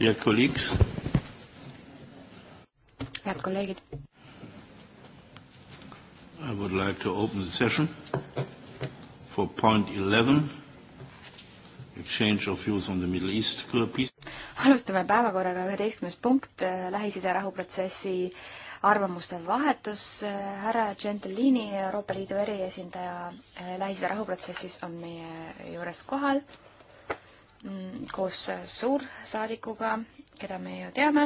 Dear colleagues. head kolleegid. I would like to open the session for point eleven, exchange of views on the Middle East peace. alustame päevakorraga üheteistkümnes punkt, äh, Lähis-Ida rahuprotsessi arvamuste vahetus. Äh, härra Gentilini, Euroopa Liidu eriesindaja äh, Lähis-Ida rahuprotsessis on meie juures kohal koos suursaadikuga, keda me ju teame.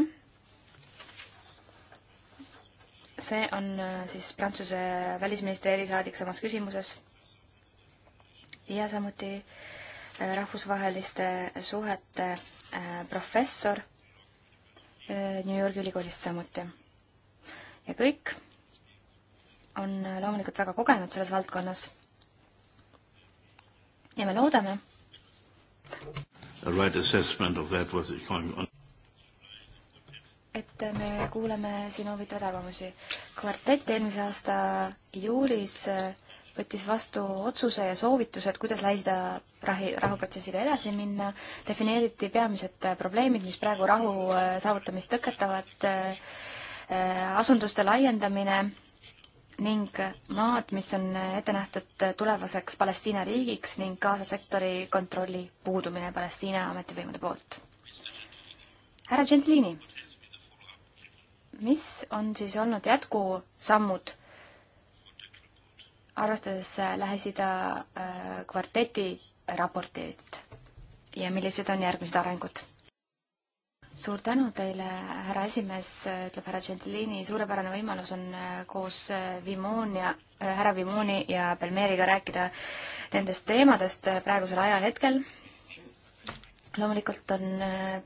see on äh, siis Prantsuse välisministri erisaadik samas küsimuses. ja samuti äh, rahvusvaheliste suhete äh, professor New Yorgi ülikoolist samuti. ja kõik on loomulikult väga kogenud selles valdkonnas. ja me loodame, a right assessment of that what is going on. et me kuuleme siin huvitavaid arvamusi. kvartett eelmise aasta juulis äh, võttis vastu otsuse ja soovitused, kuidas Lähis-Ida rahi, rahuprotsessile edasi minna, defineeriti peamised äh, probleemid, mis praegu rahu äh, saavutamist tõketavad, asunduste laiendamine ning maad, mis on ette nähtud tulevaseks Palestiina riigiks ning kaasasektori kontrolli puudumine Palestiina ametivõimude poolt. härra Gentlini, mis on siis olnud jätkusammud, arvestades Lähis-Ida äh, kvarteti raportit ja millised on järgmised arengud? suur tänu teile, härra esimees, ütleb härra Gentilini, suurepärane võimalus on äh, koos äh, Vimonia, äh, härra Vimoni ja Belmeriga rääkida nendest teemadest praegusel ajahetkel loomulikult on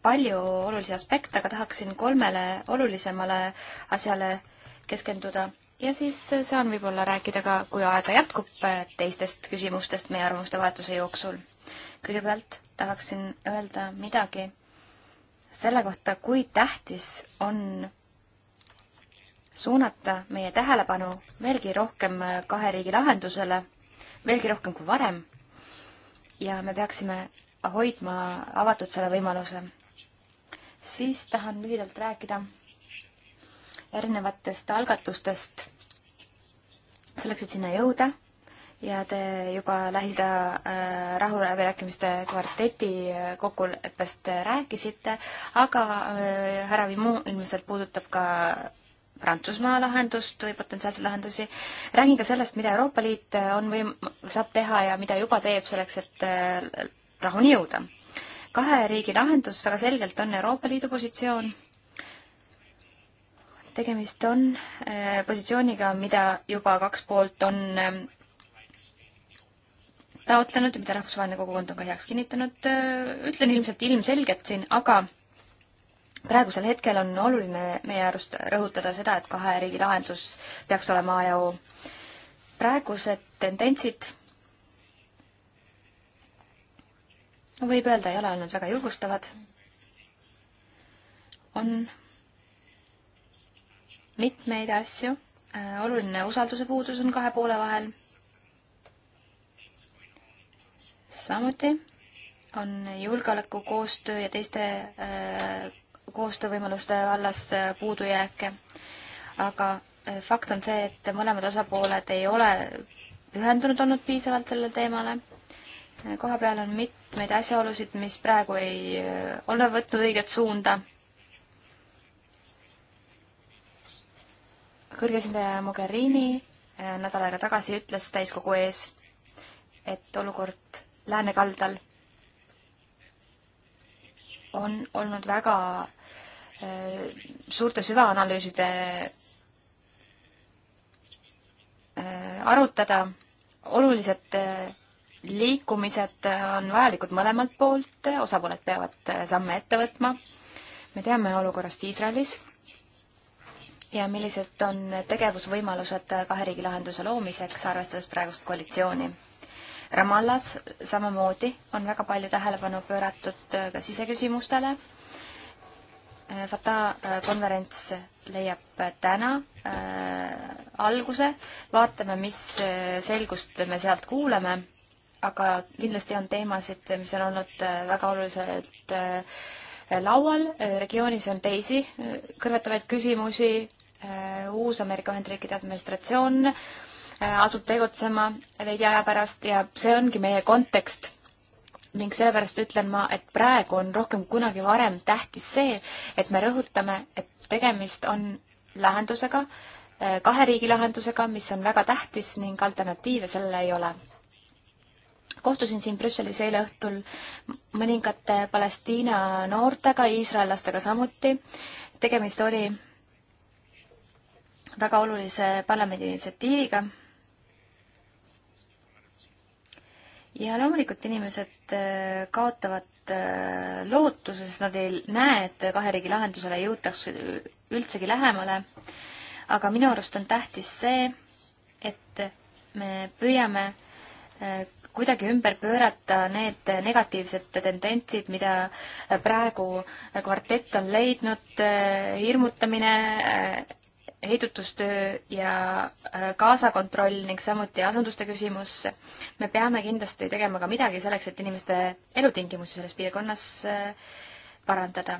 palju olulisi aspekte, aga tahaksin kolmele olulisemale asjale keskenduda ja siis saan võib-olla rääkida ka, kui aega jätkub, teistest küsimustest meie arvamuste vahetuse jooksul. kõigepealt tahaksin öelda midagi selle kohta, kui tähtis on suunata meie tähelepanu veelgi rohkem kahe riigi lahendusele, veelgi rohkem kui varem. ja me peaksime hoidma avatud selle võimaluse. siis tahan lühidalt rääkida erinevatest algatustest selleks, et sinna jõuda ja te juba Lähis-Ida äh, rahuläbirääkimiste kvarteti äh, kokkuleppest rääkisite, aga äh, härra Vimu ilmselt puudutab ka Prantsusmaa lahendust või potentsiaalseid lahendusi. räägin ka sellest, mida Euroopa Liit on või saab teha ja mida juba teeb selleks, et rahuni jõuda. kahe riigi lahendus väga selgelt on Euroopa Liidu positsioon tegemist on positsiooniga, mida juba kaks poolt on taotlenud ja mida rahvusvaheline kogukond on ka heaks kinnitanud, ütlen ilmselt ilmselgelt siin, aga praegusel hetkel on oluline meie arust rõhutada seda, et kahe riigi lahendus peaks olema A ja O. praegused tendentsid võib öelda, ei ole olnud väga julgustavad. on mitmeid asju, oluline usalduse puudus on kahe poole vahel samuti on julgeolekukoostöö ja teiste äh, koostöövõimaluste vallas äh, puudujääke, aga äh, fakt on see, et mõlemad osapooled ei ole pühendunud olnud piisavalt sellele teemale. koha peal on mitmeid asjaolusid, mis praegu ei ole võtnud õiget suunda. kõrge esindaja Mogherini nädal aega tagasi ütles täiskogu ees, et olukord läänekaldal on olnud väga eh, suurte süvaanalüüside eh, arutada. olulised eh, liikumised on vajalikud mõlemalt poolt, osapooled peavad samme ette võtma. me teame olukorrast Iisraelis ja millised on tegevusvõimalused kahe riigi lahenduse loomiseks, arvestades praegust koalitsiooni Ramallas samamoodi on väga palju tähelepanu pööratud äh, ka siseküsimustele. Äh, Fatah äh, konverents leiab täna äh, alguse, vaatame, mis selgust me sealt kuuleme, aga kindlasti on teemasid, mis on olnud väga oluliselt äh, laual, regioonis on teisi kõrvetavaid küsimusi äh,, uus Ameerika Ühendriikide administratsioon äh, Äh, asub tegutsema veidi aja pärast ja see ongi meie kontekst ning sellepärast ütlen ma, et praegu on rohkem kui kunagi varem tähtis see, et me rõhutame, et tegemist on lahendusega, äh, kahe riigi lahendusega, mis on väga tähtis ning alternatiive sellele ei ole. kohtusin siin Brüsselis eile õhtul mõningate Palestiina noortega, iisraellastega samuti. tegemist oli väga olulise parlamendi initsiatiiviga ja loomulikult inimesed äh, kaotavad äh, lootuse, sest nad ei näe, et kahe riigi lahendusele jõutakse üldsegi lähemale. aga minu arust on tähtis see, et me püüame äh, kuidagi ümber pöörata need negatiivsed tendentsid, mida praegu kvartett on leidnud, hirmutamine, heidutustöö ja äh, kaasakontroll ning samuti asunduste küsimus. me peame kindlasti tegema ka midagi selleks, et inimeste elutingimusi selles piirkonnas äh, parandada.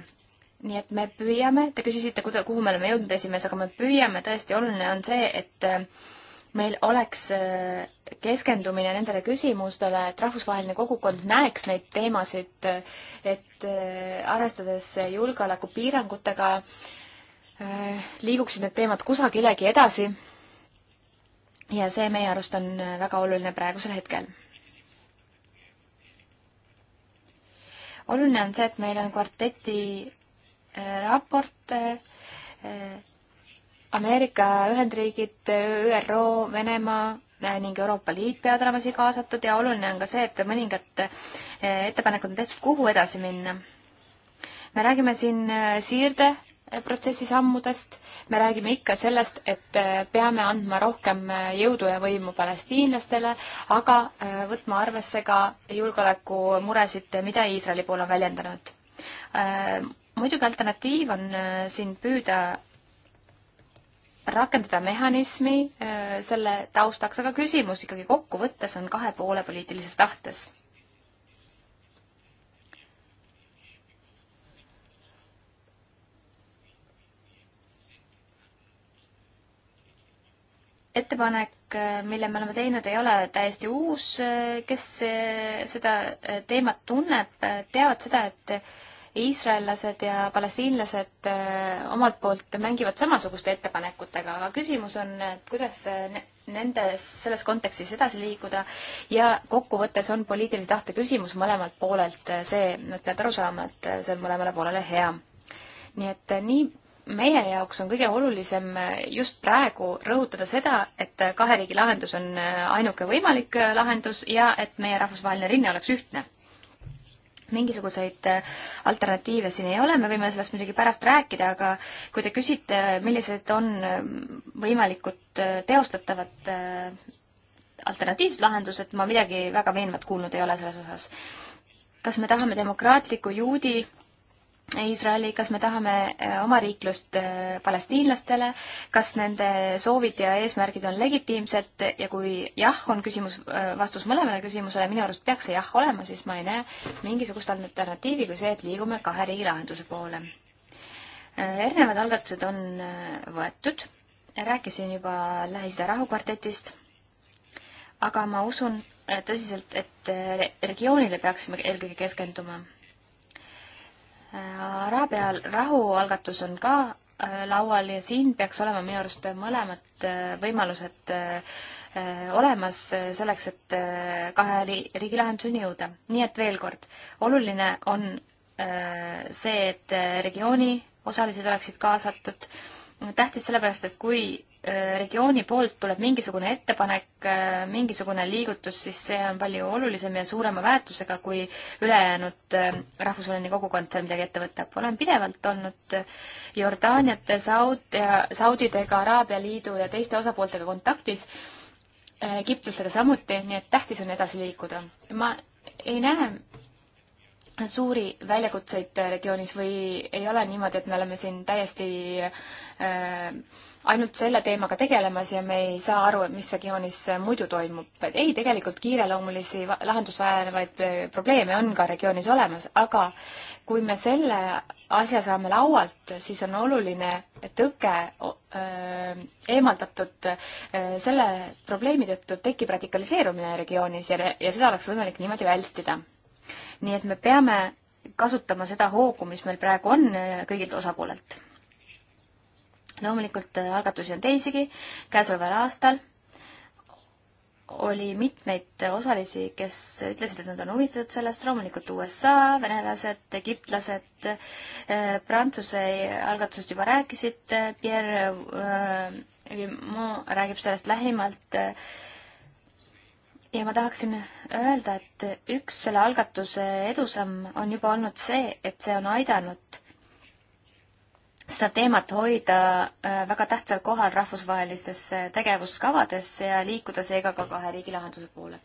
nii et me püüame, te küsisite, kuhu me oleme jõudnud esimees, aga me püüame, tõesti oluline on see, et äh, meil oleks keskendumine nendele küsimustele, et rahvusvaheline kogukond näeks neid teemasid, et arvestades julgeolekupiirangutega, Äh, liiguksid need teemad kusagilegi edasi. ja see meie arust on äh, väga oluline praegusel hetkel. oluline on see, et meil on kvarteti äh, raport Ameerika Ühendriigid, ÜRO, Venemaa ning Euroopa Liit peavad olema siia kaasatud ja oluline on ka see, et mõningad ettepanekud on tehtud, kuhu edasi minna. me räägime siin siirde protsessi sammudest, me räägime ikka sellest, et äh, peame andma rohkem äh, jõudu ja võimu palestiinlastele, aga äh, võtma arvesse ka julgeolekumuresid, mida Iisraeli pool on väljendanud. muidugi alternatiiv on siin püüda rakendada mehhanismi selle taustaks, aga küsimus ikkagi kokkuvõttes on kahe poole poliitilises tahtes ettepanek, äh, mille me oleme teinud, ei ole täiesti uus, äh, kes äh, seda teemat tunneb, teavad seda, et iisraellased ja palestiinlased omalt poolt mängivad samasuguste ettepanekutega, aga küsimus on, et kuidas nendes, selles kontekstis edasi liikuda ja kokkuvõttes on poliitilise tahte küsimus mõlemalt poolelt see, nad peavad aru saama, et see on mõlemale poolele hea nii et nii meie jaoks on kõige olulisem eh, just praegu rõhutada seda, et eh, kahe riigi lahendus on eh, ainuke võimalik lahendus ja et meie rahvusvaheline rinne oleks ühtne. mingisuguseid alternatiive siin ei ole, me võime sellest muidugi pärast rääkida, aga kui te küsite, millised on võimalikud teostatavad alternatiivsed lahendused, ma midagi väga veenvat kuulnud ei ole selles osas. kas me tahame demokraatlikku juudi Iisraeli, kas me tahame äh, oma riiklust äh, palestiinlastele, kas nende soovid ja eesmärgid on legitiimsed ja kui jah, on küsimus, äh, vastus mõlemale küsimusele, minu arust peaks see jah olema, siis ma ei näe mingisugust alternatiivi kui see, et liigume kahe riigi lahenduse poole. erinevad algatused on võetud, rääkisin juba Lähis-Ida rahukvartetist, aga ma usun tõsiselt, et regioonile peaksime eelkõige keskenduma Araabia rahualgatus on ka äh, laual ja siin peaks olema minu arust mõlemad äh, võimalused äh, olemas selleks, et kahe riigi lahenduseni jõuda. nii et veel kord, oluline on see, et regiooni osalised oleksid kaasatud. tähtis sellepärast, et kui regiooni poolt tuleb mingisugune ettepanek, mingisugune liigutus, siis see on palju olulisem ja suurema väärtusega, kui ülejäänud äh, rahvusvaheline kogukond seal midagi ette võtab. olen pidevalt olnud Jordaaniate, Saud- ja Saudidega, Araabia Liidu ja teiste osapooltega kontaktis, äh, egiptlastega samuti, nii et tähtis on edasi liikuda. ma ei näe suuri väljakutseid regioonis või ei ole niimoodi, et me oleme siin täiesti äh, ainult selle teemaga tegelemas ja me ei saa aru, et mis regioonis muidu toimub. ei, tegelikult kiireloomulisi lahendust vajavaid äh, probleeme on ka regioonis olemas, aga kui me selle asja saame laualt, siis on oluline tõke äh, eemaldatud äh, selle probleemi tõttu tekib radikaliseerumine regioonis ja, ja seda oleks võimalik niimoodi vältida nii et me peame kasutama seda hoogu, mis meil praegu on äh, kõigilt osapoolelt. loomulikult äh, algatusi on teisigi, käesoleval aastal oli mitmeid osalisi, kes ütlesid, et nad on huvitatud sellest, loomulikult USA, venelased, egiptlased, äh, Prantsuse algatusest juba rääkisid, Pierre Vimont räägib sellest lähimalt äh, ja ma tahaksin öelda, et üks selle algatuse edusamm on juba olnud see, et see on aidanud seda teemat hoida äh, väga tähtsal kohal rahvusvahelistes äh, tegevuskavades ja liikuda seega ka kahe riigi lahenduse poole.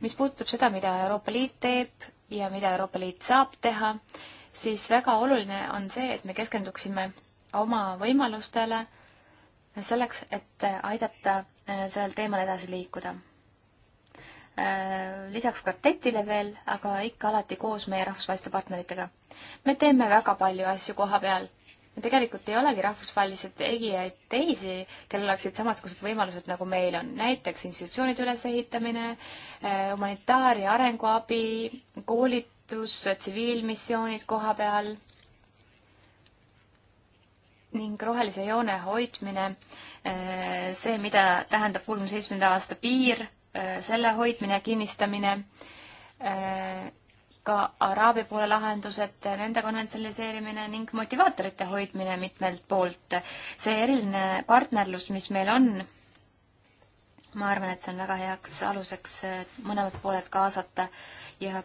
mis puudutab seda, mida Euroopa Liit teeb ja mida Euroopa Liit saab teha, siis väga oluline on see, et me keskenduksime oma võimalustele selleks, et äh, aidata sellel teemal edasi liikuda Äh, lisaks kvartetile veel, aga ikka alati koos meie rahvusvaheliste partneritega. me teeme väga palju asju koha peal. me tegelikult ei olegi rahvusvahelisi tegijaid teisi, kellel oleksid samasugused võimalused, nagu meil on. näiteks institutsioonide ülesehitamine, äh, humanitaar- ja arenguabi, koolitus, tsiviilmissioonid koha peal ning rohelise joone hoidmine, äh, see, mida tähendab kuuekümne seitsmenda aasta piir Äh, selle hoidmine ja kinnistamine, äh, ka Araabia poole lahendused, nende konventsionaliseerimine ning motivaatorite hoidmine mitmelt poolt. see eriline partnerlus, mis meil on, ma arvan, et see on väga heaks aluseks äh, mõlemad pooled kaasata ja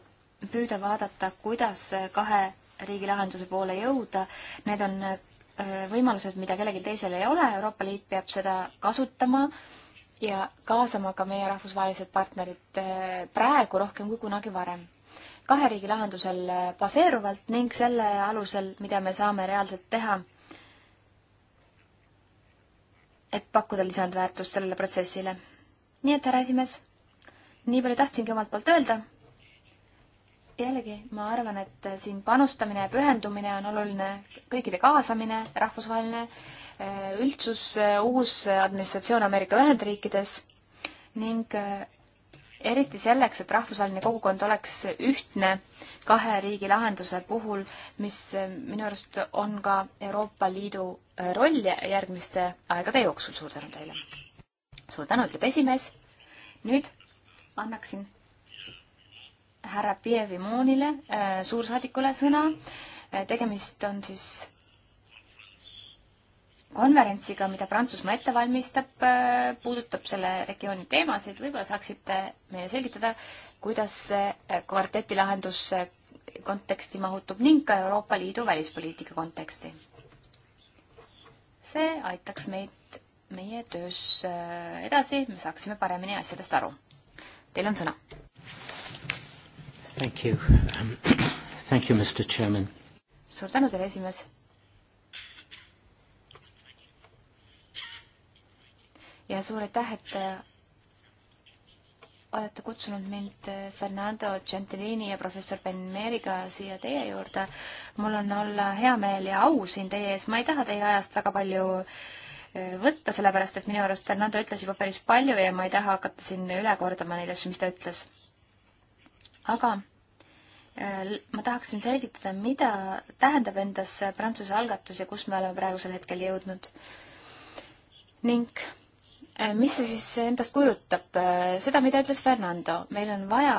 püüda vaadata, kuidas kahe riigi lahenduse poole jõuda. Need on võimalused, mida kellelgi teisel ei ole, Euroopa Liit peab seda kasutama äh, ja kaasama ka meie rahvusvahelised partnerid eh, praegu rohkem kui kunagi varem. kahe riigi lahendusel eh, baseeruvalt ning selle alusel, mida me saame reaalselt teha, et pakkuda lisandväärtust sellele protsessile. nii et, härra esimees, nii palju tahtsingi omalt poolt öelda. jällegi, ma arvan, et eh, siin panustamine ja pühendumine on oluline, kõikide kaasamine, rahvusvaheline üldsus, uus administratsioon Ameerika Ühendriikides ning äh, eriti selleks, et rahvusvaheline kogukond oleks ühtne kahe riigi lahenduse puhul, mis äh, minu arust on ka Euroopa Liidu äh, roll järgmiste aegade jooksul. suur tänu teile! suur tänu, ütleb esimees. nüüd annaksin härra Pievi Moonile, suursaadikule, sõna. tegemist on siis konverentsiga, mida Prantsusmaa ette valmistab, äh, puudutab selle regiooni teemasid, võib-olla saaksite meile selgitada, kuidas see äh, kvarteti lahendus äh, konteksti mahutub ning ka Euroopa Liidu välispoliitika konteksti. see aitaks meid meie töös edasi, me saaksime paremini asjadest aru. Teil on sõna. Thank you um,, thank you, Mr Chairman. suur tänu teile, esimees ja suur aitäh, et äh, olete kutsunud mind äh, Fernando Gentilini ja professor Ben Meeriga siia teie juurde. mul on olla hea meel ja au siin teie ees, ma ei taha teie ajast väga palju äh, võtta, sellepärast et minu arust Fernando ütles juba päris palju ja ma ei taha hakata siin üle kordama neid asju, mis ta ütles. aga ma tahaksin selgitada, mida tähendab endas Prantsuse algatus ja kus me oleme praegusel hetkel jõudnud. ning Äh, mis see siis endast kujutab? Äh, seda, mida ütles Fernando, meil on vaja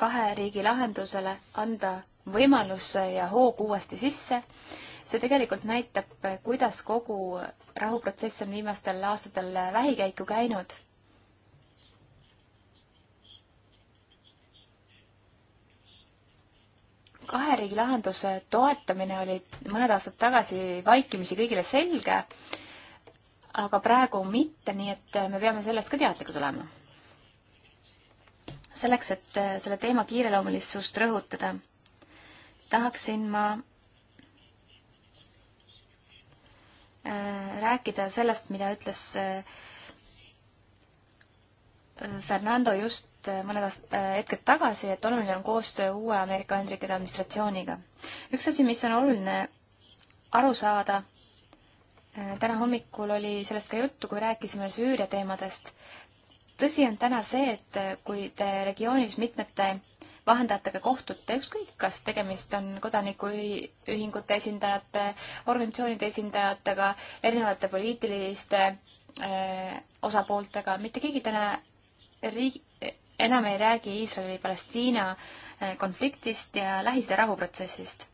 kahe riigi lahendusele anda võimalus ja hoog uuesti sisse. see tegelikult näitab, äh, kuidas kogu rahuprotsess on viimastel aastatel vähikäiku käinud kahe riigi lahenduse toetamine oli mõned aastad tagasi vaikimisi kõigile selge, aga praegu mitte, nii et me peame sellest ka teadlikud olema. selleks, et äh, selle teema kiireloomulisust rõhutada, tahaksin ma äh, rääkida sellest, mida ütles äh, Fernando just mõned hetked tagasi, et oluline on koostöö uue Ameerika Ühendriikide administratsiooniga. üks asi, mis on oluline aru saada, Äh, täna hommikul oli sellest ka juttu, kui rääkisime Süüria teemadest. tõsi on täna see, et äh, kui te regioonis mitmete vahendajatega kohtute, ükskõik, kas tegemist on kodanikuühingute esindajate, organisatsioonide esindajatega, erinevate poliitiliste öö, äh, osapooltega, mitte keegi täna riigi, enam ei räägi Iisraeli-Palestiina konfliktist ja Lähis-Ida rahuprotsessist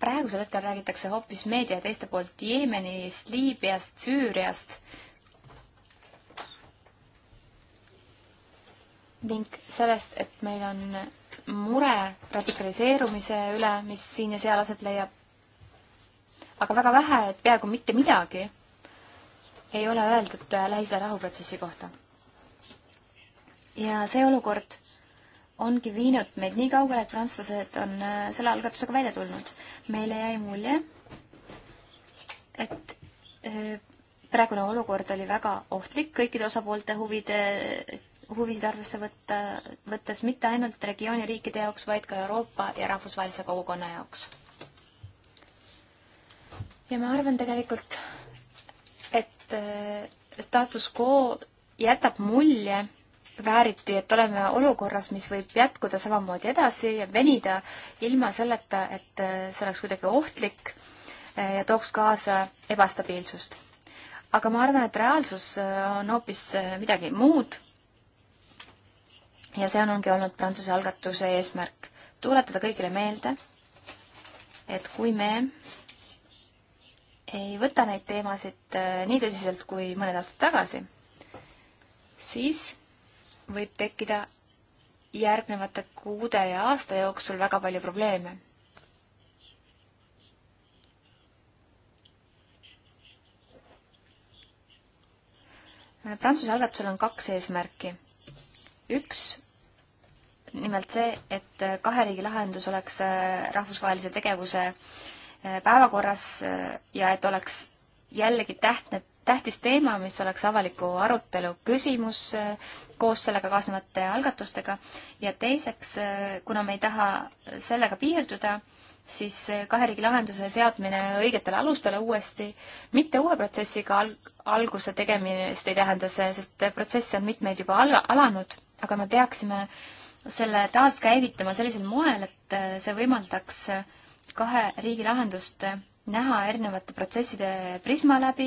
praegusel hetkel räägitakse hoopis meedia ja teiste poolt Jeemenist, Liibüast, Süüriast. ning sellest, et meil on mure radikaliseerumise üle, mis siin ja seal aset leiab. aga väga vähe, et peaaegu mitte midagi ei ole öeldud Lähis-Ida rahuprotsessi kohta. ja see olukord ongi viinud meid nii kaugele, et prantslased on äh, selle algatusega välja tulnud. meile jäi mulje, et äh, praegune olukord oli väga ohtlik kõikide osapoolte huvide, huvisid arvesse võtta, võttes mitte ainult regiooni riikide jaoks, vaid ka Euroopa ja rahvusvahelise kogukonna jaoks. ja ma arvan tegelikult, et äh, status quo jätab mulje vääriti, et oleme olukorras, mis võib jätkuda samamoodi edasi ja venida ilma selleta, et äh, see oleks kuidagi ohtlik äh, ja tooks kaasa ebastabiilsust. aga ma arvan, et reaalsus äh, on hoopis midagi muud. ja see on, ongi olnud Prantsuse algatuse eesmärk, tuletada kõigile meelde, et kui me ei võta neid teemasid nii tõsiselt kui mõned aastad tagasi, siis võib tekkida järgnevate kuude ja aasta jooksul väga palju probleeme. Prantsuse algatusel on kaks eesmärki. üks, nimelt see, et kahe riigi lahendus oleks äh, rahvusvahelise tegevuse äh, päevakorras äh, ja et oleks jällegi tähtne tähtis teema, mis oleks avaliku arutelu küsimus äh, koos sellega kaasnevate algatustega ja teiseks, äh, kuna me ei taha sellega piirduda, siis äh, kahe riigi lahenduse seadmine õigetele alustele uuesti, mitte uue protsessiga alg-, alguse tegemist ei tähenda see, sest protsesse on mitmeid juba al-, alanud, aga me peaksime selle taaskäivitama sellisel moel, et see võimaldaks kahe riigi lahendust näha erinevate protsesside prisma läbi,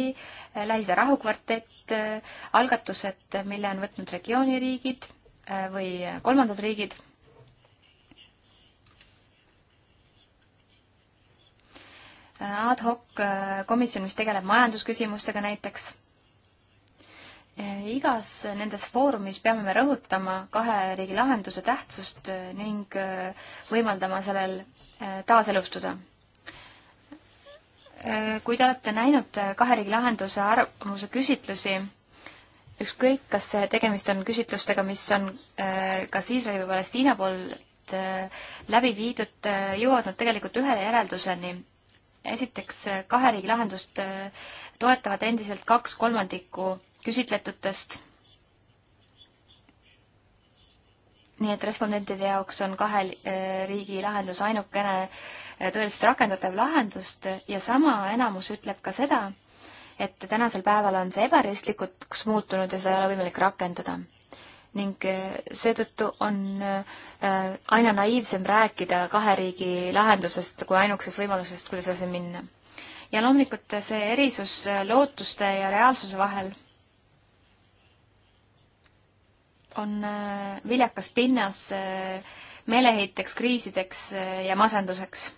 eh, Lähis-Ida rahukvartett, eh, algatused, mille on võtnud regiooniriigid eh, või kolmandad riigid. ad hoc komisjon, mis tegeleb majandusküsimustega näiteks igas nendes foorumis peame me rõhutama kahe riigi lahenduse tähtsust ning võimaldama sellel taaselustuda. Äh, kui te olete näinud äh, kahe riigi lahenduse arvamuse küsitlusi, ükskõik, kas tegemist on küsitlustega, mis on äh, kas Iisraeli või Palestiina poolt läbi viidud, jõuavad nad tegelikult ühele järelduseni. esiteks, kahe riigi lahendust toetavad endiselt kaks kolmandikku küsitletutest nii et respondentide jaoks on kahe äh, riigi lahendus ainukene äh, tõeliselt rakendatav lahendust ja sama enamus ütleb ka seda, et tänasel päeval on see ebarealistlikuks muutunud ja seda ei ole võimalik rakendada. ning äh, seetõttu on aina naiivsem rääkida kahe riigi lahendusest kui ainukesest võimalusest, kuidas edasi minna. ja loomulikult see erisus lootuste ja reaalsuse vahel on äh, viljakas pinnas äh, meeleheiteks, kriisideks äh, ja masenduseks.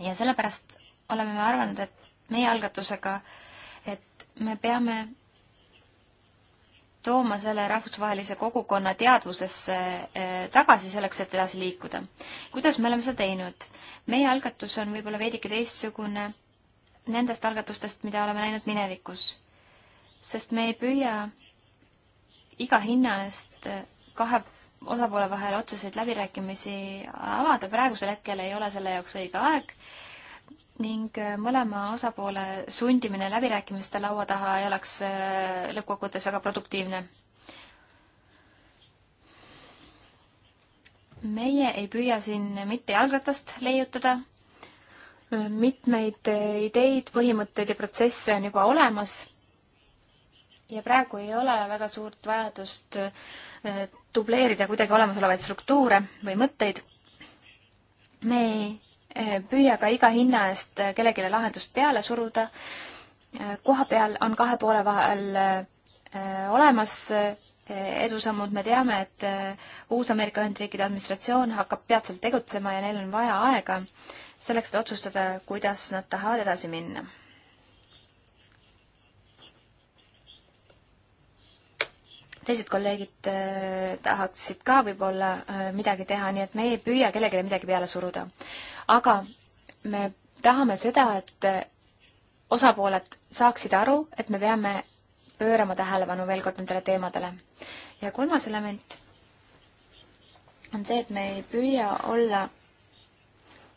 ja sellepärast oleme me arvanud, et meie algatusega, et me peame tooma selle rahvusvahelise kogukonna teadvusesse tagasi, selleks et edasi liikuda. kuidas me oleme seda teinud? meie algatus on võib-olla veidike teistsugune nendest algatustest, mida oleme näinud minevikus. sest me ei püüa iga hinna eest kahe osapoole vahel otseseid läbirääkimisi avada, praegusel hetkel ei ole selle jaoks õige aeg ning äh, mõlema osapoole sundimine läbirääkimiste laua taha ei oleks äh, lõppkokkuvõttes väga produktiivne. meie ei püüa siin mitte jalgratast leiutada, mitmeid äh, ideid, põhimõtteid ja protsesse on juba olemas ja praegu ei ole väga suurt vajadust äh, dubleerida kuidagi olemasolevaid struktuure või mõtteid. me ei äh, püüa ka iga hinna eest äh, kellelegi lahendust peale suruda. koha peal on kahe poole vahel olemas edusammud, me teame, et uus Ameerika Ühendriikide administratsioon hakkab peatselt tegutsema ja neil on vaja aega selleks, et otsustada, kuidas nad tahavad edasi minna teised kolleegid äh, tahaksid ka võib-olla äh, midagi teha, nii et me ei püüa kellelegi midagi peale suruda. aga me tahame seda, et äh, osapooled saaksid aru, et me peame pöörama tähelepanu veel kord nendele teemadele. ja kolmas element on see, et me ei püüa olla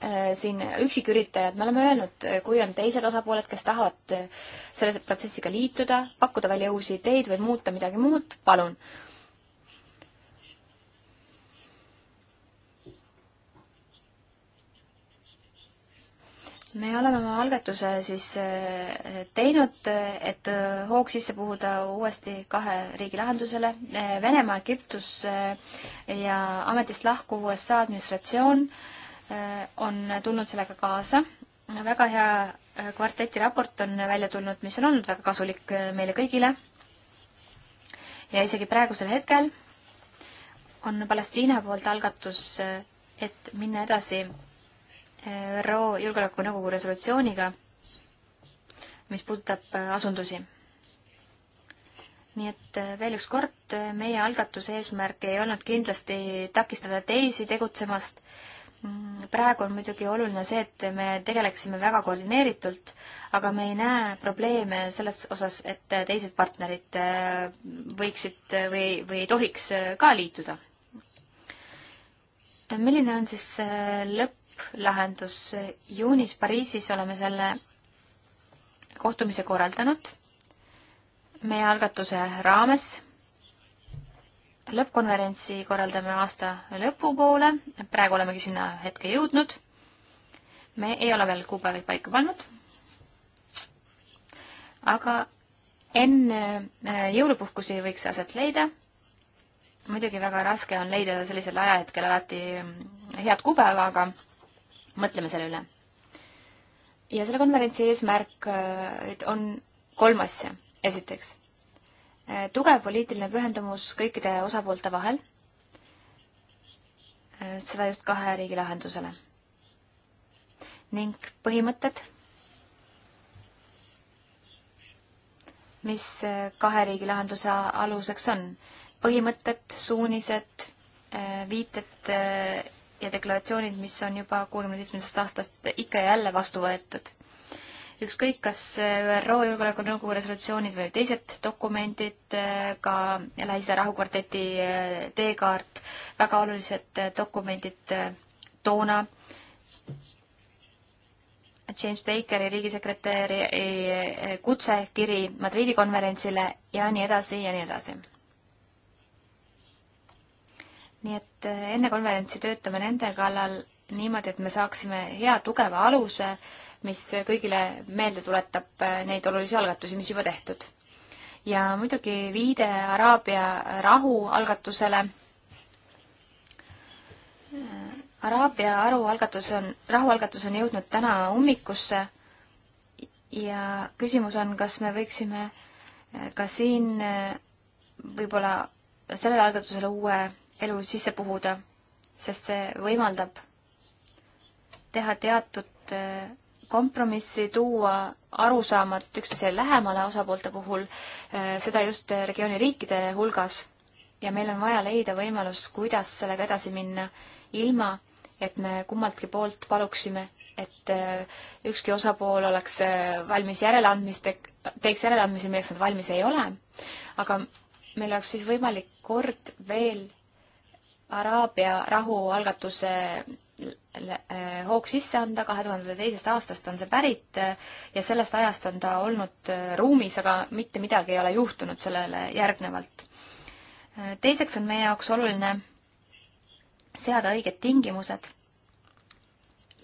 Äh, siin üksiküritajad, me oleme öelnud, äh, kui on teised osapooled, kes tahavad äh, selle protsessiga liituda, pakkuda välja uusi ideid või muuta midagi muud, palun. me oleme oma algatuse siis teinud, et hoog sisse puhuda uuesti kahe riigi lahendusele. Venemaa, Egiptus ja ametist lahkuv USA administratsioon äh, Äh, on tulnud sellega kaasa. väga hea äh, kvarteti raport on välja tulnud, mis on olnud väga kasulik äh, meile kõigile. ja isegi praegusel hetkel on Palestiina poolt algatus, et minna edasi ÜRO Julgeolekunõukogu resolutsiooniga, mis puudutab asundusi. nii et veel üks kord, meie algatuse eesmärk ei olnud kindlasti takistada teisi tegutsemast, Mm, praegu on muidugi oluline see, et me tegeleksime väga koordineeritult, aga me ei näe probleeme selles osas, et teised partnerid äh, võiksid äh, või, või ei tohiks äh, ka liituda. milline on siis lõpplahendus? juunis Pariisis oleme selle kohtumise korraldanud meie algatuse raames lõppkonverentsi korraldame aasta lõpupoole, praegu olemegi sinna hetke jõudnud. me ei ole veel kuupäevaid paika pannud. aga enne äh, jõulupuhkusi võiks aset leida. muidugi väga raske on leida sellisel ajahetkel alati mm, head kuupäeva, aga mõtleme selle üle. ja selle konverentsi eesmärk äh, on kolm asja. esiteks Eh, tugev poliitiline pühendumus kõikide osapoolte vahel, eh, seda just kahe riigi lahendusele. ning põhimõtted, mis eh, kahe riigi lahenduse aluseks on. põhimõtted, suunised, viited ja deklaratsioonid, mis on juba kuuekümne seitsmendast aastast ikka ja jälle vastu võetud ükskõik, kas ÜRO Julgeolekunõukogu resolutsioonid või teised dokumendid, ka Lähis-Ida rahukvarteti eh, teekaart, väga olulised eh, dokumendid eh, toona. James Bakeri riigisekretäri kutsekiri Madridi konverentsile ja nii edasi ja nii edasi nii et enne konverentsi töötame nende kallal niimoodi, et me saaksime hea tugeva aluse äh, mis kõigile meelde tuletab äh, neid olulisi algatusi, mis juba tehtud. ja muidugi viide Araabia rahu algatusele. Äh, Araabia aru algatus on, rahualgatus on jõudnud täna ummikusse ja küsimus on, kas me võiksime äh, ka siin võib-olla sellele algatusele uue elu sisse puhuda, sest see võimaldab teha teatud kompromissi tuua arusaamat üksteisele lähemale osapoolte puhul, eh, seda just regiooni riikide hulgas. ja meil on vaja leida võimalus, kuidas sellega edasi minna, ilma et me kummaltki poolt paluksime, et eh, ükski osapool oleks eh, valmis järeleandmiste, teeks järeleandmisi, milleks nad valmis ei ole. aga meil oleks siis võimalik kord veel Araabia rahualgatuse Äh, hoog sisse anda, kahe tuhande teisest aastast on see pärit äh, ja sellest ajast on ta olnud äh, ruumis, aga mitte midagi ei ole juhtunud sellele järgnevalt. teiseks on meie jaoks oluline seada õiged tingimused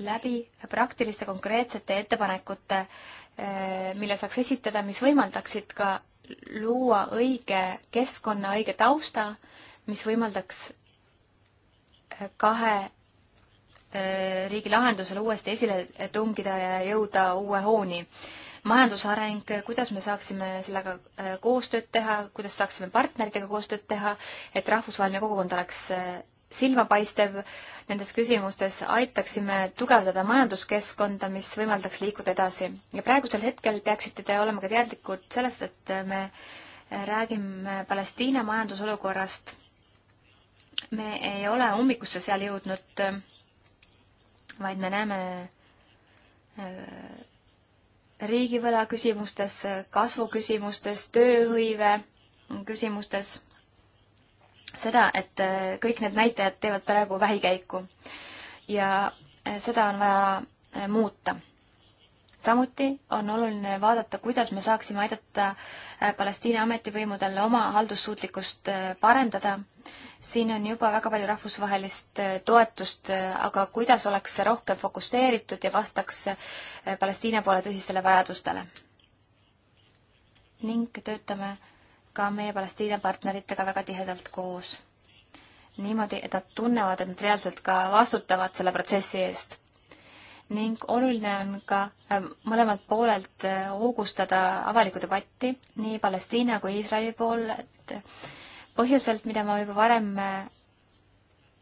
läbi praktiliste konkreetsete ettepanekute, mille saaks esitada, mis võimaldaksid ka luua õige keskkonna, õige tausta, mis võimaldaks kahe Äh, riigi lahendusel uuesti esile tungida ja jõuda uue hooni. majandusareng, kuidas me saaksime sellega äh, koostööd teha, kuidas saaksime partneritega koostööd teha, et rahvusvaheline kogukond oleks äh, silmapaistev nendes küsimustes, aitaksime tugevdada majanduskeskkonda, mis võimaldaks liikuda edasi. ja praegusel hetkel peaksite te olema ka teadlikud sellest, et me räägime Palestiina majandusolukorrast. me ei ole ummikusse seal jõudnud vaid me näeme äh, riigivõla küsimustes, kasvu küsimustes, tööhõive küsimustes seda, et äh, kõik need näitajad teevad praegu vähikäiku. ja äh, seda on vaja muuta samuti on oluline vaadata, kuidas me saaksime aidata äh, Palestiina ametivõimudel oma haldussuutlikkust äh, parendada. siin on juba väga palju rahvusvahelist äh, toetust, aga kuidas oleks see rohkem fokusseeritud ja vastaks Palestiina poole tõsistele vajadustele? ning töötame ka meie Palestiina partneritega väga tihedalt koos. niimoodi, et nad tunnevad, et nad reaalselt ka vastutavad selle protsessi eest ning oluline on ka äh, mõlemalt poolelt äh, hoogustada avalikku debatti nii Palestiina kui Iisraeli poolelt põhjuselt, mida ma juba varem äh,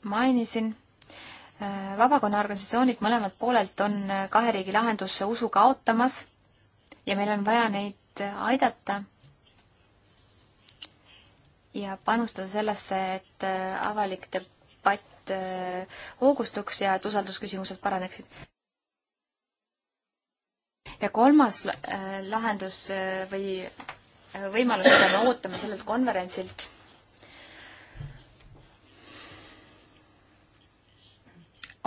mainisin vabakonna organisatsioonid mõlemalt poolelt on kahe riigi lahendusse usu kaotamas ja meil on vaja neid aidata ja panustada sellesse, et avalik debatt hoogustuks ja et usaldusküsimused paraneksid ja kolmas äh, lahendus äh, või äh, võimalus, mida me ootame sellelt konverentsilt,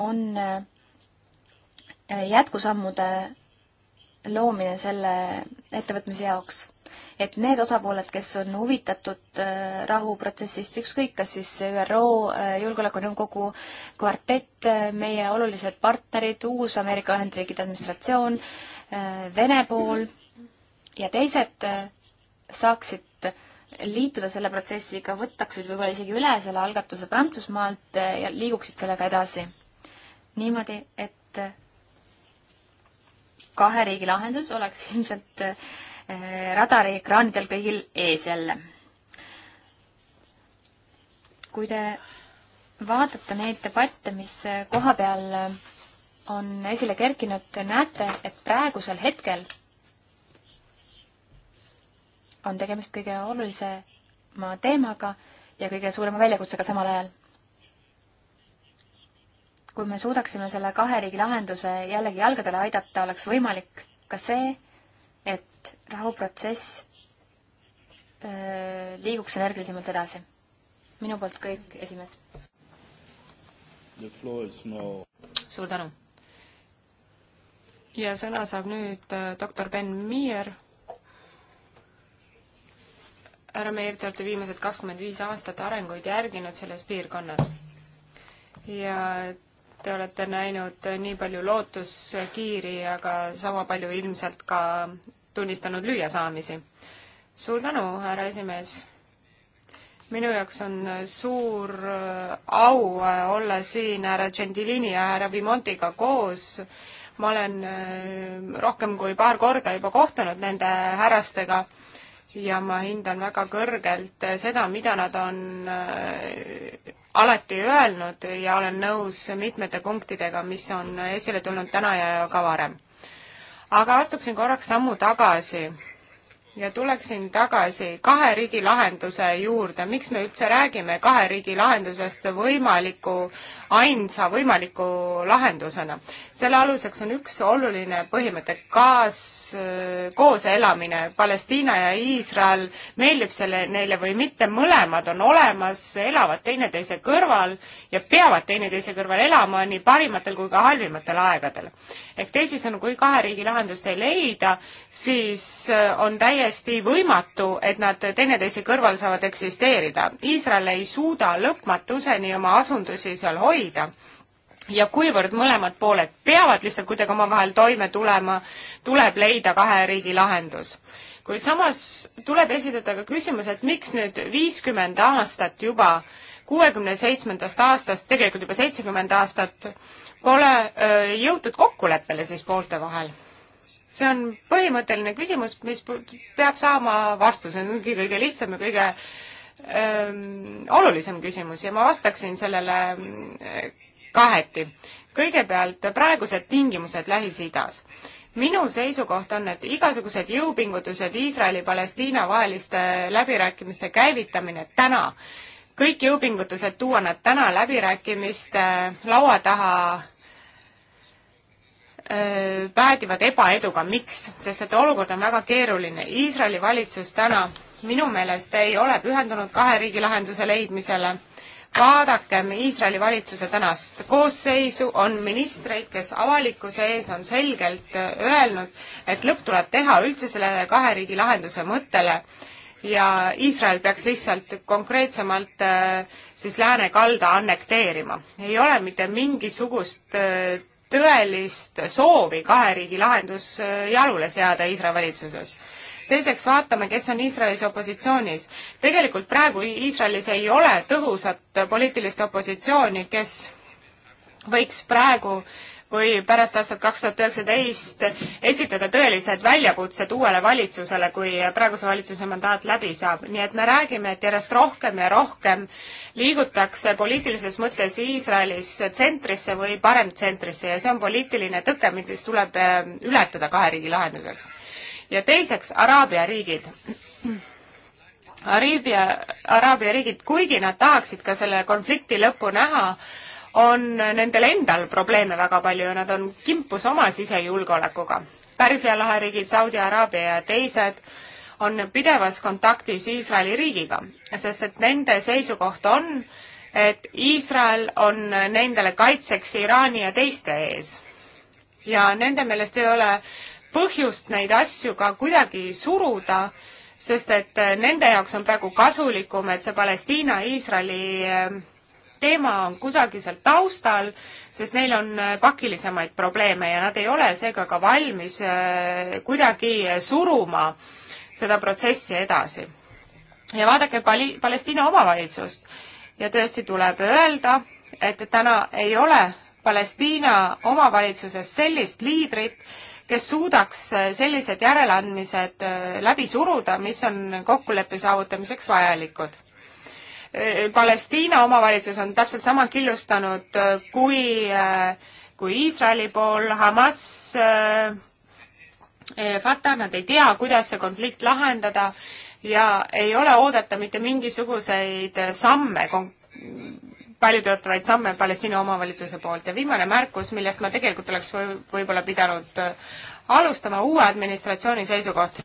on jätkusammude loomine selle ettevõtmise jaoks. et need osapooled, kes on huvitatud rahuprotsessist, ükskõik kas siis ÜRO Julgeolekunõukogu kvartett, meie olulised partnerid, uus Ameerika Ühendriikide administratsioon, Äh, Vene pool ja teised äh, saaksid liituda selle protsessiga, võtaksid võib-olla isegi üle selle algatuse Prantsusmaalt äh, ja liiguksid sellega edasi. niimoodi, et kahe riigi lahendus oleks ilmselt radari ekraanidel kõigil ees jälle. kui te vaatate neid debatte, mis koha peal on esile kerkinud, näete, et praegusel hetkel on tegemist kõige olulisema teemaga ja kõige suurema väljakutsega samal ajal. kui me suudaksime selle kahe riigi lahenduse jällegi jalgadele aidata, oleks võimalik ka see, et rahuprotsess liiguks energilisemalt edasi. minu poolt kõik, esimees. suur tänu ja sõna saab nüüd äh, doktor Ben Mier. härra Mier, te olete viimased kakskümmend viis aastat arenguid järginud selles piirkonnas ja te olete näinud nii palju lootuskiiri, aga sama palju ilmselt ka tunnistanud lüüasaamisi. suur tänu, härra esimees! minu jaoks on suur äh, au äh, olla siin härra Gentilini ja härra Vimontiga koos äh, ma olen äh, rohkem kui paar korda juba kohtunud nende härrastega ja ma hindan väga kõrgelt äh, seda, mida nad on äh, alati öelnud ja olen nõus mitmete punktidega, mis on esile tulnud täna ja ka varem. aga astuksin korraks sammu tagasi ja tuleksin tagasi kahe riigi lahenduse juurde, miks me üldse räägime kahe riigi lahendusest võimaliku, ainsa võimaliku lahendusena. selle aluseks on üks oluline põhimõte, kaas, kooselamine, Palestiina ja Iisrael, meeldib selle neile või mitte, mõlemad on olemas, elavad teineteise kõrval ja peavad teineteise kõrval elama nii parimatel kui ka halvimatel aegadel. ehk teisisõnu, kui kahe riigi lahendust ei leida, siis äh, on täiesti täiesti võimatu, et nad teineteise kõrval saavad eksisteerida. Iisrael ei suuda lõpmatuseni oma asundusi seal hoida ja kuivõrd mõlemad pooled peavad lihtsalt kuidagi omavahel toime tulema, tuleb leida kahe riigi lahendus. kuid samas tuleb esitada ka küsimus, et miks nüüd viiskümmend aastat juba, kuuekümne seitsmendast aastast, tegelikult juba seitsekümmend aastat, pole öö, jõutud kokkuleppele siis poolte vahel see on põhimõtteline küsimus, mis peab saama vastuse, see ongi kõige lihtsam ja kõige öö, ähm, olulisem küsimus ja ma vastaksin sellele äh, kaheti. kõigepealt praegused tingimused Lähis-Idas. minu seisukoht on, et igasugused jõupingutused Iisraeli-Palestiina vaheliste läbirääkimiste käivitamine täna kõik jõupingutused tuua nad täna läbirääkimiste laua taha Äh, päädivad ebaeduga, miks? sest et olukord on väga keeruline. Iisraeli valitsus täna minu meelest ei ole pühendunud kahe riigi lahenduse leidmisele. vaadakem Iisraeli valitsuse tänast koosseisu, on ministreid, kes avalikkuse ees on selgelt äh, öelnud, et lõpp tuleb teha üldse sellele kahe riigi lahenduse mõttele ja Iisrael peaks lihtsalt konkreetsemalt äh, siis lääne kalda annekteerima. ei ole mitte mingisugust tõelist soovi kahe riigi lahendus äh, jalule seada Iisraeli valitsuses. teiseks vaatame, kes on Iisraelis opositsioonis. tegelikult praegu Iisraelis ei ole tõhusat poliitilist opositsiooni, kes võiks praegu või pärast aastat kaks tuhat üheksateist esitada tõelised väljakutsed uuele valitsusele, kui praeguse valitsuse mandaat läbi saab. nii et me räägime, et järjest rohkem ja rohkem liigutakse poliitilises mõttes Iisraelis tsentrisse või parem tsentrisse ja see on poliitiline tõke, mis tuleb eh, ületada kahe riigi lahenduseks. ja teiseks, Araabia riigid Araabia, Araabia riigid, kuigi nad tahaksid ka selle konflikti lõppu näha, on nendel endal probleeme väga palju ja nad on kimpus oma sisejulgeolekuga. Pärsia lahe riigid, Saudi Araabia ja teised on pidevas kontaktis Iisraeli riigiga, sest et nende seisukoht on, et Iisrael on nendele kaitseks Iraani ja teiste ees. ja nende meelest ei ole põhjust neid asju ka kuidagi suruda, sest et nende jaoks on praegu kasulikum, et see Palestiina-Iisraeli teema on kusagil seal taustal, sest neil on äh, pakilisemaid probleeme ja nad ei ole seega ka valmis äh, kuidagi äh, suruma seda protsessi edasi. ja vaadake Pali-, Palestiina omavalitsust ja tõesti tuleb öelda, et täna ei ole Palestiina omavalitsuses sellist liidrit, kes suudaks sellised järeleandmised läbi suruda, mis on kokkuleppe saavutamiseks vajalikud. Palestiina omavalitsus on täpselt sama killustanud äh, kui, äh, kui Iisraeli pool, Hamas, äh, Fatah, nad ei tea, kuidas see konflikt lahendada ja ei ole oodata mitte mingisuguseid samme, paljutõotavaid samme Palestiina omavalitsuse poolt ja viimane märkus, millest ma tegelikult oleks või, võib-olla pidanud alustama, uue administratsiooni seisukoht.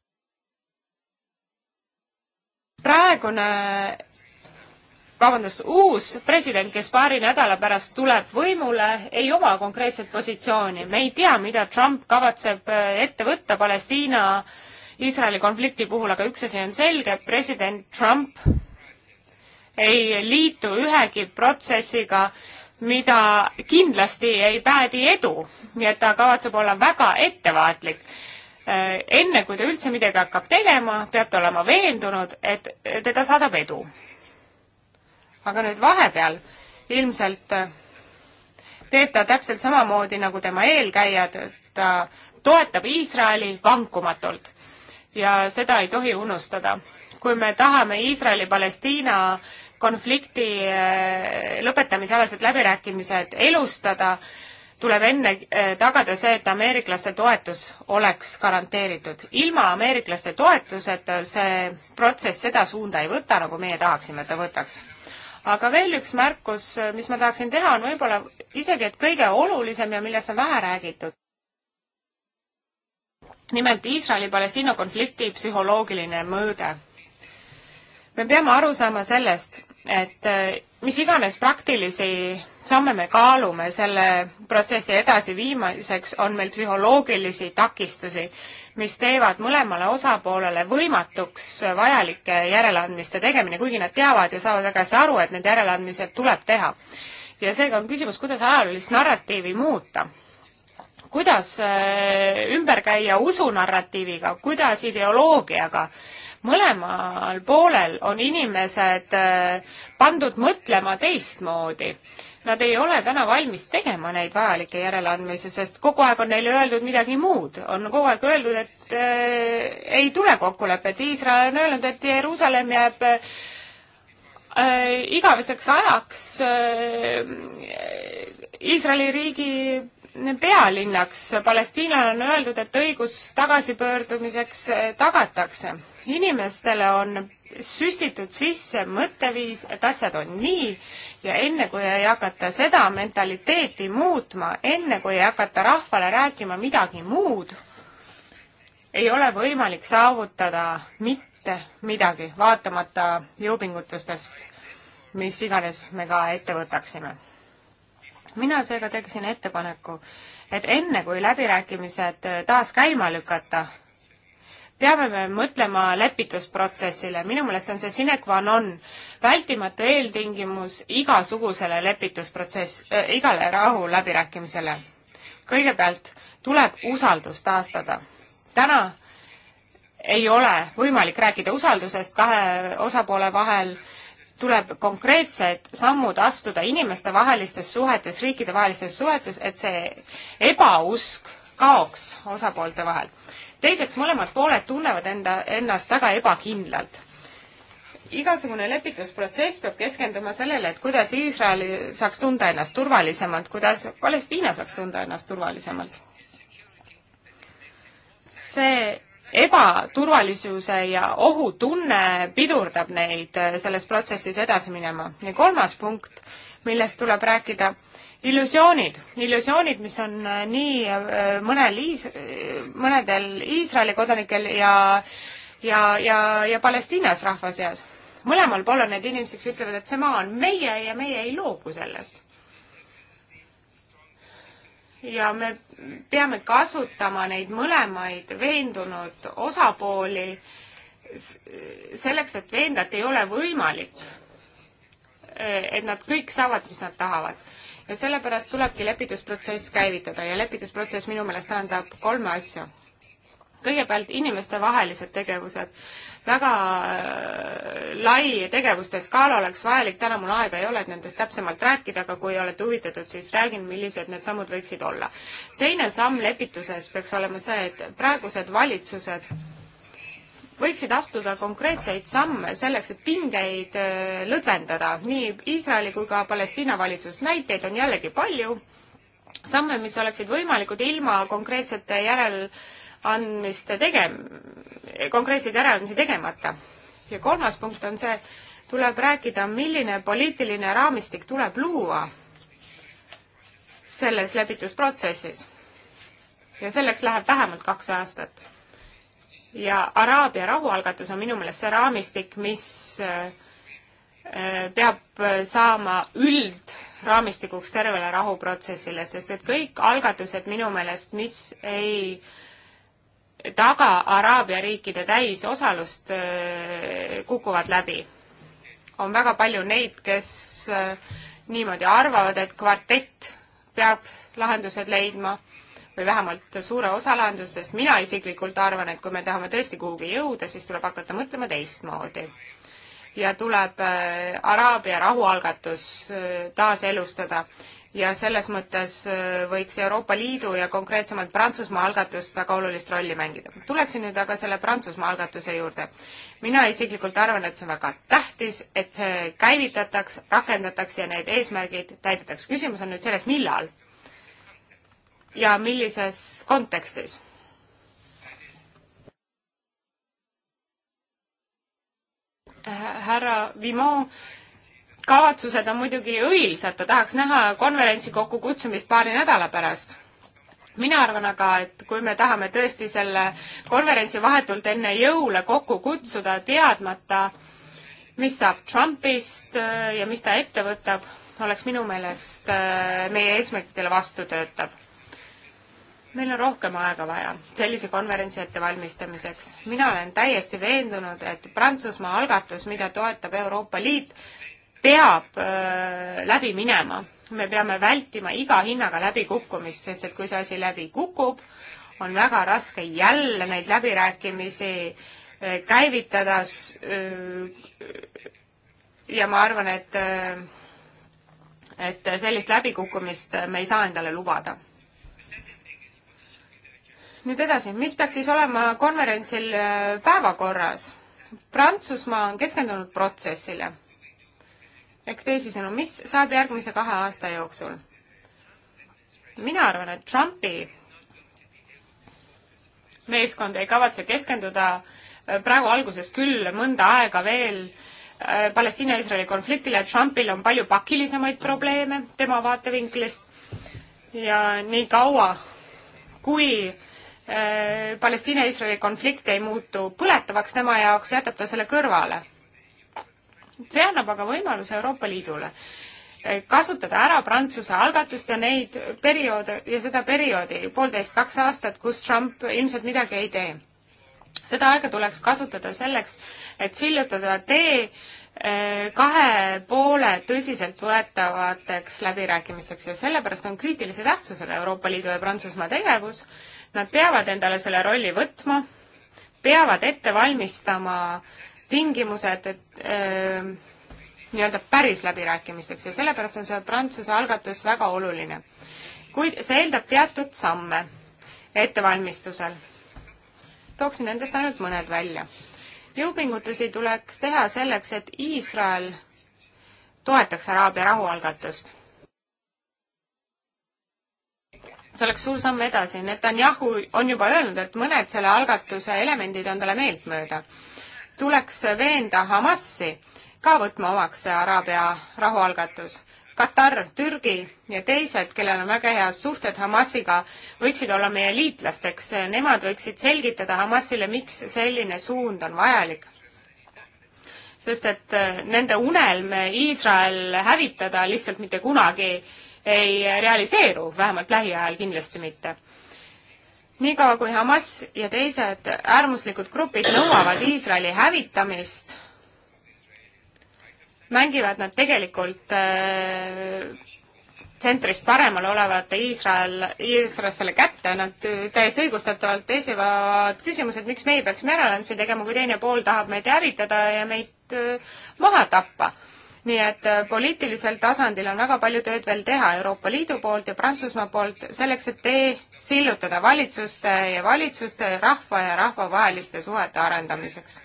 praegune vabandust, uus president, kes paari nädala pärast tuleb võimule, ei oma konkreetset positsiooni. me ei tea, mida Trump kavatseb äh, ette võtta Palestiina Iisraeli konflikti puhul, aga üks asi on selge, president Trump ei liitu ühegi protsessiga, mida kindlasti ei päädi edu, nii et ta kavatseb olla väga ettevaatlik äh, enne kui ta üldse midagi hakkab tegema, peab ta olema veendunud, et teda saadab edu aga nüüd vahepeal ilmselt äh, teeb ta täpselt samamoodi nagu tema eelkäijad, ta toetab Iisraeli vankumatult ja seda ei tohi unustada. kui me tahame Iisraeli-Palestiina konflikti äh, lõpetamisealased läbirääkimised elustada, tuleb enne äh, tagada see, et ameeriklaste toetus oleks garanteeritud. ilma ameeriklaste toetuseta see protsess seda suunda ei võta, nagu meie tahaksime, et ta võtaks aga veel üks märkus, mis ma tahaksin teha, on võib-olla isegi, et kõige olulisem ja millest on vähe räägitud. nimelt Iisraeli-Palestiina konflikti psühholoogiline mõõde. me peame aru saama sellest, et äh, mis iganes praktilisi samme me kaalume selle protsessi edasiviimiseks, on meil psühholoogilisi takistusi mis teevad mõlemale osapoolele võimatuks vajalike järeleandmiste tegemine, kuigi nad teavad ja saavad väga hästi aru, et need järeleandmised tuleb teha. ja seega on küsimus, kuidas ajaloolist narratiivi muuta kuidas äh, ümber käia usunarratiiviga, kuidas ideoloogiaga. mõlemal poolel on inimesed äh, pandud mõtlema teistmoodi nad ei ole täna valmis tegema neid vajalikke järeleandmisi, sest kogu aeg on neile öeldud midagi muud. on kogu aeg öeldud, et äh, ei tule kokkulepet, Iisrael on öelnud, et Jeruusalemm jääb äh, igaveseks ajaks äh, Iisraeli äh, riigi pealinnaks, Palestiinal on öeldud, et õigus tagasipöördumiseks tagatakse inimestele on süstitud sisse mõtteviis, et asjad on nii ja enne kui ei hakata seda mentaliteeti muutma, enne kui ei hakata rahvale rääkima midagi muud, ei ole võimalik saavutada mitte midagi, vaatamata jõupingutustest, mis iganes me ka ette võtaksime. mina seega teeksin ettepaneku, et enne kui läbirääkimised taas käima lükata, peame me mõtlema lepitusprotsessile, minu meelest on see sine qua non, vältimatu eeltingimus igasugusele lepitusprotsess äh,, igale rahuläbirääkimisele. kõigepealt tuleb usaldus taastada. täna ei ole võimalik rääkida usaldusest kahe osapoole vahel, tuleb konkreetsed sammud astuda inimestevahelistes suhetes, riikidevahelistes suhetes, et see ebausk kaoks osapoolte vahel teiseks, mõlemad pooled tunnevad enda, ennast väga ebakindlalt igasugune lepitusprotsess peab keskenduma sellele, et kuidas Iisrael saaks tunda ennast turvalisemalt, kuidas Palestiina saaks tunda ennast turvalisemalt. see ebaturvalisuse ja ohutunne pidurdab neid selles protsessis edasi minema. ja kolmas punkt, millest tuleb rääkida, illusioonid, illusioonid, mis on äh, nii äh, mõnel iis-, äh, mõnedel Iisraeli kodanikel ja ja, ja, ja Palestiinas rahva seas. mõlemal pool on need inimesed, kes ütlevad, et see maa on meie ja meie ei loobu sellest. ja me peame kasutama neid mõlemaid veendunud osapooli selleks, et veenda, et ei ole võimalik, et nad kõik saavad, mis nad tahavad ja sellepärast tulebki lepitusprotsess käivitada ja lepitusprotsess minu meelest tähendab kolme asja. kõigepealt inimestevahelised tegevused. väga äh, lai tegevuste skaala oleks vajalik, täna mul aega ei ole, et nendest täpsemalt rääkida, aga kui olete huvitatud, siis räägin, millised need sammud võiksid olla. teine samm lepituses peaks olema see, et praegused valitsused võiksid astuda konkreetseid samme selleks, et pingeid äh, lõdvendada. nii Iisraeli kui ka Palestiina valitsus, näiteid on jällegi palju, samme, mis oleksid võimalikud ilma konkreetsete järeleandmiste tegem-, konkreetseid järeleandmisi tegemata. ja kolmas punkt on see, tuleb rääkida, milline poliitiline raamistik tuleb luua selles lepitusprotsessis. ja selleks läheb vähemalt kaks aastat ja Araabia rahualgatus on minu meelest see raamistik, mis äh, äh, peab äh, saama üldraamistikuks tervele rahuprotsessile, sest et kõik algatused minu meelest, mis ei taga Araabia riikide täisosalust, kukuvad läbi. on väga palju neid, kes niimoodi arvavad, et kvartett peab lahendused leidma või vähemalt suure osa lahendustest. mina isiklikult arvan, et kui me tahame tõesti kuhugi jõuda, siis tuleb hakata mõtlema teistmoodi. ja tuleb äh, Araabia rahualgatus äh, taaselustada ja selles mõttes äh, võiks Euroopa Liidu ja konkreetsemalt Prantsusmaa algatust väga olulist rolli mängida. tuleksin nüüd aga selle Prantsusmaa algatuse juurde. mina isiklikult arvan, et see on väga tähtis, et see käivitataks, rakendataks ja need eesmärgid täidetaks. küsimus on nüüd selles, millal ja millises kontekstis? härra Vimon, kavatsused on muidugi õilsad, ta tahaks näha konverentsi kokkukutsumist paari nädala pärast mina arvan aga, et kui me tahame tõesti selle konverentsi vahetult enne jõule kokku kutsuda, teadmata, mis saab Trumpist äh, ja mis ta ette võtab, oleks minu meelest äh, meie eesmärkidele vastu töötab meil on rohkem aega vaja sellise konverentsi ettevalmistamiseks. mina olen täiesti veendunud, et Prantsusmaa algatus, mida toetab Euroopa Liit, peab öö, äh, läbi minema. me peame vältima iga hinnaga läbikukkumist, sest et kui see asi läbi kukub, on väga raske jälle neid läbirääkimisi öö, äh, käivitada. Äh, ja ma arvan, et öö, et sellist läbikukkumist me ei saa endale lubada nüüd edasi, mis peaks siis olema konverentsil äh, päevakorras? Prantsusmaa on keskendunud protsessile. ehk teisisõnu, mis saab järgmise kahe aasta jooksul? mina arvan, et Trumpi meeskond ei kavatse keskenduda äh, praegu alguses küll mõnda aega veel äh, Palestiina-Iisraeli konfliktile, Trumpil on palju pakilisemaid probleeme tema vaatevinklist ja nii kaua, kui äh, Äh, Palestiina-Iisraeli konflikt ei muutu põletavaks tema jaoks, jätab ta selle kõrvale. see annab aga võimaluse Euroopa Liidule äh, kasutada ära Prantsuse algatust ja neid perioode ja seda perioodi, poolteist, kaks aastat, kus Trump ilmselt midagi ei tee. seda aega tuleks kasutada selleks, et sillutada tee Äh, kahe poole tõsiseltvõetavateks läbirääkimisteks ja sellepärast on kriitilise tähtsusega Euroopa Liidu ja Prantsusmaa tegevus. Nad peavad endale selle rolli võtma, peavad ette valmistama tingimused, et öö, äh, nii-öelda päris läbirääkimisteks ja sellepärast on see Prantsuse algatus väga oluline. kuid see eeldab teatud samme ettevalmistusel. tooksin nendest ainult mõned välja jõupingutusi tuleks teha selleks, et Iisrael toetaks Araabia rahualgatust. see oleks suur samm edasi, Netanyahu on juba öelnud, et mõned selle algatuse elemendid on talle meeltmööda. tuleks veenda Hamasi ka võtma omaks see Araabia rahualgatus Katar, Türgi ja teised, kellel on väga head suhted Hamasiga, võiksid olla meie liitlasteks, nemad võiksid selgitada Hamasile, miks selline suund on vajalik. sest et äh, nende unelm Iisrael hävitada lihtsalt mitte kunagi ei realiseeru, vähemalt lähiajal kindlasti mitte niikaua kui Hamas ja teised äärmuslikud grupid nõuavad Iisraeli hävitamist, mängivad nad tegelikult äh, tsentrist paremal olevate Iisrael, iisraelastele kätte, nad täiesti õigustatavalt esivad küsimuse, et miks meie peaksime järeleandmisi tegema, kui teine pool tahab meid ärritada ja meid äh, maha tappa. nii et äh, poliitilisel tasandil on väga palju tööd veel teha Euroopa Liidu poolt ja Prantsusmaa poolt selleks, et tee sillutada valitsuste ja valitsuste, rahva ja rahva vaheliste suhete arendamiseks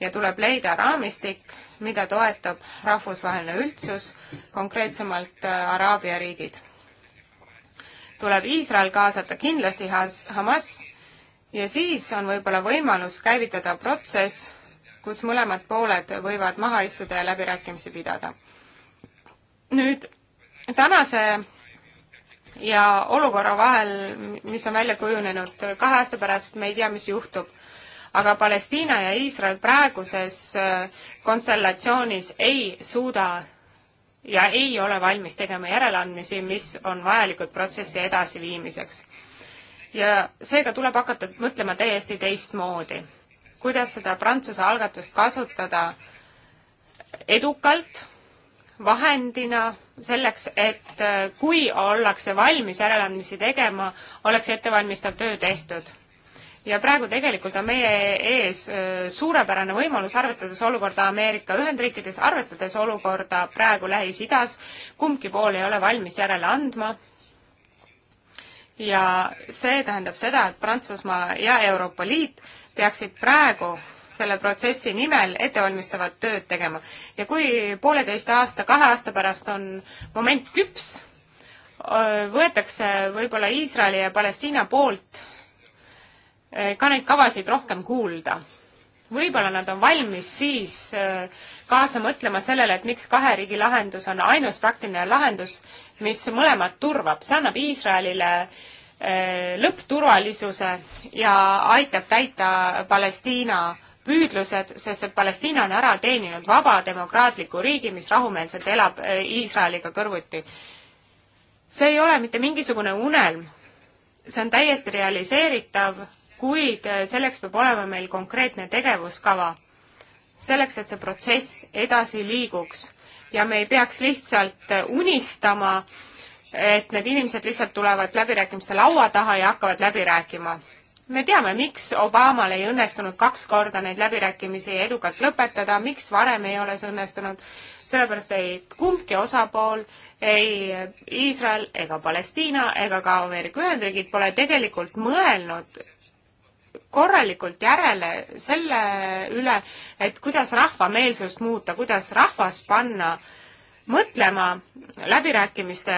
ja tuleb leida raamistik, mida toetab rahvusvaheline üldsus, konkreetsemalt äh, Araabia riigid. tuleb Iisrael kaasata kindlasti Hamas ja siis on võib-olla võimalus käivitada protsess, kus mõlemad pooled võivad maha istuda ja läbirääkimisi pidada. nüüd tänase ja olukorra vahel, mis on välja kujunenud kahe aasta pärast, me ei tea, mis juhtub aga Palestiina ja Iisrael praeguses äh, konstellatsioonis ei suuda ja ei ole valmis tegema järeleandmisi, mis on vajalikud protsessi edasiviimiseks. ja seega tuleb hakata mõtlema täiesti teistmoodi. kuidas seda Prantsuse algatust kasutada edukalt, vahendina selleks, et äh, kui ollakse valmis järeleandmisi tegema, oleks ettevalmistav töö tehtud ja praegu tegelikult on meie ees äh, suurepärane võimalus, arvestades olukorda Ameerika Ühendriikides, arvestades olukorda praegu Lähis-Idas, kumbki pool ei ole valmis järele andma. ja see tähendab seda, et Prantsusmaa ja Euroopa Liit peaksid praegu selle protsessi nimel ettevalmistavat tööd tegema. ja kui pooleteist aasta, kahe aasta pärast on moment küps, äh, võetakse võib-olla Iisraeli ja Palestiina poolt Eh, ka neid kavasid rohkem kuulda. võib-olla nad on valmis siis eh, kaasa mõtlema sellele, et miks kahe riigi lahendus on ainus praktiline lahendus, mis mõlemad turvab, see annab Iisraelile eh, lõppturvalisuse ja aitab täita Palestiina püüdlused, sest et Palestiina on ära teeninud vaba demokraatliku riigi, mis rahumeelselt elab Iisraeliga kõrvuti. see ei ole mitte mingisugune unelm, see on täiesti realiseeritav kuid äh, selleks peab olema meil konkreetne tegevuskava. selleks, et see protsess edasi liiguks ja me ei peaks lihtsalt äh, unistama, et need inimesed lihtsalt tulevad läbirääkimiste laua taha ja hakkavad läbi rääkima. me teame, miks Obamal ei õnnestunud kaks korda neid läbirääkimisi edukalt lõpetada, miks varem ei ole see õnnestunud, sellepärast et kumbki osapool, ei Iisrael ega Palestiina ega ka Ameerika Ühendriigid pole tegelikult mõelnud korralikult järele selle üle, et kuidas rahva meelsust muuta, kuidas rahvas panna mõtlema läbirääkimiste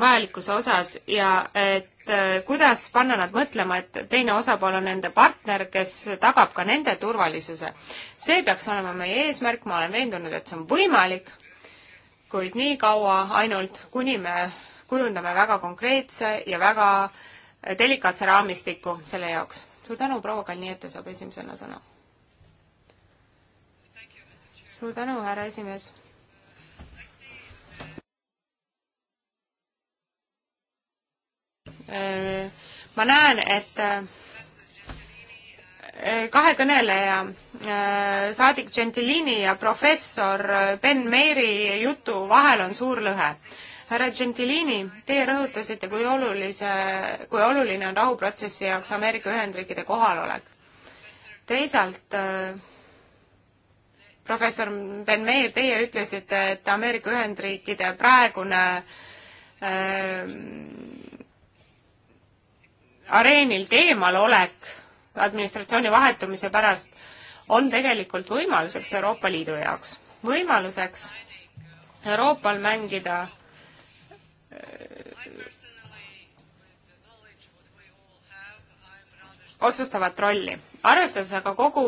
vajalikkuse osas ja et äh, kuidas panna nad mõtlema, et teine osapool on nende partner, kes tagab ka nende turvalisuse. see peaks olema meie eesmärk, ma olen veendunud, et see on võimalik, kuid nii kaua ainult, kuni me kujundame väga konkreetse ja väga äh, delikaatse raamistiku selle jaoks. suur tänu, proua Kalniete saab esimesena sõna. suur tänu, härra esimees. Äh, ma näen, et äh, kahe kõneleja, äh, saadik Gentilini ja professor Ben Meeri jutu vahel on suur lõhe härra Gentilini, teie rõhutasite, kui olulise, kui oluline on rahuprotsessi jaoks Ameerika Ühendriikide kohalolek. teisalt äh, professor Ben Meir, teie ütlesite, et Ameerika Ühendriikide praegune äh, areenilt eemalolek administratsiooni vahetumise pärast on tegelikult võimaluseks Euroopa Liidu jaoks, võimaluseks Euroopal mängida Äh, otsustavat rolli. arvestades aga kogu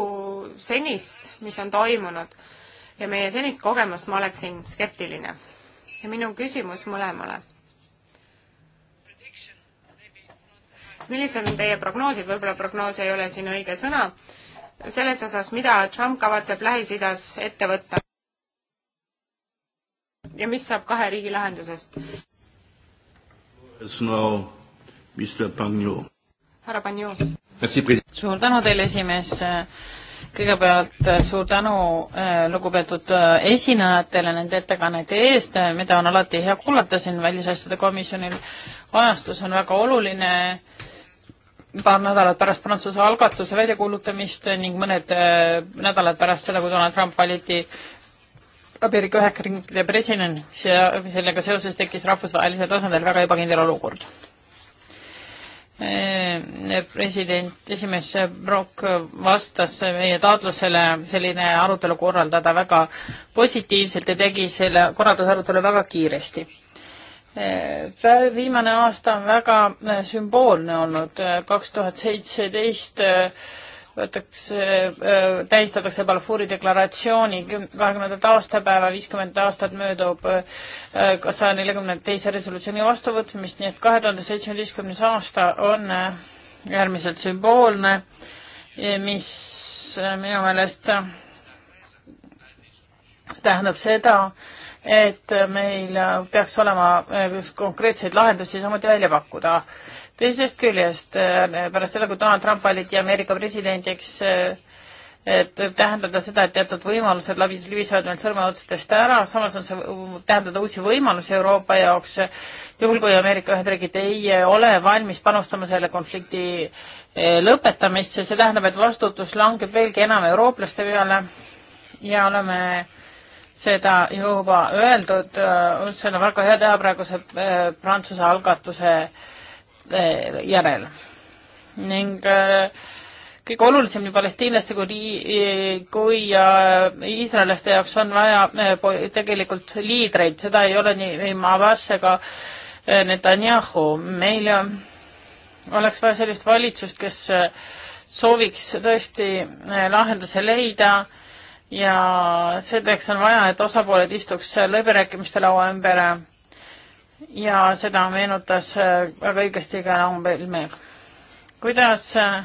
senist, mis on toimunud ja meie senist kogemust, ma oleksin skeptiline. ja minu küsimus mõlemale. millised on teie prognoosid, võib-olla prognoos ei ole siin õige sõna, selles osas, mida Trump kavatseb Lähis-Idas ette võtta? ja mis saab kahe riigi lahendusest? härra Panjou. suur tänu teile, esimees. kõigepealt äh, suur tänu äh, lugupeetud äh, esinejatele nende ettekannete eest, mida on alati hea kuulata siin Välisasjade komisjonil. ajastus on väga oluline paar nädalat pärast Prantsuse algatuse väljakuulutamist ning mõned nädalad pärast seda, kui Donald Trump valiti Ameerika Ühendriikide president ja sellega seoses tekkis rahvusvahelisel tasandil väga ebakindel olukord. President, esimees Brock vastas meie taotlusele selline arutelu korraldada väga positiivselt ja tegi selle korraldusarutelu väga kiiresti viimane aasta on väga sümboolne olnud, kaks tuhat seitseteist võetakse, äh, tähistatakse Balfouri deklaratsiooni kahekümnendat aastapäeva, viiskümmend aastat möödub äh, saja neljakümne teise resolutsiooni vastuvõtmist, nii et kahe tuhande seitsmeteistkümnes aasta on äh, äärmiselt sümboolne, mis minu meelest tähendab seda, et meil peaks olema konkreetseid lahendusi samuti välja pakkuda teisest küljest äh, pärast seda, kui Donald Trump valiti Ameerika presidendiks, äh, et võib tähendada seda, et teatud võimalused läbi, libisevad meil sõrmeotsadest ära, samas on see, tähendada uusi võimalusi Euroopa jaoks, juhul kui Ameerika Ühendriigid ei äh, ole valmis panustama selle konflikti lõpetamisse, see tähendab, et vastutus langeb veelgi enam eurooplaste peale ja oleme seda juba öeldud, see on väga hea teha praeguse Prantsuse algatuse äh, Eh, järel. ning eh, kõige olulisem nii palestiinlaste kui, eh, kui iisraellaste jaoks on vaja tegelikult liidreid, seda ei ole nii, ei Maavas ega Netanyahu. meil oleks vaja sellist valitsust, kes sooviks tõesti lahenduse leida ja selleks on vaja, et osapooled istuks läbirääkimiste laua ümber ja seda meenutas äh, väga õigesti ka Raumberg. kuidas äh,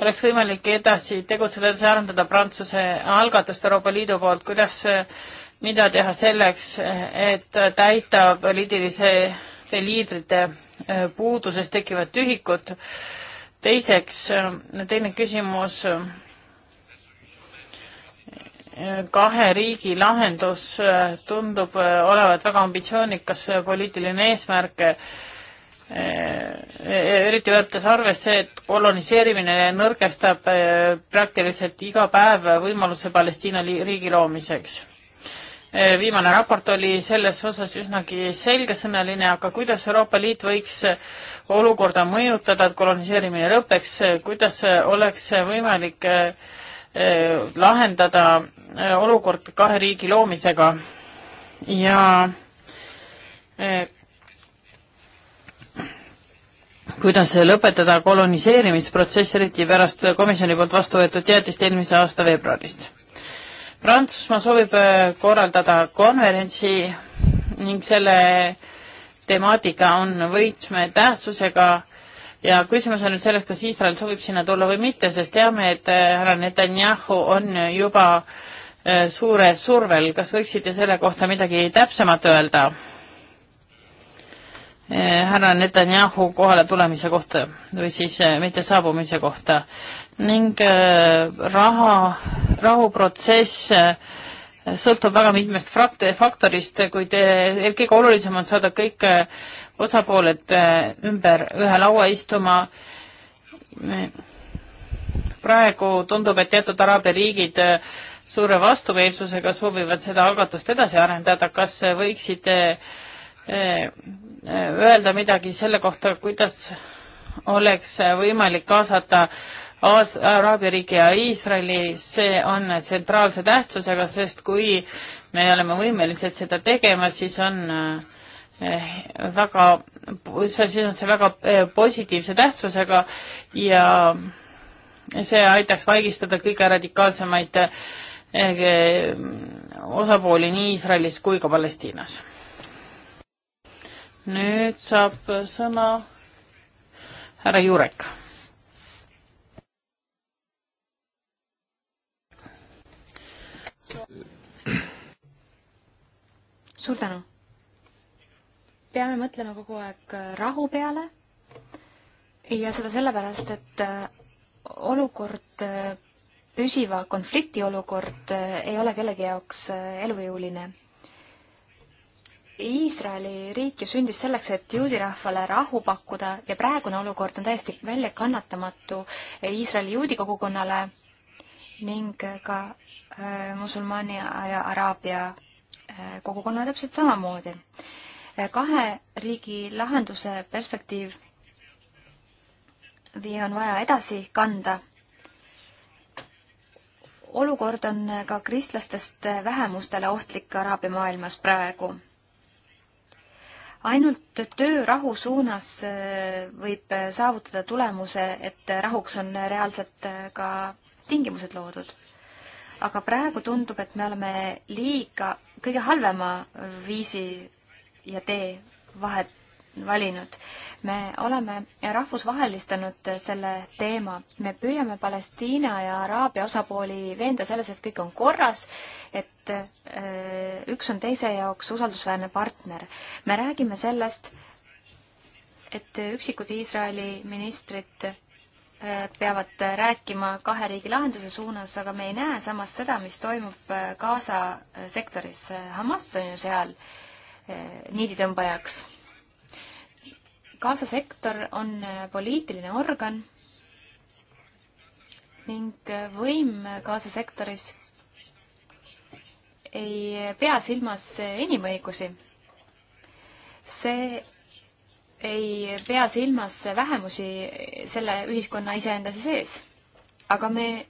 oleks võimalik edasi tegutseda, edasi arendada Prantsuse algatust Euroopa Liidu poolt, kuidas, äh, mida teha selleks, et täita poliitilise liidrite puuduses tekkivat tühikut. teiseks, teine küsimus kahe riigi lahendus äh, tundub äh, olevat väga ambitsioonikas äh, poliitiline eesmärk, eriti võttes arvesse, et koloniseerimine nõrgestab praktiliselt iga päev võimaluse Palestiina riigi loomiseks. viimane raport oli selles osas üsnagi selgesõnaline, aga kuidas Euroopa Liit võiks olukorda mõjutada, et koloniseerimine lõpeks, kuidas oleks võimalik Äh, lahendada äh, olukord kahe riigi loomisega ja äh, kuidas lõpetada koloniseerimisprotsess, eriti pärast komisjoni poolt vastu võetud jäätist eelmise aasta veebruarist. Prantsusmaa soovib korraldada konverentsi ning selle temaatika on võtmetähtsusega ja küsimus on nüüd selles, kas Iisrael soovib sinna tulla või mitte, sest teame, et äh, härra Netanyahu on juba äh, suure survel, kas võiksite selle kohta midagi täpsemat öelda? Äh, härra Netanyahu kohale tulemise kohta või siis mitte saabumise kohta ning raha, rahuprotsess sõltub väga mitmest faktorist, kuid kõige olulisem on saada kõik äh, osapooled äh, ümber ühe laua istuma. praegu tundub, et teatud araabia riigid äh, suure vastumeelsusega soovivad seda algatust edasi arendada, kas võiksite öelda midagi selle kohta, kuidas oleks võimalik kaasata Aas-, Araabia riigi ja Iisraeli, see on tsentraalse tähtsusega, sest kui me oleme võimelised seda tegema, siis on eh, väga, siis on see väga eh, positiivse tähtsusega ja see aitaks vaigistada kõige radikaalsemaid eh, osapooli nii Iisraelis kui ka Palestiinas. nüüd saab sõna härra Jurek suur tänu! peame mõtlema kogu aeg äh, rahu peale ja seda sellepärast, et äh, olukord, äh, püsiva konflikti olukord ei ole kellegi jaoks elujõuline. Iisraeli riik ju sündis selleks, et juudi rahvale rahu pakkuda ja praegune olukord on täiesti väljakannatamatu Iisraeli juudi kogukonnale ning ka musulmaani ja araabia Äh, kogukonna täpselt samamoodi. Äh, kahe riigi lahenduse perspektiiv või on vaja edasi kanda. olukord on ka kristlastest vähemustele ohtlik Araabia maailmas praegu. ainult töörahu suunas äh, võib saavutada tulemuse, et rahuks on reaalselt ka tingimused loodud. aga praegu tundub, et me oleme liiga kõige halvema viisi ja tee vahet valinud. me oleme rahvusvahelistanud selle teema. me püüame Palestiina ja Araabia osapooli veenda selles, et kõik on korras, et äh, üks on teise jaoks usaldusväärne partner. me räägime sellest, et üksikud Iisraeli ministrid peavad rääkima kahe riigi lahenduse suunas, aga me ei näe samas seda, mis toimub äh, Gaza äh, sektoris. Hamas on ju seal äh, niiditõmbajaks. Gaza sektor on poliitiline organ ning võim Gaza sektoris ei pea silmas inimõigusi. see ei pea silmas vähemusi selle ühiskonna iseenda sees. aga me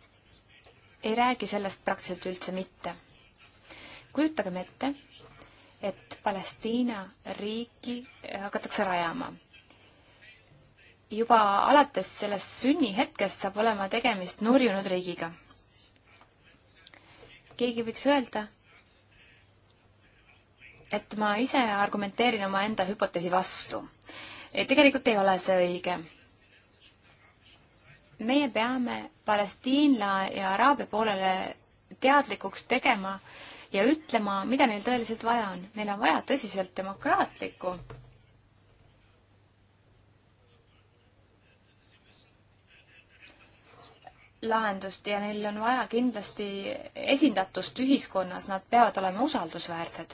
ei räägi sellest praktiliselt üldse mitte. kujutagem ette, et Palestiina riiki hakatakse rajama. juba alates sellest sünnihetkest saab olema tegemist nurjunud riigiga. keegi võiks öelda, et ma ise argumenteerin omaenda hüpoteesi vastu Eh, tegelikult ei ole see õige. meie peame Palestiina ja Araabia poolele teadlikuks tegema ja ütlema, mida neil tõeliselt vaja on. Neil on vaja tõsiselt demokraatlikku lahendust ja neil on vaja kindlasti esindatust ühiskonnas, nad peavad olema usaldusväärsed.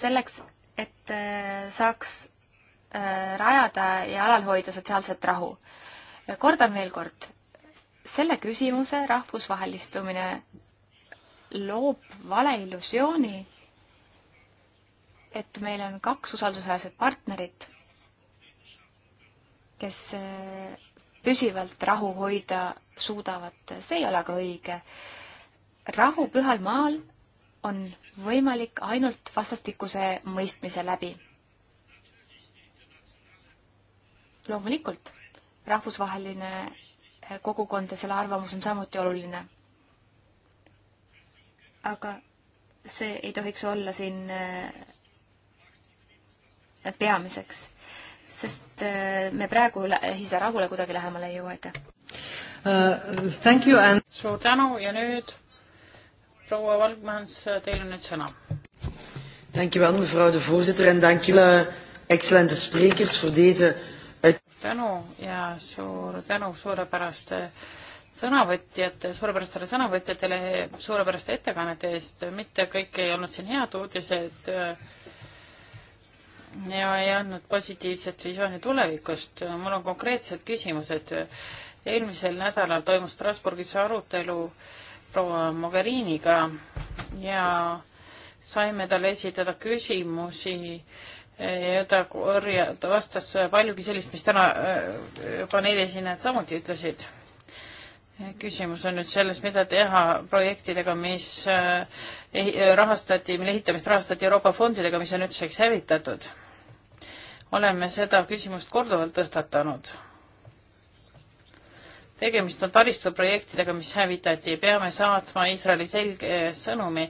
selleks, et eh, saaks Äh, rajada ja alal hoida sotsiaalset rahu. kordan veel kord, selle küsimuse rahvusvahelistumine loob valeillusiooni, et meil on kaks usaldusväärset partnerit, kes äh, püsivalt rahu hoida suudavad, see ei ole aga õige. rahu pühal maal on võimalik ainult vastastikuse mõistmise läbi loomulikult, rahvusvaheline eh, kogukond ja selle arvamus on samuti oluline. aga see ei tohiks olla siin eh, peamiseks, sest eh, me praegu ühise rahule kuidagi lähemale ei jõua, aitäh uh,. Thank you and suur tänu ja nüüd proua Valgmans, teil on nüüd sõna. Dank u wel mevrouw de voorzitter en dank jullie excellente sprekers voor deze tänu ja suur tänu suurepäraste sõnavõtjate, suurepärastele sõnavõtjatele suurepäraste ettekannete eest, mitte kõik ei olnud siin head uudised äh, ja ei andnud positiivset visiooni tulevikust. mul on konkreetsed küsimused. eelmisel nädalal toimus Strasbourgis arutelu proua Mogheriniga ja saime talle esitada küsimusi äh, ja ta korja-, ta vastas paljugi sellist, mis täna äh, paneeli esinejad samuti ütlesid. küsimus on nüüd selles, mida teha projektidega, mis äh, rahastati, mille ehitamist rahastati Euroopa fondidega, mis on nüüdseks hävitatud. oleme seda küsimust korduvalt tõstatanud. tegemist on taristuprojektidega, mis hävitati, peame saatma Iisraeli selge äh, sõnumi,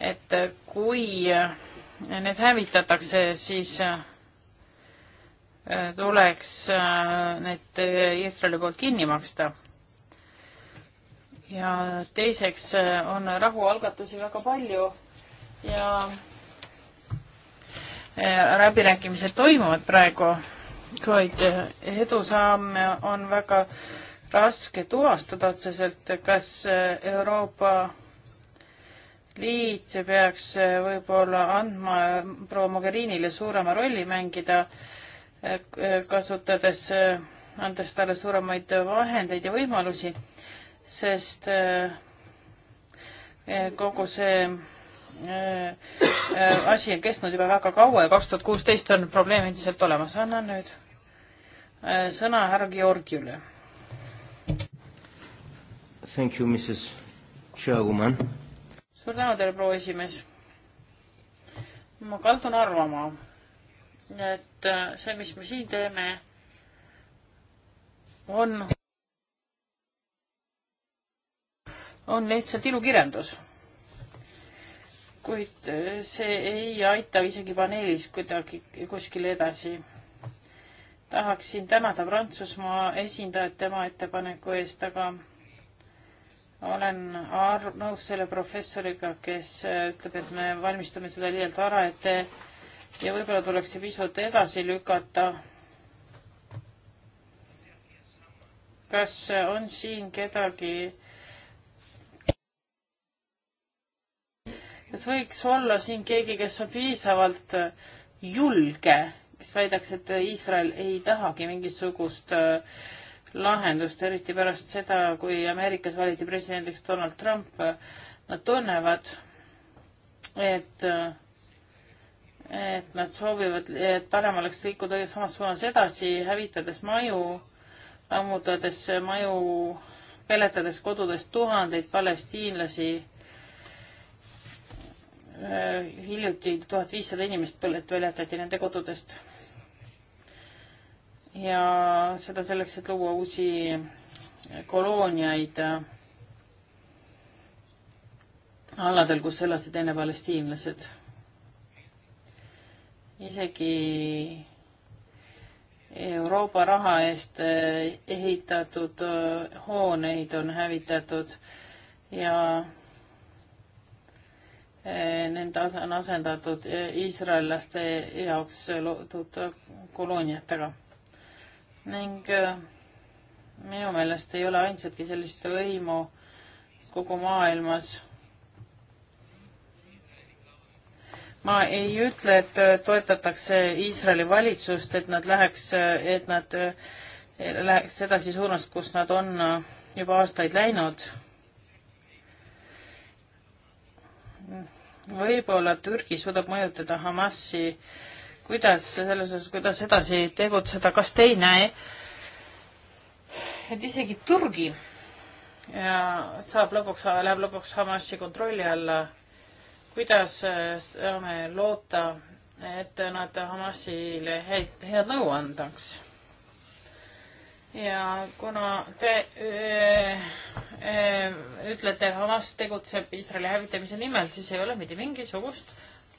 et kui äh, need hävitatakse, siis äh, tuleks äh, need Iisraeli poolt kinni maksta. ja teiseks äh, on rahualgatusi väga palju ja läbirääkimised toimuvad praegu, kuid edusamme on väga raske tuvastada otseselt, kas Euroopa liit peaks äh, võib-olla andma äh, proua Mogherinile suurema rolli mängida, äh, kasutades, andes talle suuremaid vahendeid ja võimalusi, sest kogu see asi on kestnud juba väga kaua ja kaks tuhat kuusteist on probleem endiselt olemas. annan nüüd sõna härra Georgiule. Thank you, Mrs Chairwoman suur tänu teile, proua esimees. ma kaldun arvama, et äh, see, mis me siin teeme, on, on lihtsalt ilukirjandus. kuid äh, see ei aita isegi paneelis kuidagi kuskile edasi. tahaksin tänada Prantsusmaa esindajat tema ettepaneku eest, aga olen ar-, nõus selle professoriga, kes äh, ütleb, et me valmistame seda liialt vara ette äh, ja võib-olla tuleks see pisut edasi lükata. kas on siin kedagi, kas võiks olla siin keegi, kes on piisavalt julge, kes väidaks, et Iisrael ei tahagi mingisugust äh, lahendust, eriti pärast seda, kui Ameerikas valiti presidendiks Donald Trump. Nad tunnevad, et, et nad soovivad, et parem oleks liikuda samas suunas edasi, hävitades maju, lammutades maju, peletades kodudest tuhandeid palestiinlasi. hiljuti tuhat viissada inimest peletati nende kodudest ja seda selleks, et luua uusi kolooniaid äh, aladel, kus elasid enne palestiinlased. isegi Euroopa raha eest äh, ehitatud äh, hooneid on hävitatud ja nende on asendatud iisraellaste jaoks loodud kolooniatega ning äh, minu meelest ei ole ainsatki sellist võimu kogu maailmas. ma ei ütle, et äh, toetatakse Iisraeli valitsust, et nad läheks, äh, et nad läheks edasi suunas, kus nad on juba aastaid läinud. võib-olla Türgi suudab mõjutada Hamasi äh, kuidas selles osas, kuidas edasi tegutseda, kas te ei näe, et isegi Türgi ja saab lõpuks, läheb lõpuks Hamasi kontrolli alla. kuidas äh, saame loota, et nad Hamasile häid, head nõu andaks? ja kuna te öö, äh, öö, äh, ütlete, Hamas tegutseb Iisraeli hävitamise nimel, siis ei ole mitte mingisugust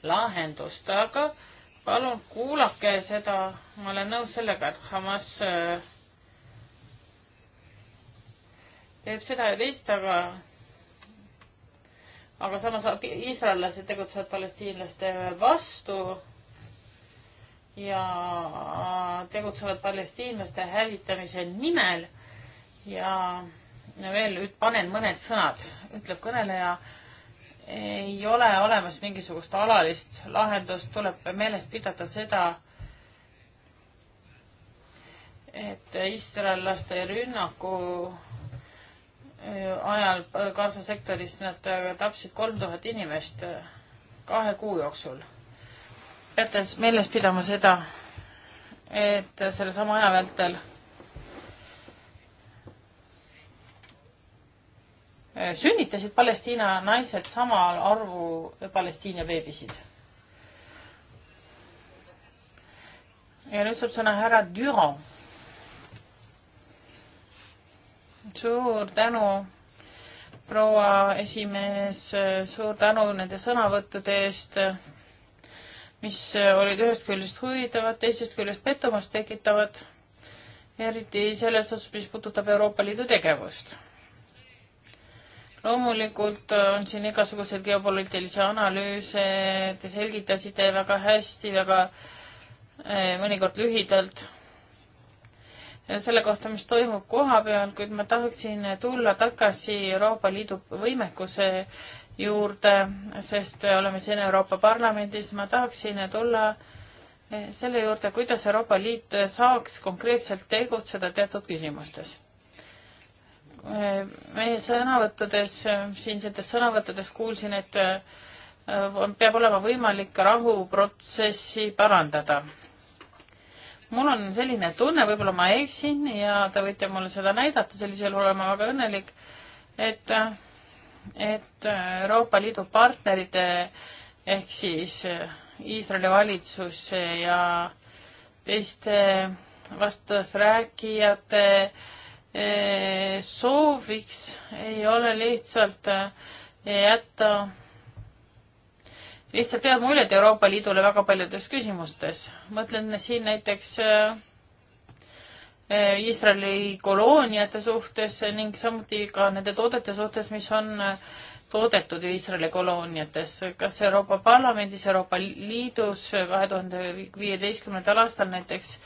lahendust, aga öö, palun kuulake seda, ma olen nõus sellega, et Hamas äh, teeb seda ja teist, aga aga samas iisraellased tegutsevad palestiinlaste vastu ja tegutsevad palestiinlaste hävitamise nimel ja veel nüüd panen mõned sõnad, ütleb kõneleja ei ole olemas mingisugust alalist lahendust, tuleb meeles pidada seda, et iisraellaste rünnaku äh, ajal äh, Gaza sektoris nad äh, tapsid kolm tuhat inimest kahe kuu jooksul. peate meeles pidama seda, et sellesama aja vältel sünnitasid Palestiina naised samal arvu Palestiina beebisid. ja nüüd saab sõna härra Düran. suur tänu, proua esimees, suur tänu nende sõnavõttude eest, mis olid ühest küljest huvitavad, teisest küljest pettumust tekitavad, eriti selles osas, mis puudutab Euroopa Liidu tegevust loomulikult äh, on siin igasuguseid geopoliitilisi analüüse, te selgitasite väga hästi, väga äh, mõnikord lühidalt selle kohta, mis toimub koha peal, kuid ma tahaksin tulla tagasi Euroopa Liidu võimekuse juurde, sest oleme siin Euroopa Parlamendis, ma tahaksin tulla äh, selle juurde, kuidas Euroopa Liit saaks konkreetselt tegutseda teatud küsimustes meie sõnavõttudes, siinsetes sõnavõttudes kuulsin, et äh, peab olema võimalik rahuprotsessi parandada. mul on selline tunne, võib-olla ma eksin ja te võite mulle seda näidata, sellisel juhul olen ma väga õnnelik, et, et Euroopa Liidu partnerite ehk siis äh, Iisraeli valitsuse ja teiste vastasrääkijate äh, sooviks ei ole lihtsalt äh, jätta lihtsalt head muljet Euroopa Liidule väga paljudes küsimustes. mõtlen siin näiteks äh, äh, Iisraeli kolooniate suhtes ning samuti ka nende toodete suhtes, mis on toodetud Iisraeli kolooniates. kas Euroopa Parlamendis, Euroopa Liidus kahe tuhande viieteistkümnendal aastal näiteks äh,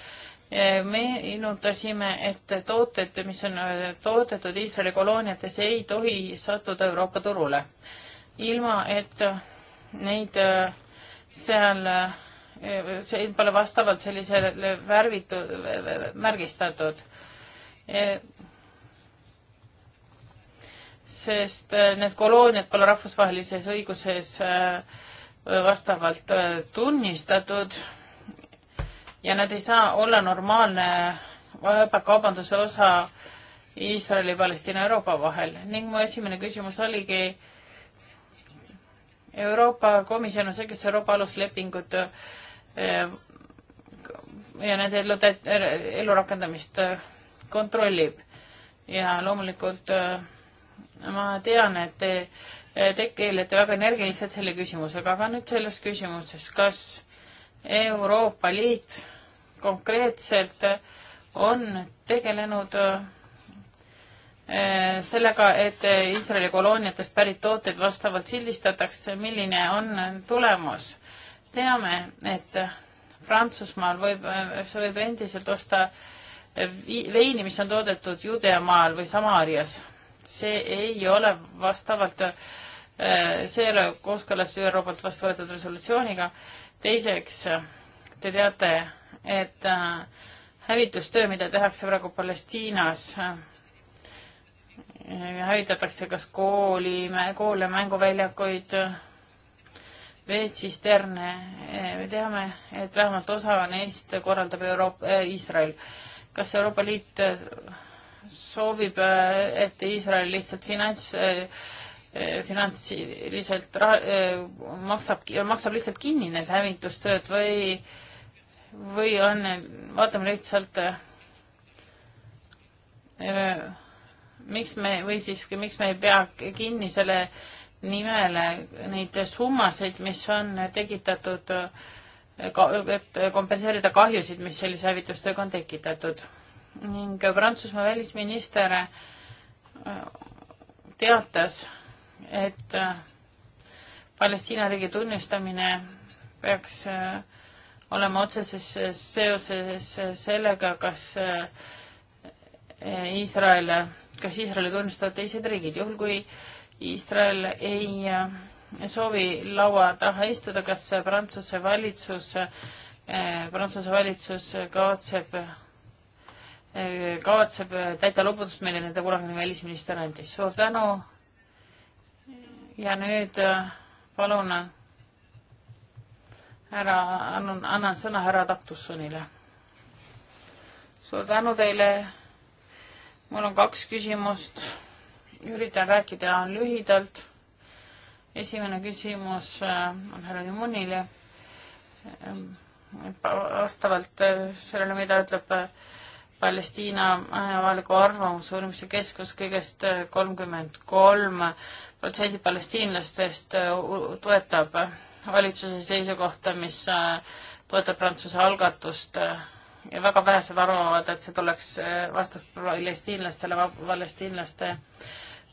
E, meenutasime, et tooted, mis on e, toodetud Iisraeli kolooniates, ei tohi sattuda Euroopa turule, ilma et neid e, seal, see pole vastavalt sellisele värvitud, märgistatud. sest need kolooniad pole rahvusvahelises õiguses vastavalt tunnistatud ja nad ei saa olla normaalne vabakaubanduse osa Iisraeli, Palestiina, Euroopa vahel ning mu esimene küsimus oligi, Euroopa Komisjon on see, kes Euroopa aluslepingut eh, ja nende elu, elu rakendamist eh, kontrollib. ja loomulikult eh, ma tean, et te, te keelete väga energiliselt selle küsimusega, aga nüüd selles küsimuses, kas Euroopa Liit konkreetselt on tegelenud eh, sellega, et Iisraeli kolooniatest pärit tooteid vastavalt sildistatakse, milline on tulemus. teame, et Prantsusmaal võib, sa võib endiselt osta veini, mis on toodetud Judeamaal või Samaarias. see ei ole vastavalt, eh, see ei ole kooskõlas ÜRO poolt vastu võetud resolutsiooniga. teiseks, te teate, et äh, hävitustöö, mida tehakse praegu Palestiinas, äh, hävitatakse kas kooli, koole, mänguväljakuid, veetsisterne, äh, me teame, et vähemalt osa neist korraldab Euroopa äh,, Iisrael. kas Euroopa Liit soovib, et Iisrael lihtsalt finants äh,, finantsiliselt äh, maksab, maksab lihtsalt kinni need hävitustööd või äh, või on, vaatame lihtsalt äh, miks me või siis miks me ei pea kinni selle nimele neid summasid, mis on tekitatud, äh, et kompenseerida kahjusid, mis sellise hävitustööga on tekitatud. ning Prantsusmaa välisminister äh, teatas, et Palestiina riigi tunnistamine peaks äh, olema otseses seoses sellega, kas eh, Iisrael, kas Iisraeli tunnistavad teised riigid, juhul kui Iisrael ei eh, soovi laua taha istuda, kas Prantsuse valitsus, eh, Prantsuse valitsus kavatseb, kavatseb täita lubadust, mille nende kunagine välisminister andis. suur tänu. ja nüüd palun härra, annan, annan sõna härra Taktussonile. suur tänu teile. mul on kaks küsimust. üritan rääkida lühidalt. esimene küsimus äh, on härra Jumunile. Äh, vastavalt äh, sellele, mida ütleb Palestiina avaliku arvamusuurimise keskus kõigest kolmkümmend kolm protsenti palestiinlastest toetab valitsuse seisukohta, mis äh, toetab Prantsuse algatust äh, ja väga vähesed arvavad, et see tuleks äh, vastust palestiinlastele, palestiinlaste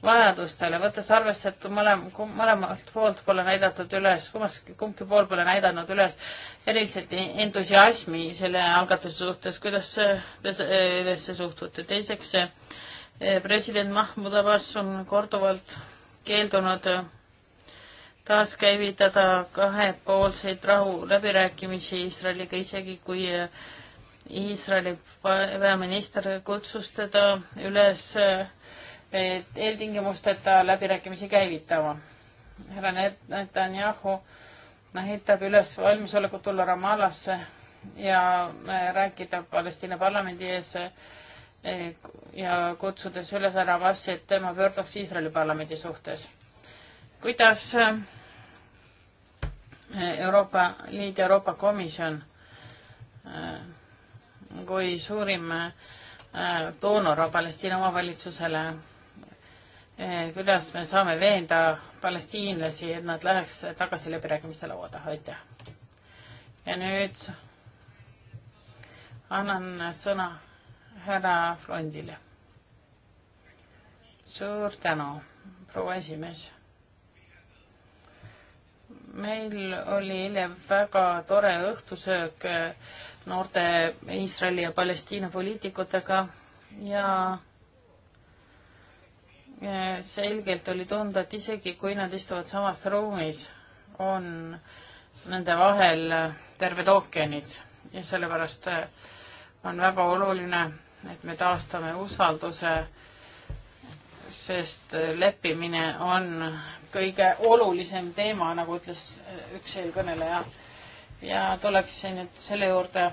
vajadustele, võttes arvesse, et mõlem-, mõlemalt poolt pole näidatud üles, kummaski, kumbki pool pole näidanud üles eriliselt e-, entusiasmi selle algatuse suhtes, kuidas sellesse suhtute. teiseks, president Mahmud Abbas on korduvalt keeldunud taaskäivitada kahepoolseid rahuläbirääkimisi Iisraeliga, isegi kui eh, Iisraeli peaminister kutsus teda üles eh, eeltingimusteta läbirääkimisi käivitama. härra Netanyahu näitab üles valmisolekut tulla Ramallasse ja eh, rääkida Palestiina parlamendi ees ja kutsudes üles härra Abbasi, et tema pöörduks Iisraeli parlamendi suhtes. kuidas Euroopa Liit, Euroopa Komisjon äh, kui suurim äh, doonor Palestiina omavalitsusele. Äh, kuidas me saame veenda palestiinlasi, et nad läheks tagasi läbirääkimiste laua taha, aitäh. ja nüüd annan sõna härra Frondile. suur tänu, proua esimees meil oli eile väga tore õhtusöök eh, noorte Iisraeli ja Palestiina poliitikutega ja eh, selgelt oli tunda, et isegi kui nad istuvad samas ruumis, on nende vahel eh, terved ookeanid ja sellepärast on väga oluline, et me taastame usalduse äh, sest leppimine on kõige olulisem teema, nagu ütles üks eelkõneleja. ja tuleksin nüüd selle juurde,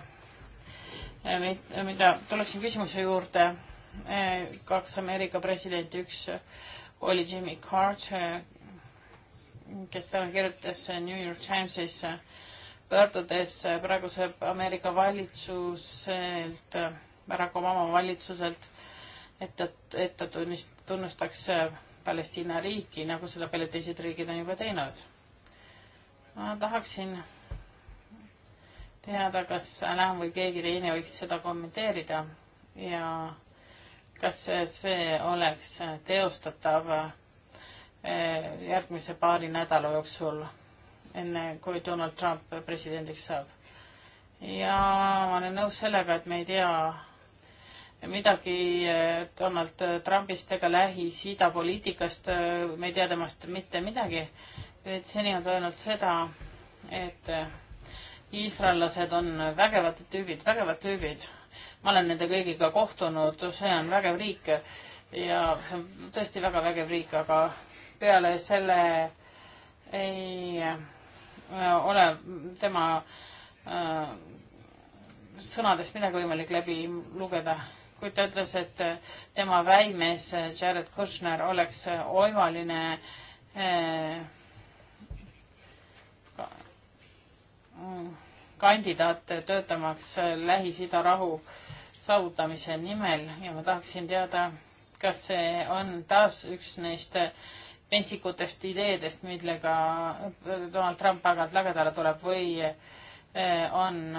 eh, mida, tuleksin küsimuse juurde, eh, kaks Ameerika presidenti, üks oli Jimmy Carter, kes täna kirjutas New York Timesis pöördudes praeguse Ameerika valitsuselt, Barack Obama valitsuselt, et ta, et ta tunnist-, tunnustaks äh, Palestiina riiki, nagu seda paljud teised riigid on juba teinud. ma tahaksin teada, kas enam või keegi teine võiks seda kommenteerida ja kas see oleks teostatav äh, järgmise paari nädala jooksul, enne kui Donald Trump presidendiks saab. ja ma olen nõus sellega, et me ei tea midagi Donald Trumpist ega Lähis-Ida poliitikast, me ei tea temast mitte midagi. et seni on ta öelnud seda, et iisraellased on vägevad tüübid, vägevad tüübid. ma olen nende kõigiga kohtunud, see on vägev riik ja see on tõesti väga vägev riik, aga peale selle ei äh, ole tema äh, sõnadest midagi võimalik läbi lugeda kui ta ütles, et äh, tema väimees äh, Jared Kushner oleks äh, oivaline mm, kandidaat töötamaks Lähis-Ida rahu saavutamise nimel ja ma tahaksin teada, kas see on taas üks neist pentsikutest ideedest, millega Donald Trump aeg-ajalt lagedale tuleb või on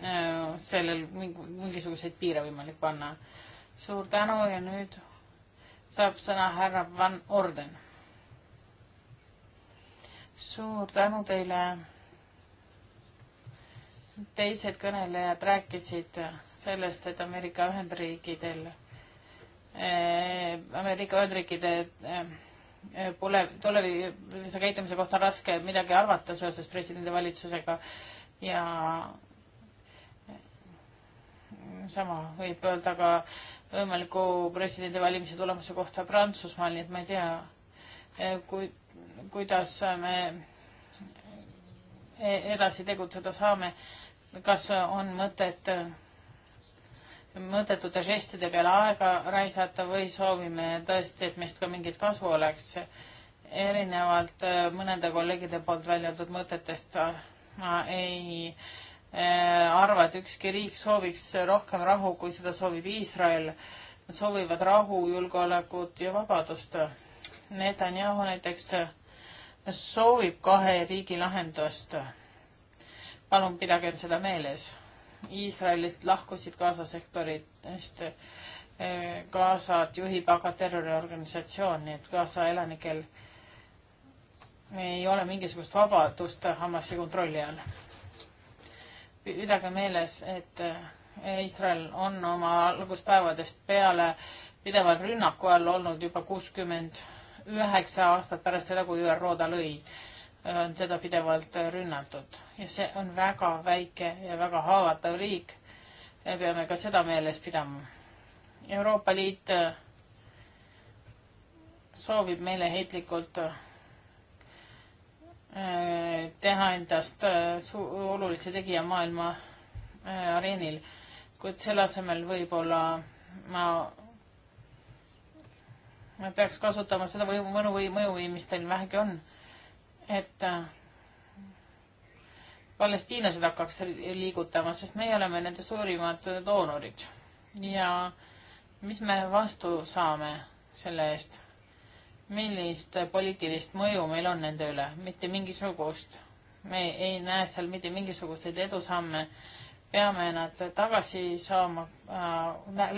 Äh, sellel mingisuguseid piire võimalik panna. suur tänu ja nüüd saab sõna härra Van Orden. suur tänu teile. teised kõnelejad rääkisid sellest, et Ameerika Ühendriikidel äh, Ameerika Ühendriikide äh, pole, tulevase käitumise kohta on raske midagi arvata seoses presidendi valitsusega ja sama võib öelda ka võimaliku presidendivalimiste tulemuse kohta Prantsusmaal, nii et ma ei tea, eh, kui, kuidas me e-, edasi tegutseda saame. kas on mõtet mõttetute žestide peale aega raisata või soovime tõesti, et meist ka mingit kasu oleks? erinevalt eh, mõnede kolleegide poolt välja öeldud mõtetest ah, ma ei äh, Eh, arva, et ükski riik sooviks rohkem rahu, kui seda soovib Iisrael. Nad soovivad rahu, julgeolekut ja vabadust. Netanyahu näiteks soovib kahe riigi lahendust. palun pidagem seda meeles. Iisraelist lahkusid Gaza sektoritest. Eh, Gazat juhib aga terroriorganisatsioon, nii et Gaza elanikel ei ole mingisugust vabadust Hamasi kontrolli all pidage meeles, et eh, Iisrael on oma alguspäevadest peale pideval rünnaku all olnud juba kuuskümmend üheksa aastat pärast seda, kui ÜRO ta lõi, eh, on teda pidevalt eh, rünnatud ja see on väga väike ja väga haavatav riik. me peame ka seda meeles pidama. Euroopa Liit soovib meeleheitlikult Äh, teha endast äh, olulise tegija maailma äh, areenil, kuid selle asemel võib-olla ma, ma peaks kasutama seda või mõnu või mõjuvõi, mis teil vähegi on, et palestiinlased hakkaks liigutama, sest meie oleme nende suurimad doonorid ja mis me vastu saame selle eest millist poliitilist mõju meil on nende üle, mitte mingisugust. me ei näe seal mitte mingisuguseid edusamme. peame nad tagasi saama äh,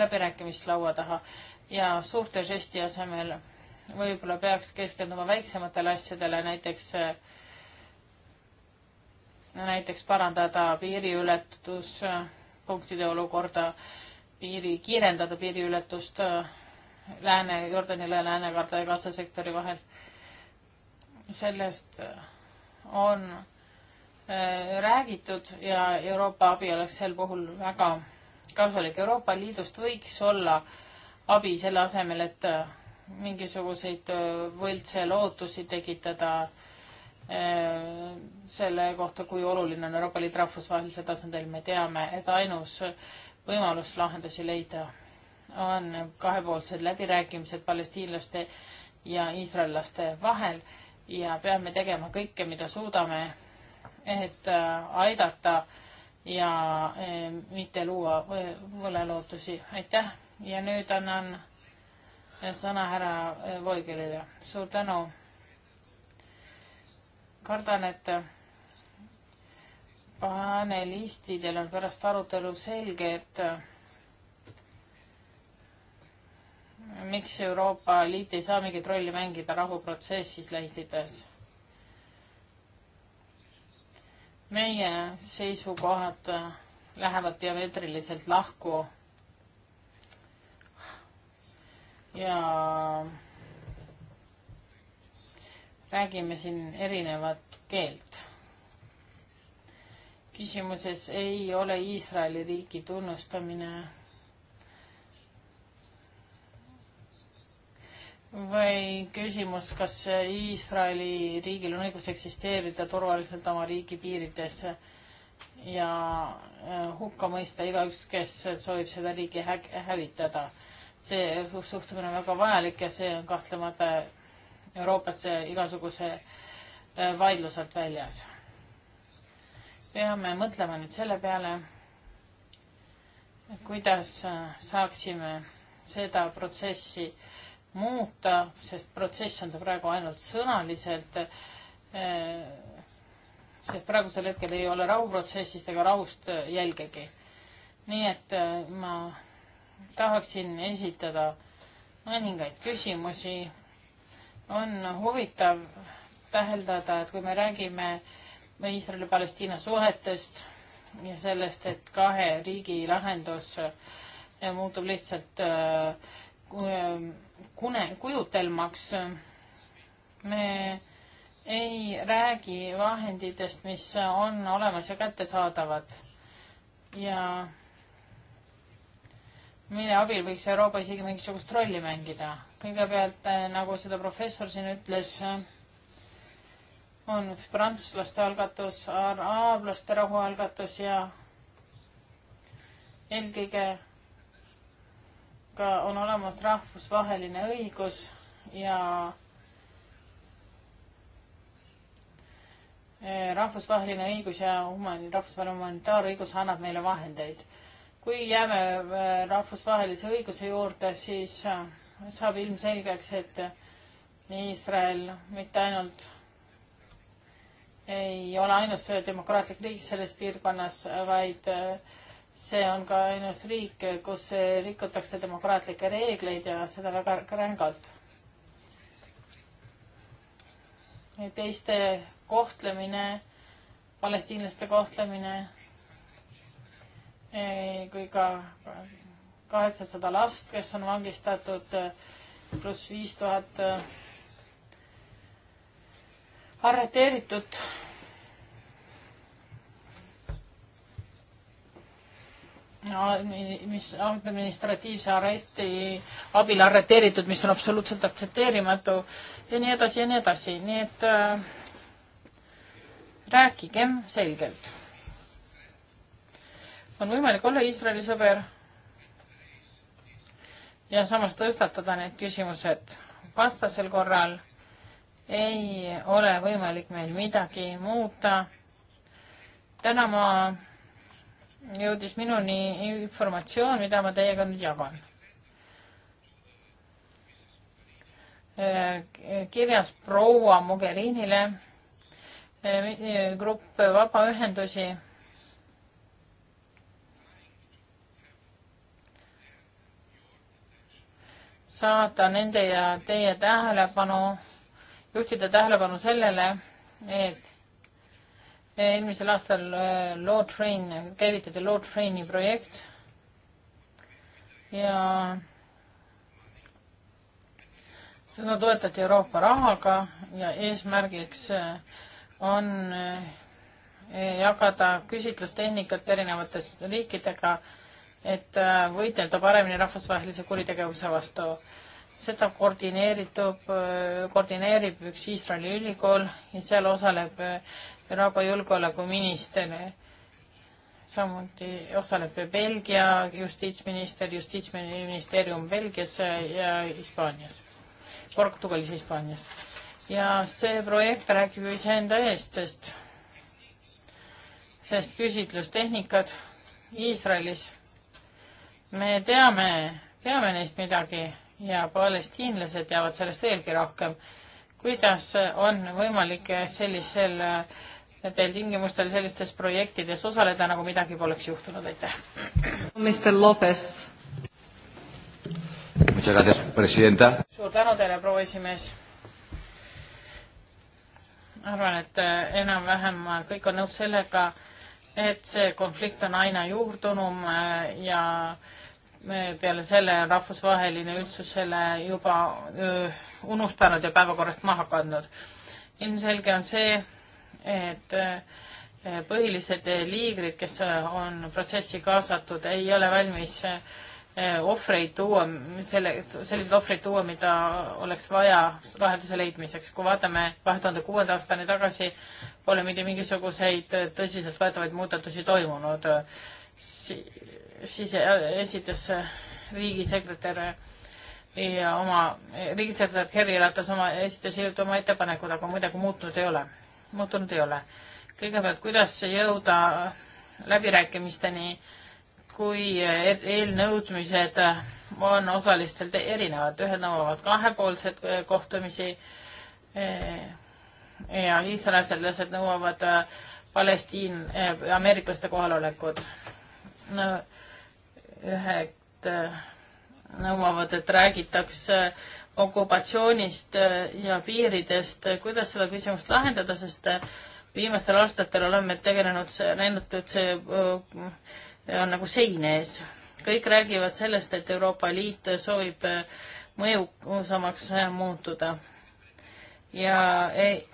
läbirääkimislaua taha ja suurte žesti asemel võib-olla peaks keskenduma väiksematele asjadele, näiteks äh, näiteks parandada piiriületuspunktide olukorda, piiri, kiirendada piiriületust äh, Lääne, Jordanile ja Lääne-Karda ja Gaza sektori vahel. sellest äh, on äh, räägitud ja Euroopa abi oleks sel puhul väga kasulik. Euroopa Liidust võiks olla abi selle asemel, et äh, mingisuguseid võltse lootusi tekitada selle kohta, kui oluline on Euroopa Liit rahvusvahelisel tasandil. me teame, et ainus võimalus lahendusi leida on kahepoolsed läbirääkimised palestiinlaste ja iisraellaste vahel ja peame tegema kõike, mida suudame, et äh, aidata ja äh, mitte luua võlelootusi. aitäh ja nüüd annan äh, sõna härra Voigelile. suur tänu. kardan, et panelistidel on pärast arutelu selge, et miks Euroopa Liit ei saa mingit rolli mängida rahuprotsessis Lähis-Idas? meie seisukohad lähevad diameetriliselt lahku ja räägime siin erinevat keelt. küsimuses ei ole Iisraeli riigi tunnustamine või küsimus, kas Iisraeli riigil on õigus eksisteerida turvaliselt oma riigi piirides ja äh, hukka mõista igaüks, kes soovib seda riigi hä hävitada. see suhtumine on väga vajalik ja see on kahtlemata Euroopasse igasuguse äh, vaidluselt väljas. peame mõtlema nüüd selle peale, kuidas äh, saaksime seda protsessi äh, muuta, sest protsess on ta praegu ainult sõnaliselt. Eh, sest praegusel hetkel ei ole rahuprotsessist ega rahust eh, jälgegi. nii et eh, ma tahaksin esitada mõningaid küsimusi. on huvitav täheldada, et kui me räägime Iisraeli-Palestiina suhetest ja sellest, et kahe riigi lahendus muutub lihtsalt äh, kune, kujutelmaks. me ei räägi vahenditest, mis on olemas ja kättesaadavad ja mille abil võiks Euroopa isegi mingisugust rolli mängida. kõigepealt, eh, nagu seda professor siin ütles, on prantslaste algatus, araablaste rahualgatus ja eelkõige ka on olemas rahvusvaheline õigus ja eh, rahvusvaheline õigus ja humani, rahvusvaheline humanitaarõigus annab meile vahendeid. kui jääme eh, rahvusvahelise õiguse juurde, siis eh, saab ilmselgeks, et Iisrael mitte ainult ei ole ainus demokraatlik riik selles piirkonnas, vaid äh, see on ka ainus riik, kus rikutakse demokraatlikke reegleid ja seda väga rängalt. teiste kohtlemine, palestiinlaste kohtlemine eh, kui ka kaheksasada last, kes on vangistatud, pluss viis tuhat eh, arreteeritud mis administratiivse aresti abil arreteeritud, mis on absoluutselt aktsepteerimatu ja nii edasi ja nii edasi, nii et äh, rääkigem selgelt. on võimalik olla Iisraeli sõber ja samas tõstatada need küsimused. vastasel korral ei ole võimalik meil midagi muuta. täna ma jõudis minuni informatsioon, mida ma teiega nüüd jagan. Äh, kirjas proua Mogherinile äh, grupp vabaühendusi saada nende ja teie tähelepanu, juhtida tähelepanu sellele, et eelmisel aastal äh, Law Train, käivitati Law Traini projekt ja seda toetati Euroopa rahaga ja eesmärgiks äh, on äh, jagada küsitlustehnikat erinevates riikidega, et võidelda paremini rahvusvahelise kuritegevuse vastu. seda koordineeritub, koordineerib üks Iisraeli ülikool ja seal osaleb Euroopa julgeolekuminister. samuti osaleb Belgia justiitsminister, justiitsministeerium Belgias ja Hispaanias, Portugalis, Hispaanias. ja see projekt räägib ju iseenda eest, sest, sest küsitlustehnikad Iisraelis, me teame, teame neist midagi ja palestiinlased teavad sellest veelgi rohkem. kuidas on võimalik sellisel äh, nendel tingimustel sellistes projektides osaleda, nagu midagi poleks juhtunud, aitäh. Mr Lopez. suur tänu teile, proua esimees. arvan, et äh, enam-vähem kõik on nõus sellega, et see konflikt on aina juurdunum äh, ja äh, peale selle on rahvusvaheline üldsus selle juba unustanud ja päevakorrast maha kandnud. ilmselge on see, et eh, põhilised eh, liigrid, kes eh, on protsessi kaasatud, ei ole valmis ohvreid tuua, selle, selliseid ohvreid tuua, mida oleks vaja lahenduse leidmiseks. kui vaatame kahe tuhande kuuenda aastani tagasi, pole mitte mingisuguseid tõsiseltvõetavaid muudatusi toimunud si. siis esitas riigisekretär ja oma, riigisekretär Kerri Ratas oma, esitas hiljuti oma ettepanekud, aga midagi muutunud ei ole muutunud ei ole. kõigepealt, kuidas jõuda läbirääkimisteni, kui e-, eelnõudmised on osalistel erinevad, ühed nõuavad kahepoolseid e, kohtumisi e, ja iisraelslased nõuavad Palestiin, ameeriklaste kohalolekut no,. ühed nõuavad, et räägitakse okupatsioonist äh, ja piiridest, äh, kuidas seda küsimust lahendada, sest äh, viimastel aastatel oleme tegelenud, näinud, et see on nagu sein ees. kõik räägivad sellest, et Euroopa Liit soovib mõjusamaks muutuda. ja ei,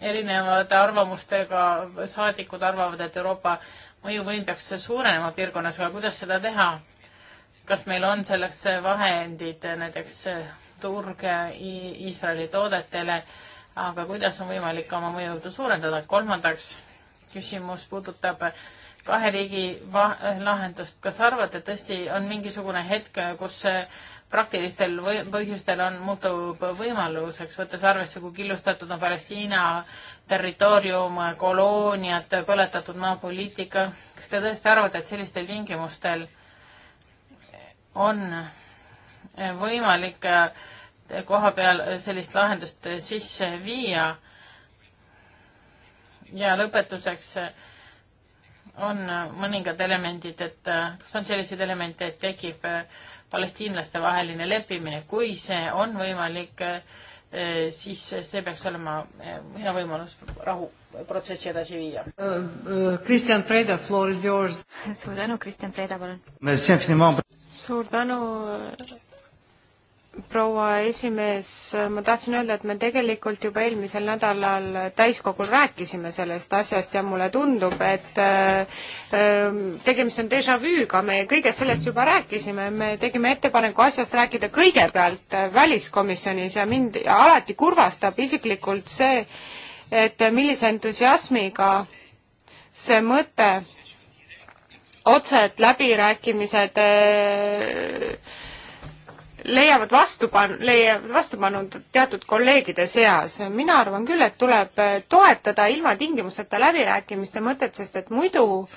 erinevate arvamustega saadikud arvavad, et Euroopa mõjuvõim peaks suurenema piirkonnas, aga kuidas seda teha? kas meil on selleks vahendid näiteks turge Iisraeli toodetele, aga kuidas on võimalik oma mõjujõudu suurendada? kolmandaks küsimus puudutab kahe riigi lahendust. kas arvate, et tõesti on mingisugune hetk, kus see praktilistel või põhjustel on, muutub võimaluseks, võttes arvesse, kui killustatud on Palestiina territoorium, kolooniad, põletatud maapoliitika. kas te tõesti arvate, et sellistel tingimustel on võimalik äh, koha peal sellist lahendust sisse viia. ja lõpetuseks on mõningad elemendid, et kas on selliseid elemente, et tekib palestiinlaste vaheline leppimine, kui see on võimalik, siis see peaks olema hea võimalus rahuprotsessi edasi viia. Kristjan uh, uh, Preda, floor is yours. suur tänu, Kristjan Preda, palun. suur tänu proua esimees, ma tahtsin öelda, et me tegelikult juba eelmisel nädalal täiskogul rääkisime sellest asjast ja mulle tundub, et äh, äh, tegemist on déjà vu'ga, me kõigest sellest juba rääkisime, me tegime ettepaneku asjast rääkida kõigepealt väliskomisjonis ja mind alati kurvastab isiklikult see, et millise entusiasmiga see mõte otsed läbirääkimised äh, leiavad vastupan-, leiavad vastupanu teatud kolleegide seas. mina arvan küll, et tuleb äh, toetada ilma tingimusteta läbirääkimiste mõtet, sest et muidu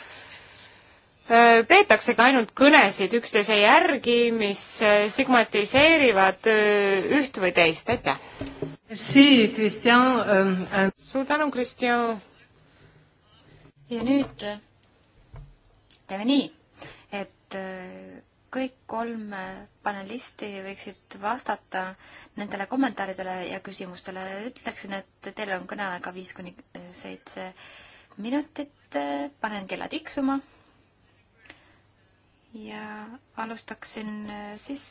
äh, peetaksegi ainult kõnesid üksteise järgi, mis äh, stigmatiseerivad üht või teist, aitäh! Euh, suur tänu, Kristjan! ja nüüd teeme nii, et kõik kolm panelisti võiksid vastata nendele kommentaaridele ja küsimustele. ütleksin, et teil on kõneaega viis kuni eh, seitse minutit, panen kella tiksuma. ja alustaksin eh, siis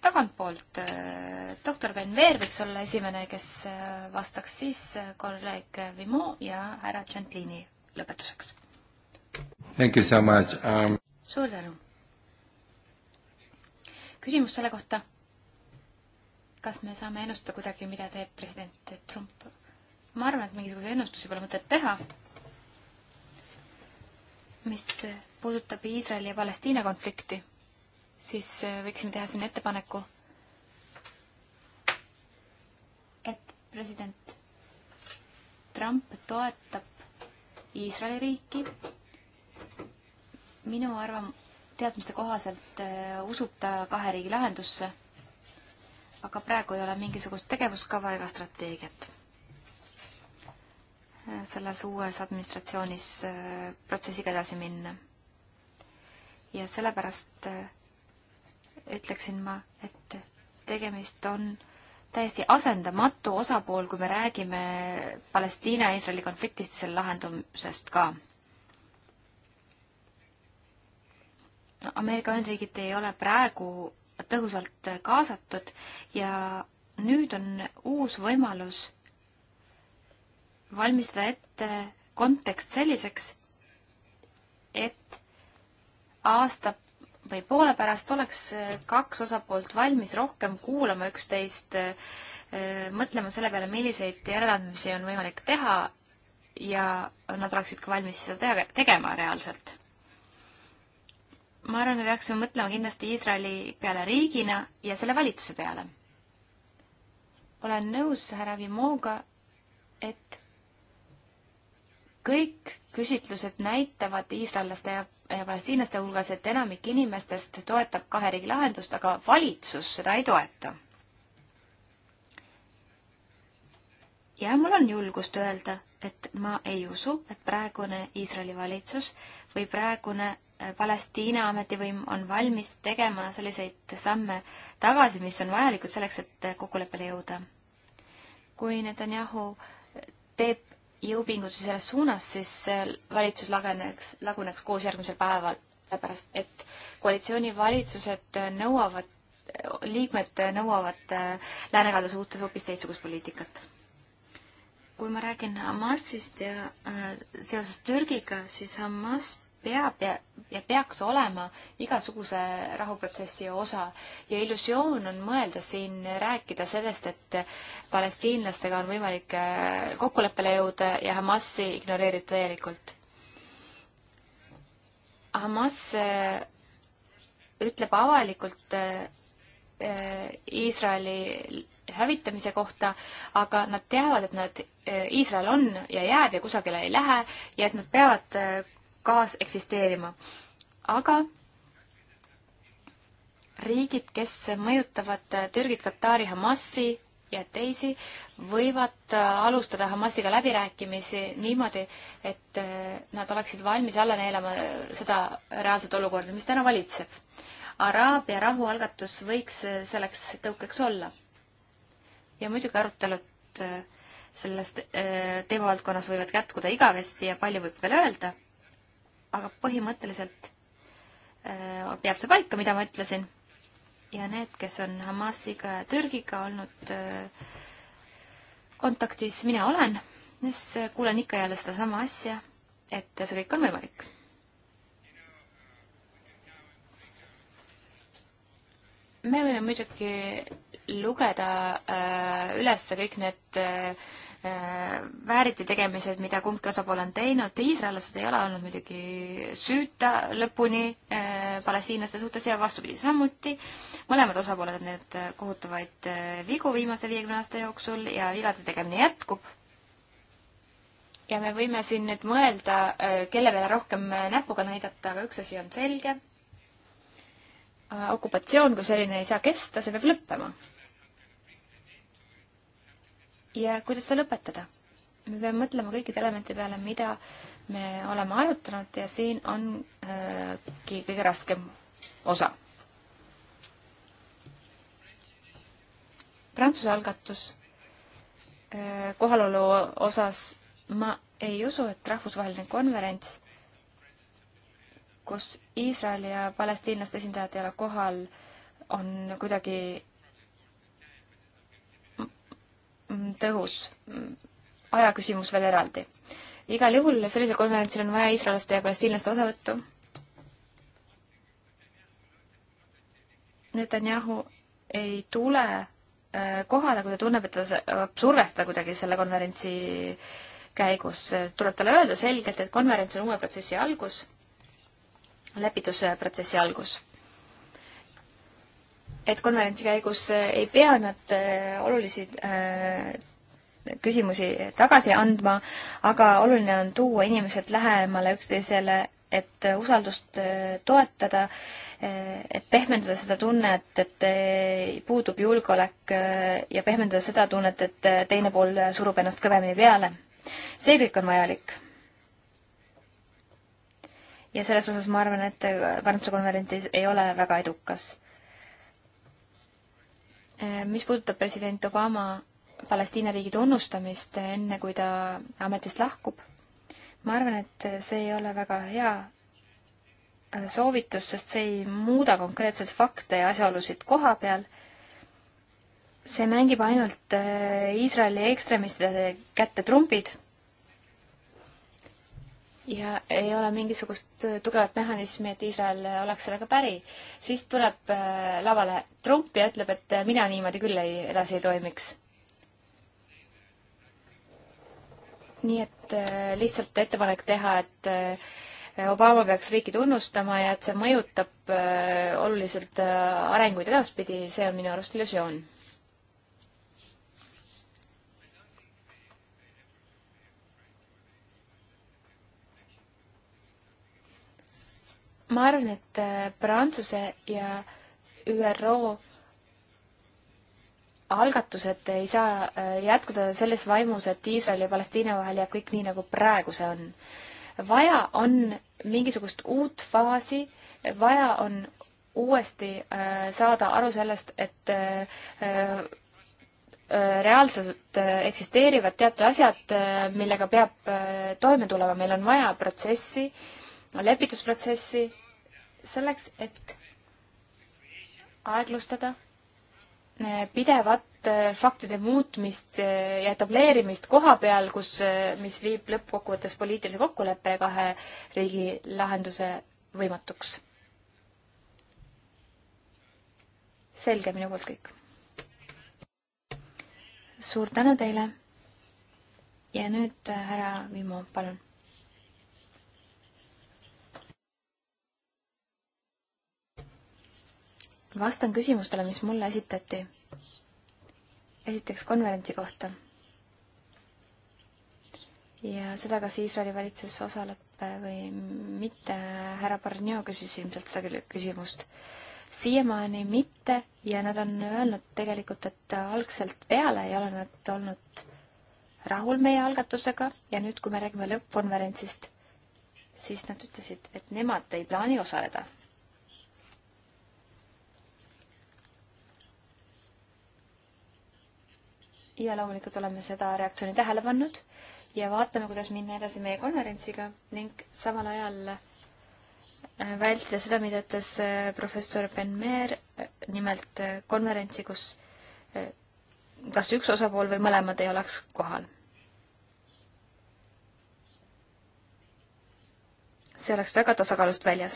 tagantpoolt. Eh, doktor Ben Veer võiks olla esimene, kes vastaks siis kolleeg Vimo ja härra Gentlini lõpetuseks. Thank you so much um.... suur tänu küsimus selle kohta, kas me saame ennustada kuidagi, mida teeb president Trump? ma arvan, et mingisuguseid ennustusi pole mõtet teha, mis puudutab Iisraeli ja Palestiina konflikti, siis äh, võiksime teha siin ettepaneku, et president Trump toetab Iisraeli riiki. minu arvam-, teadmiste kohaselt äh, usub ta kahe riigi lahendusse, aga praegu ei ole mingisugust tegevuskava ega strateegiat. Äh, selles uues administratsioonis äh, protsessiga edasi minna. ja sellepärast ütleksin ma, et tegemist on täiesti asendamatu osapool, kui me räägime Palestiina-Iisraeli konfliktist ja selle lahendusest ka Ameerika Ühendriigid ei ole praegu tõhusalt kaasatud ja nüüd on uus võimalus valmistada ette kontekst selliseks, et aasta või poole pärast oleks kaks osapoolt valmis rohkem kuulama üksteist, mõtlema selle peale, milliseid järeleandmisi on võimalik teha ja nad oleksid ka valmis seda tegema reaalselt ma arvan, me peaksime mõtlema kindlasti Iisraeli peale riigina ja selle valitsuse peale. olen nõus härra Vimoga, et kõik küsitlused näitavad iisraellaste ja, ja palestiinlaste hulgas, et enamik inimestest toetab kahe riigi lahendust, aga valitsus seda ei toeta. ja mul on julgust öelda, et ma ei usu, et praegune Iisraeli valitsus või praegune Palestiina ametivõim on valmis tegema selliseid samme tagasi, mis on vajalikud selleks, et kokkuleppele jõuda. kui Netanyahu teeb jõupingutusi selles suunas, siis valitsus laguneks, laguneks koos järgmisel päeval, sellepärast et koalitsioonivalitsused nõuavad, liikmed nõuavad äh, läänekalda suhtes hoopis teistsugust poliitikat kui ma räägin Hamasist ja äh, seoses Türgiga, siis Hamas peab ja, ja peaks olema igasuguse rahuprotsessi osa. ja illusioon on mõelda siin, rääkida sellest, et palestiinlastega on võimalik äh, kokkuleppele jõuda ja Hamasi ignoreerida täielikult. Hamas äh, ütleb avalikult äh, Iisraeli hävitamise kohta, aga nad teavad, et nad, Iisrael on ja jääb ja kusagile ei lähe ja et nad peavad kaaseksisteerima. aga riigid, kes mõjutavad äh, Türgit, Katari, Hamasi ja teisi, võivad äh, alustada Hamasiga läbirääkimisi niimoodi, et äh, nad oleksid valmis alla neelama seda reaalset olukorda, mis täna valitseb. Araabia rahualgatus võiks selleks tõukeks olla. ja muidugi arutelud selles teemavaldkonnas võivad jätkuda igavesti ja palju võib veel öelda aga põhimõtteliselt äh, peab see paika, mida ma ütlesin. ja need, kes on Hamasiga ja Türgiga olnud äh, kontaktis, mina olen, siis äh, kuulen ikka jälle sedasama asja, et see kõik on võimalik. me võime muidugi lugeda üles kõik need äh, vääriti tegemised, mida kumbki osapool on teinud, iisraellased ei ole olnud muidugi süüta lõpuni eh, palestiinlaste suhtes ja vastupidi samuti. mõlemad osapooled on teinud kohutavaid eh, vigu viimase viiekümne aasta jooksul ja vigade tegemine jätkub ja me võime siin nüüd mõelda, eh, kelle peale rohkem näpuga näidata, aga üks asi on selge. Ah, okupatsioon kui selline ei saa kesta, see peab lõppema ja kuidas seda lõpetada. me peame mõtlema kõikide elemente peale, mida me oleme arutanud ja siin ongi äh, kõige raskem osa. Prantsuse algatus äh, kohalolu osas ma ei usu, et rahvusvaheline konverents, kus Iisraeli ja palestiinlaste esindajad ei ole kohal, on kuidagi tõhus. ajaküsimus veel eraldi. igal juhul sellisel konverentsil on vaja iisraelaste ja palestiinlaste osavõttu. Netanyahu ei tule äh, kohale, kui ta tunneb, et ta saab survestada kuidagi selle konverentsi käigus. tuleb talle öelda selgelt, et konverents on uue protsessi algus, lepitusprotsessi algus et konverentsi käigus äh, ei pea nad äh, olulisi äh, küsimusi tagasi andma, aga oluline on tuua inimesed lähemale üksteisele, et usaldust toetada, et pehmendada seda tunnet, et puudub julgeolek ja pehmendada seda tunnet, et teine pool surub ennast kõvemini peale. see kõik on vajalik. ja selles osas ma arvan, et Prantsuse konverents ei ole väga edukas Eh, mis puudutab president Obama Palestiina riigi tunnustamist, enne kui ta ametist lahkub, ma arvan, et see ei ole väga hea eh, soovitus, sest see ei muuda konkreetseid fakte ja asjaolusid koha peal. see mängib ainult eh, Iisraeli ekstremistide kätte trumbid ja ei ole mingisugust äh, tugevat mehhanismi, et Iisrael äh, oleks sellega päri, siis tuleb äh, lavale Trump ja ütleb, et mina niimoodi küll ei, edasi ei toimiks. nii et lihtsalt ettepanek teha, et Obama peaks riiki tunnustama ja et see mõjutab oluliselt arenguid edaspidi, see on minu arust illusioon ma arvan, et äh, Prantsuse ja ÜRO algatused ei saa äh, jätkuda selles vaimus, et Iisraeli ja Palestiina vahel jääb kõik nii, nagu praegu see on. vaja on mingisugust uut faasi, vaja on uuesti äh, saada aru sellest, et reaalselt eksisteerivad teatud asjad, millega peab toime tulema, meil on vaja protsessi, lepitusprotsessi selleks, et aeglustada eh, pidevat eh, faktide muutmist eh, ja tableerimist koha peal, kus, mis viib lõppkokkuvõttes poliitilise kokkuleppe ja kahe riigi lahenduse võimatuks. selge minu poolt kõik. suur tänu teile. ja nüüd härra Vimo, palun vastan küsimustele, mis mulle esitati. esiteks konverentsi kohta. ja seda, kas Iisraeli valitsus osaleb äh, või mitte, härra Barnio küsis ilmselt seda küsimust siiamaani mitte ja nad on öelnud tegelikult, et algselt peale ei ole nad olnud rahul meie algatusega ja nüüd, kui me räägime lõppkonverentsist, siis nad ütlesid, et nemad ei plaani osaleda. ja loomulikult oleme seda reaktsiooni tähele pannud ja vaatame, kuidas minna edasi meie konverentsiga ning samal ajal äh, vältida seda, mida ütles äh, professor Ben Meer, äh, nimelt konverentsi, kus kas üks osapool või mõlemad ei oleks kohal. see oleks väga tasakaalust väljas.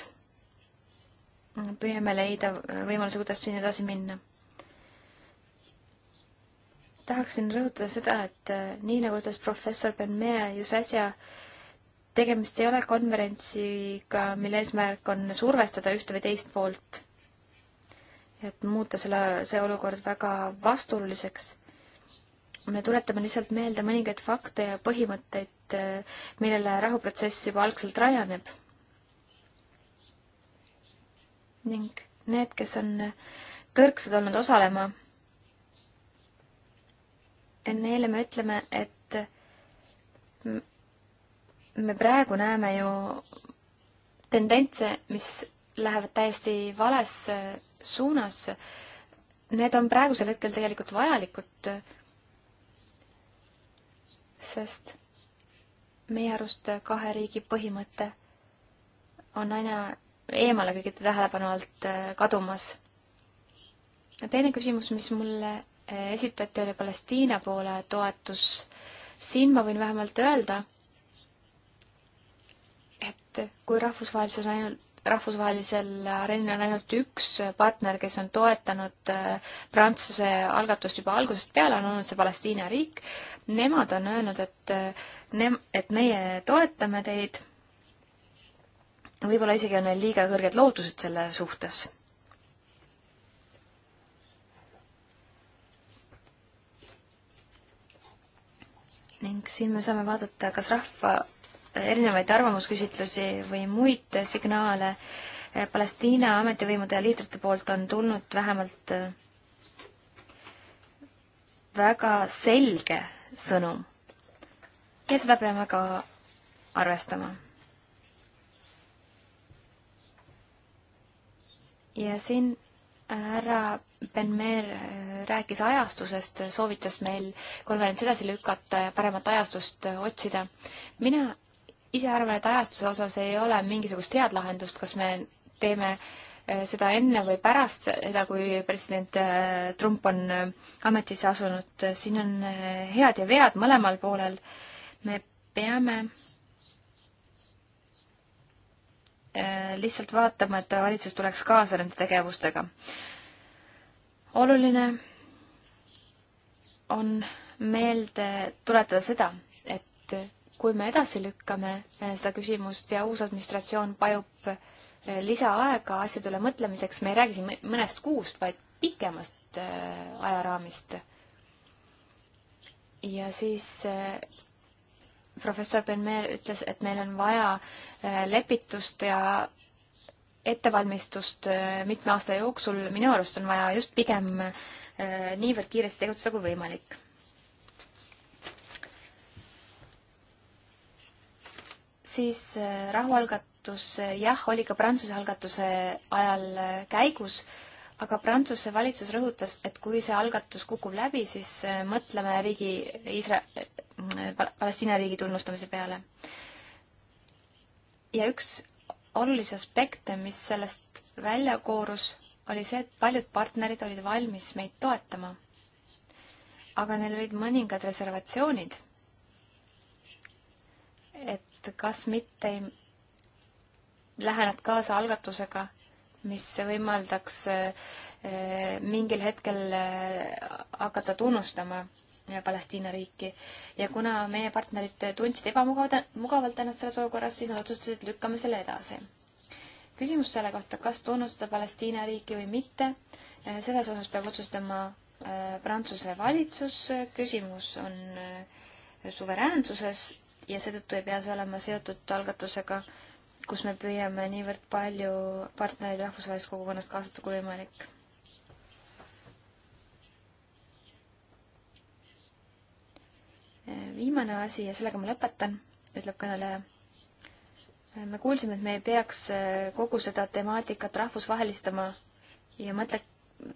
püüame leida võimaluse, kuidas siin edasi minna tahaksin rõhutada seda, et äh, nii nagu ütles professor Benmea just äsja, tegemist ei ole konverentsiga, mille eesmärk on survestada ühte või teist poolt. et muuta selle, see olukord väga vastuoluliseks. me tuletame lihtsalt meelde mõningaid fakte ja põhimõtteid, äh, millele rahuprotsess juba algselt rajaneb. ning need, kes on tõrksad olnud osalema neile me ütleme, et me praegu näeme ju tendentse, mis lähevad täiesti vales suunas. Need on praegusel hetkel tegelikult vajalikud, sest meie arust kahe riigi põhimõte on aina eemale kõigite tähelepanu alt kadumas. teine küsimus, mis mulle Eh, esitati, oli Palestiina poole toetus. siin ma võin vähemalt öelda, et kui rahvusvahelisel ainult, rahvusvahelisel areenil on ainult üks partner, kes on toetanud eh, Prantsuse algatust juba algusest peale, on olnud see Palestiina riik. Nemad on öelnud, et eh, ne-, et meie toetame teid. võib-olla isegi on neil liiga kõrged lootused selle suhtes ning siin me saame vaadata, kas rahva erinevaid arvamusküsitlusi või muid signaale Palestiina ametivõimude ja liidrite poolt on tulnud vähemalt äh, väga selge sõnum. ja seda peame ka arvestama. ja siin äh, härra Ben-Meer äh, rääkis ajastusest, soovitas meil konverents edasi lükata ja paremat ajastust äh, otsida. mina ise arvan, et ajastuse osas ei ole mingisugust head lahendust, kas me teeme äh, seda enne või pärast seda, kui president Trump on ametisse asunud. siin on head ja vead mõlemal poolel. me peame lihtsalt vaatama, et valitsus tuleks kaasa nende tegevustega oluline on meelde tuletada seda, et kui me edasi lükkame eh, seda küsimust ja uus administratsioon vajub eh, lisaaega asjade üle mõtlemiseks, me ei räägi siin mõnest kuust, vaid pikemast eh, ajaraamist. ja siis professor Ben Meer ütles, et meil on vaja lepitust ja ettevalmistust äh, mitme aasta jooksul minu arust on vaja just pigem äh, niivõrd kiiresti tegutseda kui võimalik. siis äh, rahualgatus, jah, oli ka Prantsuse algatuse ajal käigus, aga Prantsuse valitsus rõhutas, et kui see algatus kukub läbi, siis mõtleme riigi, Isra-, Palestiina riigi tunnustamise peale. ja üks olulisi aspekte, mis sellest välja koorus, oli see, et paljud partnerid olid valmis meid toetama. aga neil olid mõningad reservatsioonid. et kas mitte ei lähe nad kaasa algatusega, mis võimaldaks eh, mingil hetkel eh, hakata tunnustama Äh, Palestiina riiki. ja kuna meie partnerid tundsid ebamugavalt ennast selles olukorras, siis nad otsustasid, et lükkame selle edasi. küsimus selle kohta, kas tunnustada Palestiina riiki või mitte, äh, selles osas peab otsustama äh, Prantsuse valitsus, küsimus on suveräänsuses ja seetõttu ei pea see olema seotud algatusega, kus me püüame niivõrd palju partnereid rahvusvahelisest kogukonnast kaasata kui võimalik viimane asi ja sellega ma lõpetan, ütleb kõneleja. me kuulsime, et me ei peaks äh, kogu seda temaatikat rahvusvahelistama ja mõtle,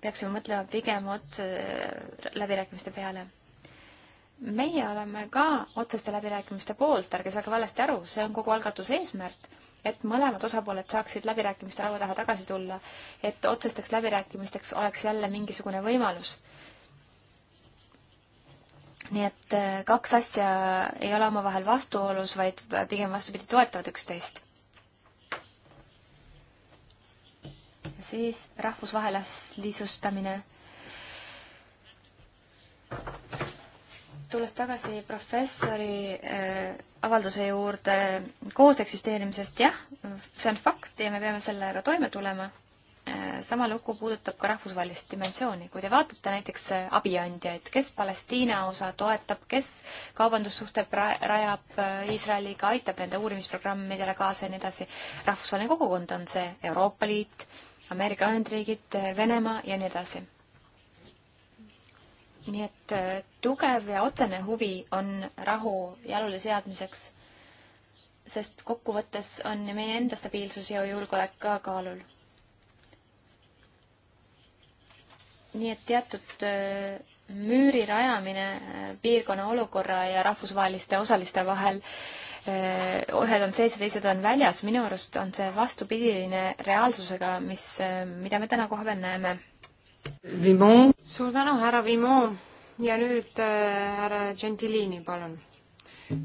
peaksime mõtlema pigem otse äh, läbirääkimiste peale. meie oleme ka otseste läbirääkimiste poolt, ärge saage valesti aru, see on kogu algatuse eesmärk, et mõlemad osapooled saaksid läbirääkimiste laua taha tagasi tulla, et otsesteks läbirääkimisteks oleks jälle mingisugune võimalus nii et äh, kaks asja ei ole omavahel vastuolus, vaid pigem vastupidi, toetavad üksteist. ja siis rahvusvahelisustamine. tulles tagasi professori äh, avalduse juurde kooseksisteerimisest, jah, see on fakt ja me peame sellega toime tulema sama lugu puudutab ka rahvusvahelist dimensiooni. kui te vaatate näiteks äh, abiandjaid, kes Palestiina osa toetab, kes kaubandussuhte rajab äh, Iisraeliga, aitab nende uurimisprogrammidele kaasa ja nii edasi, rahvusvaheline kogukond on see Euroopa Liit, Ameerika Ühendriigid, äh, Venemaa ja nii edasi. nii et tugev ja otsene huvi on rahu jalule seadmiseks sest kokkuvõttes on meie enda stabiilsus ja julgeolek ka kaalul. nii et teatud äh, müüri rajamine äh, piirkonna olukorra ja rahvusvaheliste osaliste vahel, äh, ühed on sees ja teised on väljas, minu arust on see vastupidine reaalsusega, mis, mida me täna koha peal näeme. suur tänu, härra Vimo ja nüüd härra Gentilini, palun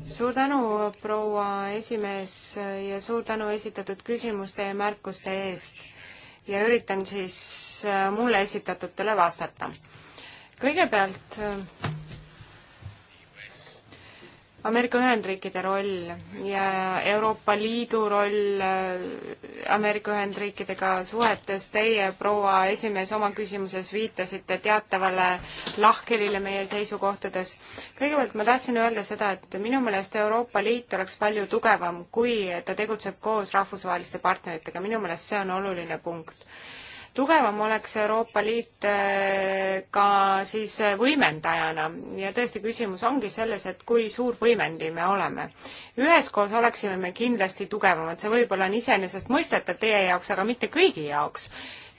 suur tänu, proua esimees ja suur tänu esitatud küsimuste ja märkuste eest. ja üritan siis mulle esitatutele vastata. kõigepealt Ameerika Ühendriikide roll ja Euroopa Liidu roll äh, Ameerika Ühendriikidega suhetes. Teie, proua esimees, oma küsimuses viitasite teatavale lahkhelile meie seisukohtades. kõigepealt ma tahtsin öelda seda, et minu meelest Euroopa Liit oleks palju tugevam, kui ta tegutseb koos rahvusvaheliste partneritega. minu meelest see on oluline punkt tugevam oleks Euroopa Liit eh, ka siis eh, võimendajana ja tõesti küsimus ongi selles, et kui suur võimendi me oleme. üheskoos oleksime me kindlasti tugevamad, see võib-olla on iseenesestmõistetav teie jaoks, aga mitte kõigi jaoks.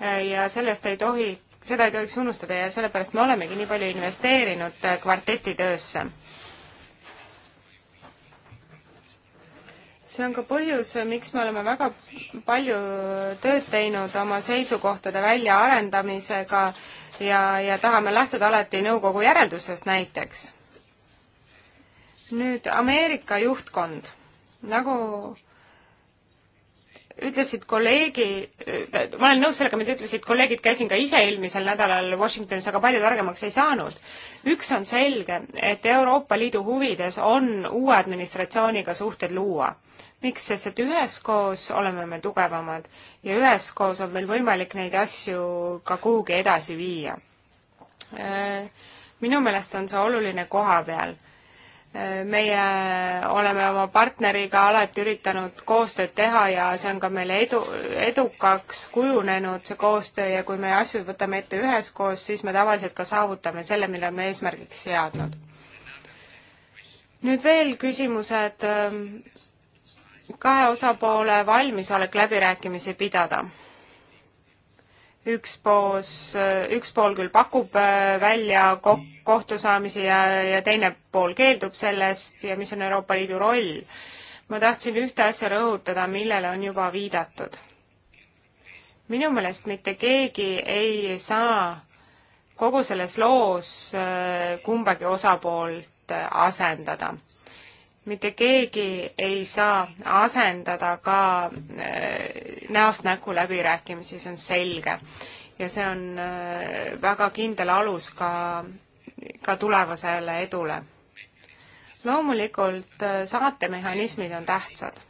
Eh, ja sellest ei tohi, seda ei tohiks unustada ja sellepärast me olemegi nii palju investeerinud kvarteti töösse see on ka põhjus, miks me oleme väga palju tööd teinud oma seisukohtade väljaarendamisega ja, ja tahame lähtuda alati nõukogu järeldustest näiteks. nüüd Ameerika juhtkond, nagu ütlesid kolleegi, ma olen nõus sellega, mida ütlesid kolleegid, käisin ka ise eelmisel nädalal Washingtonis, aga palju targemaks ei saanud. üks on selge, et Euroopa Liidu huvides on uue administratsiooniga suhted luua miks, sest et üheskoos oleme me tugevamad ja üheskoos on meil võimalik neid asju ka kuhugi edasi viia. Äh, minu meelest on see oluline koha peal äh, meie oleme oma partneriga alati üritanud koostööd teha ja see on ka meile edu, edukaks kujunenud, see koostöö, ja kui me asju võtame ette üheskoos, siis me tavaliselt ka saavutame selle, mille me eesmärgiks seadnud. nüüd veel küsimused ähm, kahe osapoole valmisolek läbirääkimisi pidada. üks poos, üks pool küll pakub äh, välja ko kohtusaamisi ja, ja teine pool keeldub sellest ja mis on Euroopa Liidu roll. ma tahtsin ühte asja rõhutada, millele on juba viidatud. minu meelest mitte keegi ei saa kogu selles loos äh, kumbagi osapoolt äh, asendada mitte keegi ei saa asendada ka äh, näost näkku läbirääkimisi, see on selge. ja see on äh, väga kindel alus ka, ka tulevasele edule. loomulikult äh, saatemehhanismid on tähtsad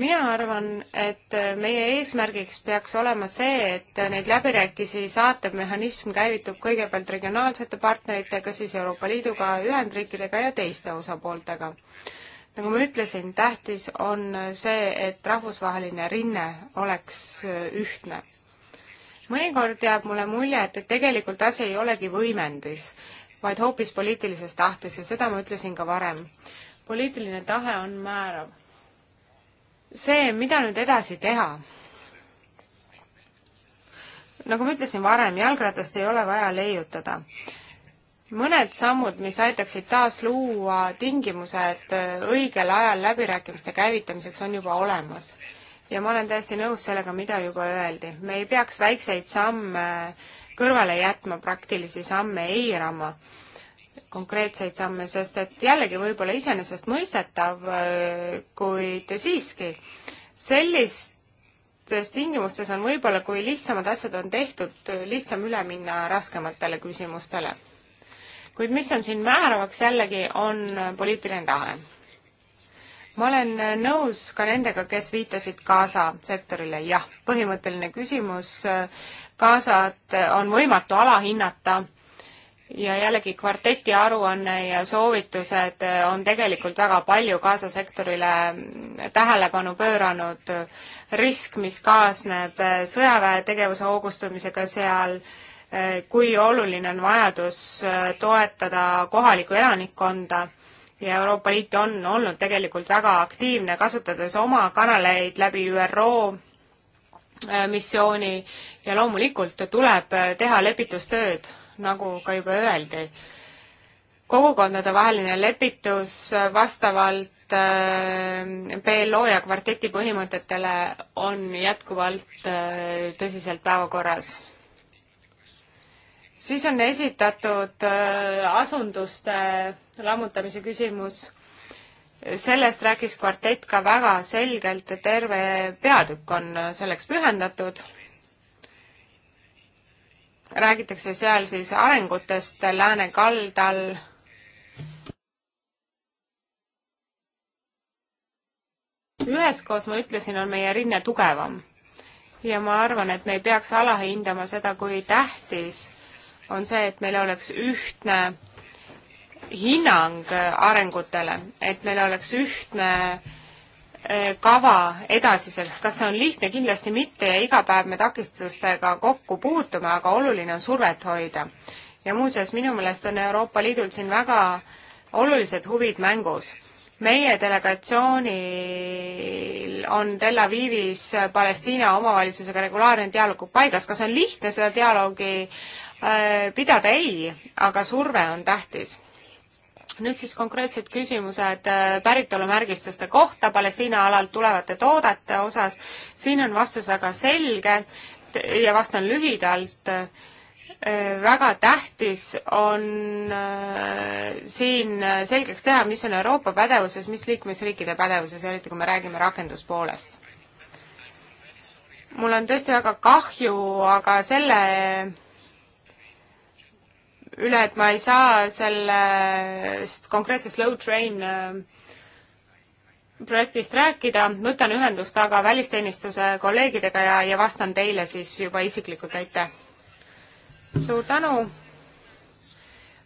mina arvan, et meie eesmärgiks peaks olema see, et neid läbirääkisi saatev mehhanism käivitub kõigepealt regionaalsete partneritega, siis Euroopa Liiduga, Ühendriikidega ja teiste osapooltega. nagu ma ütlesin, tähtis on see, et rahvusvaheline rinne oleks ühtne mõnikord jääb mulle mulje, et, et tegelikult asi ei olegi võimendis, vaid hoopis poliitilises tahtes ja seda ma ütlesin ka varem. poliitiline tahe on määrav see, mida nüüd edasi teha? nagu ma ütlesin varem, jalgratast ei ole vaja leiutada. mõned sammud, mis aitaksid taas luua tingimused äh, õigel ajal läbirääkimiste käivitamiseks, on juba olemas. ja ma olen täiesti nõus sellega, mida juba öeldi. me ei peaks väikseid samme kõrvale jätma, praktilisi samme eirama ei konkreetseid samme, sest et jällegi võib-olla iseenesestmõistetav, äh, kuid siiski, sellistes tingimustes on võib-olla, kui lihtsamad asjad on tehtud, äh, lihtsam üle minna raskematele küsimustele. kuid mis on siin määravaks jällegi, on äh, poliitiline tahe. ma olen nõus ka nendega, kes viitasid Gaza sektorile, jah, põhimõtteline küsimus, Gazat on võimatu alahinnata ja jällegi kvarteti aruanne ja soovitused eh, on tegelikult väga palju Gaza sektorile mm, tähelepanu pööranud. risk, mis kaasneb eh, sõjaväe tegevuse hoogustumisega seal, eh, kui oluline on vajadus toetada kohalikku elanikkonda ja Euroopa Liit on olnud tegelikult väga aktiivne, kasutades oma kanaleid läbi ÜRO missiooni ja loomulikult tuleb teha lepitustööd nagu ka juba öeldi. kogukondadevaheline lepitus vastavalt PLO äh, ja kvarteti põhimõtetele on jätkuvalt äh, tõsiselt päevakorras. siis on esitatud äh, asunduste lammutamise küsimus. sellest rääkis kvartett ka väga selgelt, terve peatükk on selleks pühendatud räägitakse seal siis arengutest lääne kaldal. üheskoos, ma ütlesin, on meie rinne tugevam. ja ma arvan, et me ei peaks alahindama seda, kui tähtis on see, et meil oleks ühtne hinnang arengutele, et meil oleks ühtne äh, Äh, kava edasiseks, kas see on lihtne, kindlasti mitte ja iga päev me takistustega kokku puutume, aga oluline on survet hoida. ja muuseas, minu meelest on Euroopa Liidul siin väga olulised huvid mängus. meie delegatsioonil on Tel Avivis Palestiina omavalitsusega regulaarne dialoog paigas, kas on lihtne seda dialoogi äh, pidada, ei, aga surve on tähtis nüüd siis konkreetsed küsimused äh, päritolumärgistuste kohta Palestiina alalt tulevate toodete osas. siin on vastus väga selge ja vastan lühidalt. Äh, väga tähtis on äh, siin selgeks teha, mis on Euroopa pädevuses, mis liikmesriikide pädevuses, eriti kui me räägime rakenduspoolest. mul on tõesti väga kahju, aga selle üle, et ma ei saa sellest konkreetsest low train äh, projektist rääkida, võtan ühendust aga välisteenistuse kolleegidega ja, ja vastan teile siis juba isiklikult, aitäh! suur tänu!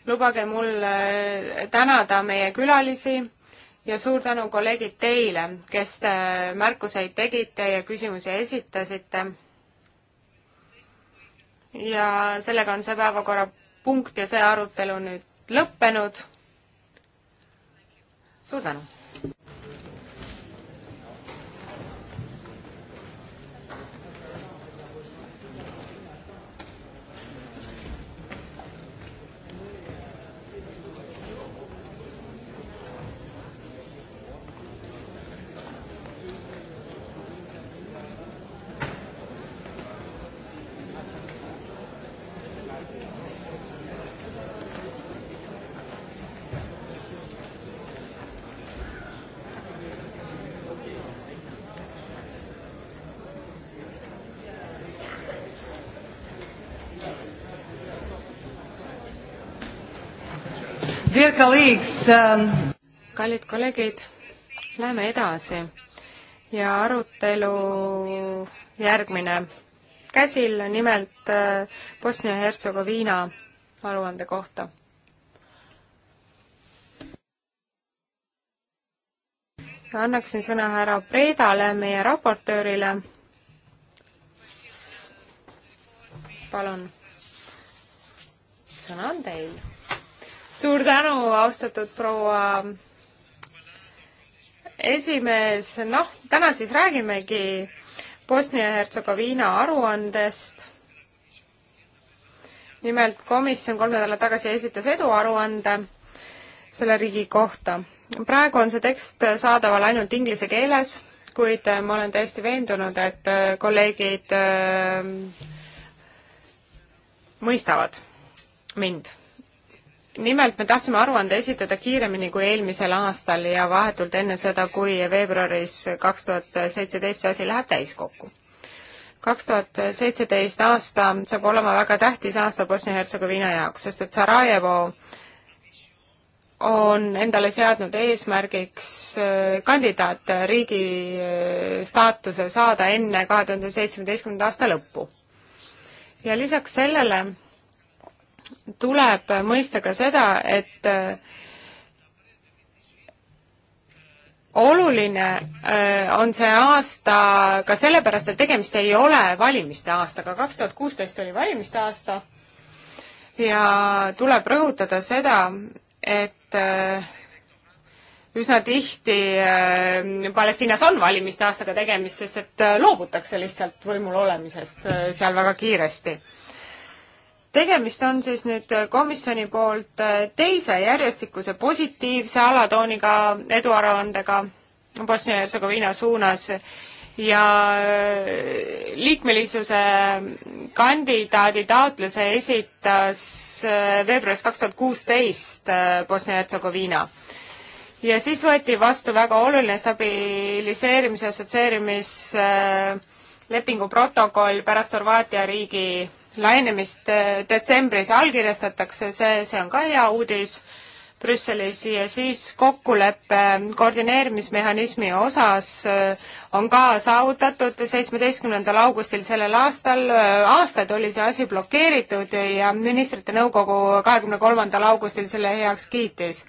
lubage mul äh, tänada meie külalisi ja suur tänu, kolleegid, teile, kes te märkuseid tegite ja küsimusi esitasite. ja sellega on see päevakorra punkt ja see arutelu on nüüd lõppenud. suur tänu! Um, kallid kolleegid, läheme edasi ja arutelu järgmine käsil, nimelt äh, Bosnia-Hertsegoviina aruande kohta. annaksin sõna härra Predale, meie raportöörile. palun sõna on teil suur tänu, austatud proua esimees, noh, täna siis räägimegi Bosnia-Hertsegoviina aruandest. nimelt komisjon kolm nädalat tagasi esitas eduaruande selle riigi kohta. praegu on see tekst saadaval ainult inglise keeles, kuid ma olen täiesti veendunud, et kolleegid äh, mõistavad mind nimelt me tahtsime aruande esitada kiiremini kui eelmisel aastal ja vahetult enne seda, kui veebruaris kaks tuhat seitseteist see asi läheb täiskokku. kaks tuhat seitseteist aasta saab olema väga tähtis aasta Bosnia-Hertsegoviina jaoks, sest et Sarajevo on endale seadnud eesmärgiks äh, kandidaatriigi äh, staatuse saada enne kahe tuhande seitsmeteistkümnenda aasta lõppu. ja lisaks sellele tuleb mõista ka seda, et äh, oluline äh, on see aasta ka sellepärast, et tegemist ei ole valimiste aastaga, kaks tuhat kuusteist oli valimiste aasta ja tuleb rõhutada seda, et äh, üsna tihti Palestiinas on valimiste aastaga tegemist, sest et loobutakse lihtsalt võimul olemisest seal väga kiiresti tegemist on siis nüüd komisjoni poolt teise järjestikuse positiivse alatooniga eduaruandega Bosnia-Hertsegoviina suunas ja äh, liikmelisuse kandidaadi taotluse esitas äh, veebruaris kaks tuhat kuusteist äh, Bosnia-Hertsegoviina. ja siis võeti vastu väga oluline stabiliseerimise assotsieerimislepingu protokoll pärast Horvaatia riigi lainemist äh, detsembris allkirjastatakse, see, see on ka hea uudis Brüsselis ja siis kokkulepe koordineerimismehhanismi osas äh, on ka saavutatud seitsmeteistkümnendal augustil sellel aastal, äh, aastaid oli see asi blokeeritud ja ministrite nõukogu kahekümne kolmandal augustil selle heaks kiitis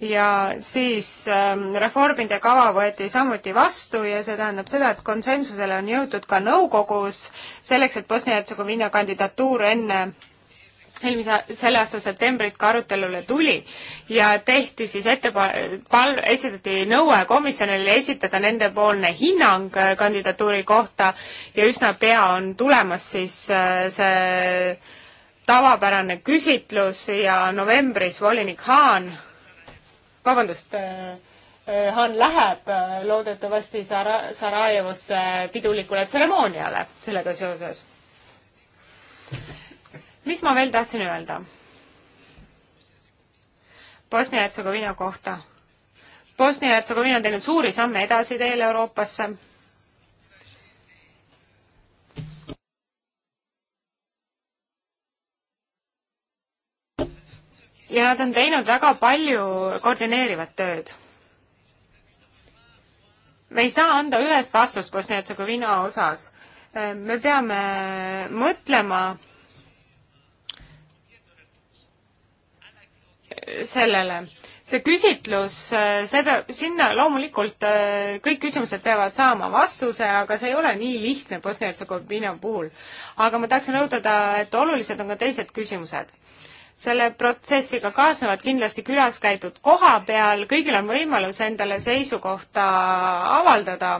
ja siis ähm, reformide kava võeti samuti vastu ja see tähendab seda, et konsensusele on jõutud ka nõukogus selleks, et Bosnia-Hertsegoviina kandidatuur enne eelmise, selle aasta septembrit ka arutelule tuli ja tehti siis ettepa-, pal-, esitati nõue komisjonile esitada nendepoolne hinnang äh, kandidatuuri kohta ja üsna pea on tulemas siis äh, see tavapärane küsitlus ja novembris volinik Haan vabandust, äh, äh, Han läheb äh, loodetavasti Sara-, Sarajevosse pidulikule tseremooniale sellega seoses. mis ma veel tahtsin öelda? Bosnia-Hertsegoviina kohta. Bosnia-Hertsegoviina on teinud suuri samme edasi teel Euroopasse ja nad on teinud väga palju koordineerivat tööd. me ei saa anda ühest vastust Bosnia-Hertsegoviina osas. me peame mõtlema sellele. see küsitlus, see peab, sinna loomulikult äh, kõik küsimused peavad saama vastuse, aga see ei ole nii lihtne Bosnia-Hertsegoviina puhul. aga ma tahaksin rõhutada, et olulised on ka teised küsimused selle protsessiga kaasnevad kindlasti külaskäidud koha peal, kõigil on võimalus endale seisukohta avaldada,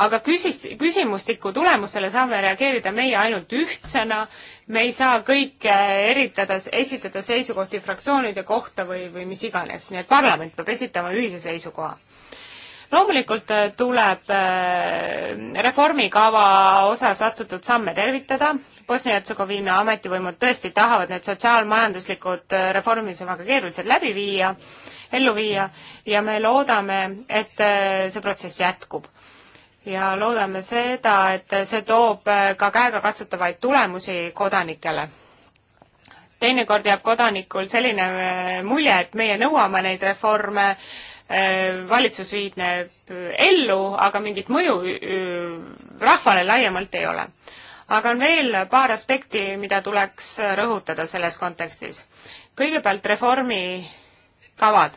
aga küsis, küsimustiku tulemustele saame reageerida meie ainult ühtsena, me ei saa kõike eritada, esitada seisukohti fraktsioonide kohta või, või mis iganes, nii et parlament peab esitama ühise seisukoha loomulikult äh, tuleb äh, reformikava osas astutud samme tervitada, Bosnia-Hertsegoviina ametivõimud tõesti tahavad need sotsiaalmajanduslikud äh, reformid, see on väga keerulised, läbi viia, ellu viia ja me loodame, et äh, see protsess jätkub. ja loodame seda, et see toob äh, ka käegakatsutavaid tulemusi kodanikele teinekord jääb kodanikul selline mulje, et meie nõuame neid reforme, valitsus viib need ellu, aga mingit mõju rahvale laiemalt ei ole aga on veel paar aspekti, mida tuleks rõhutada selles kontekstis. kõigepealt reformikavad.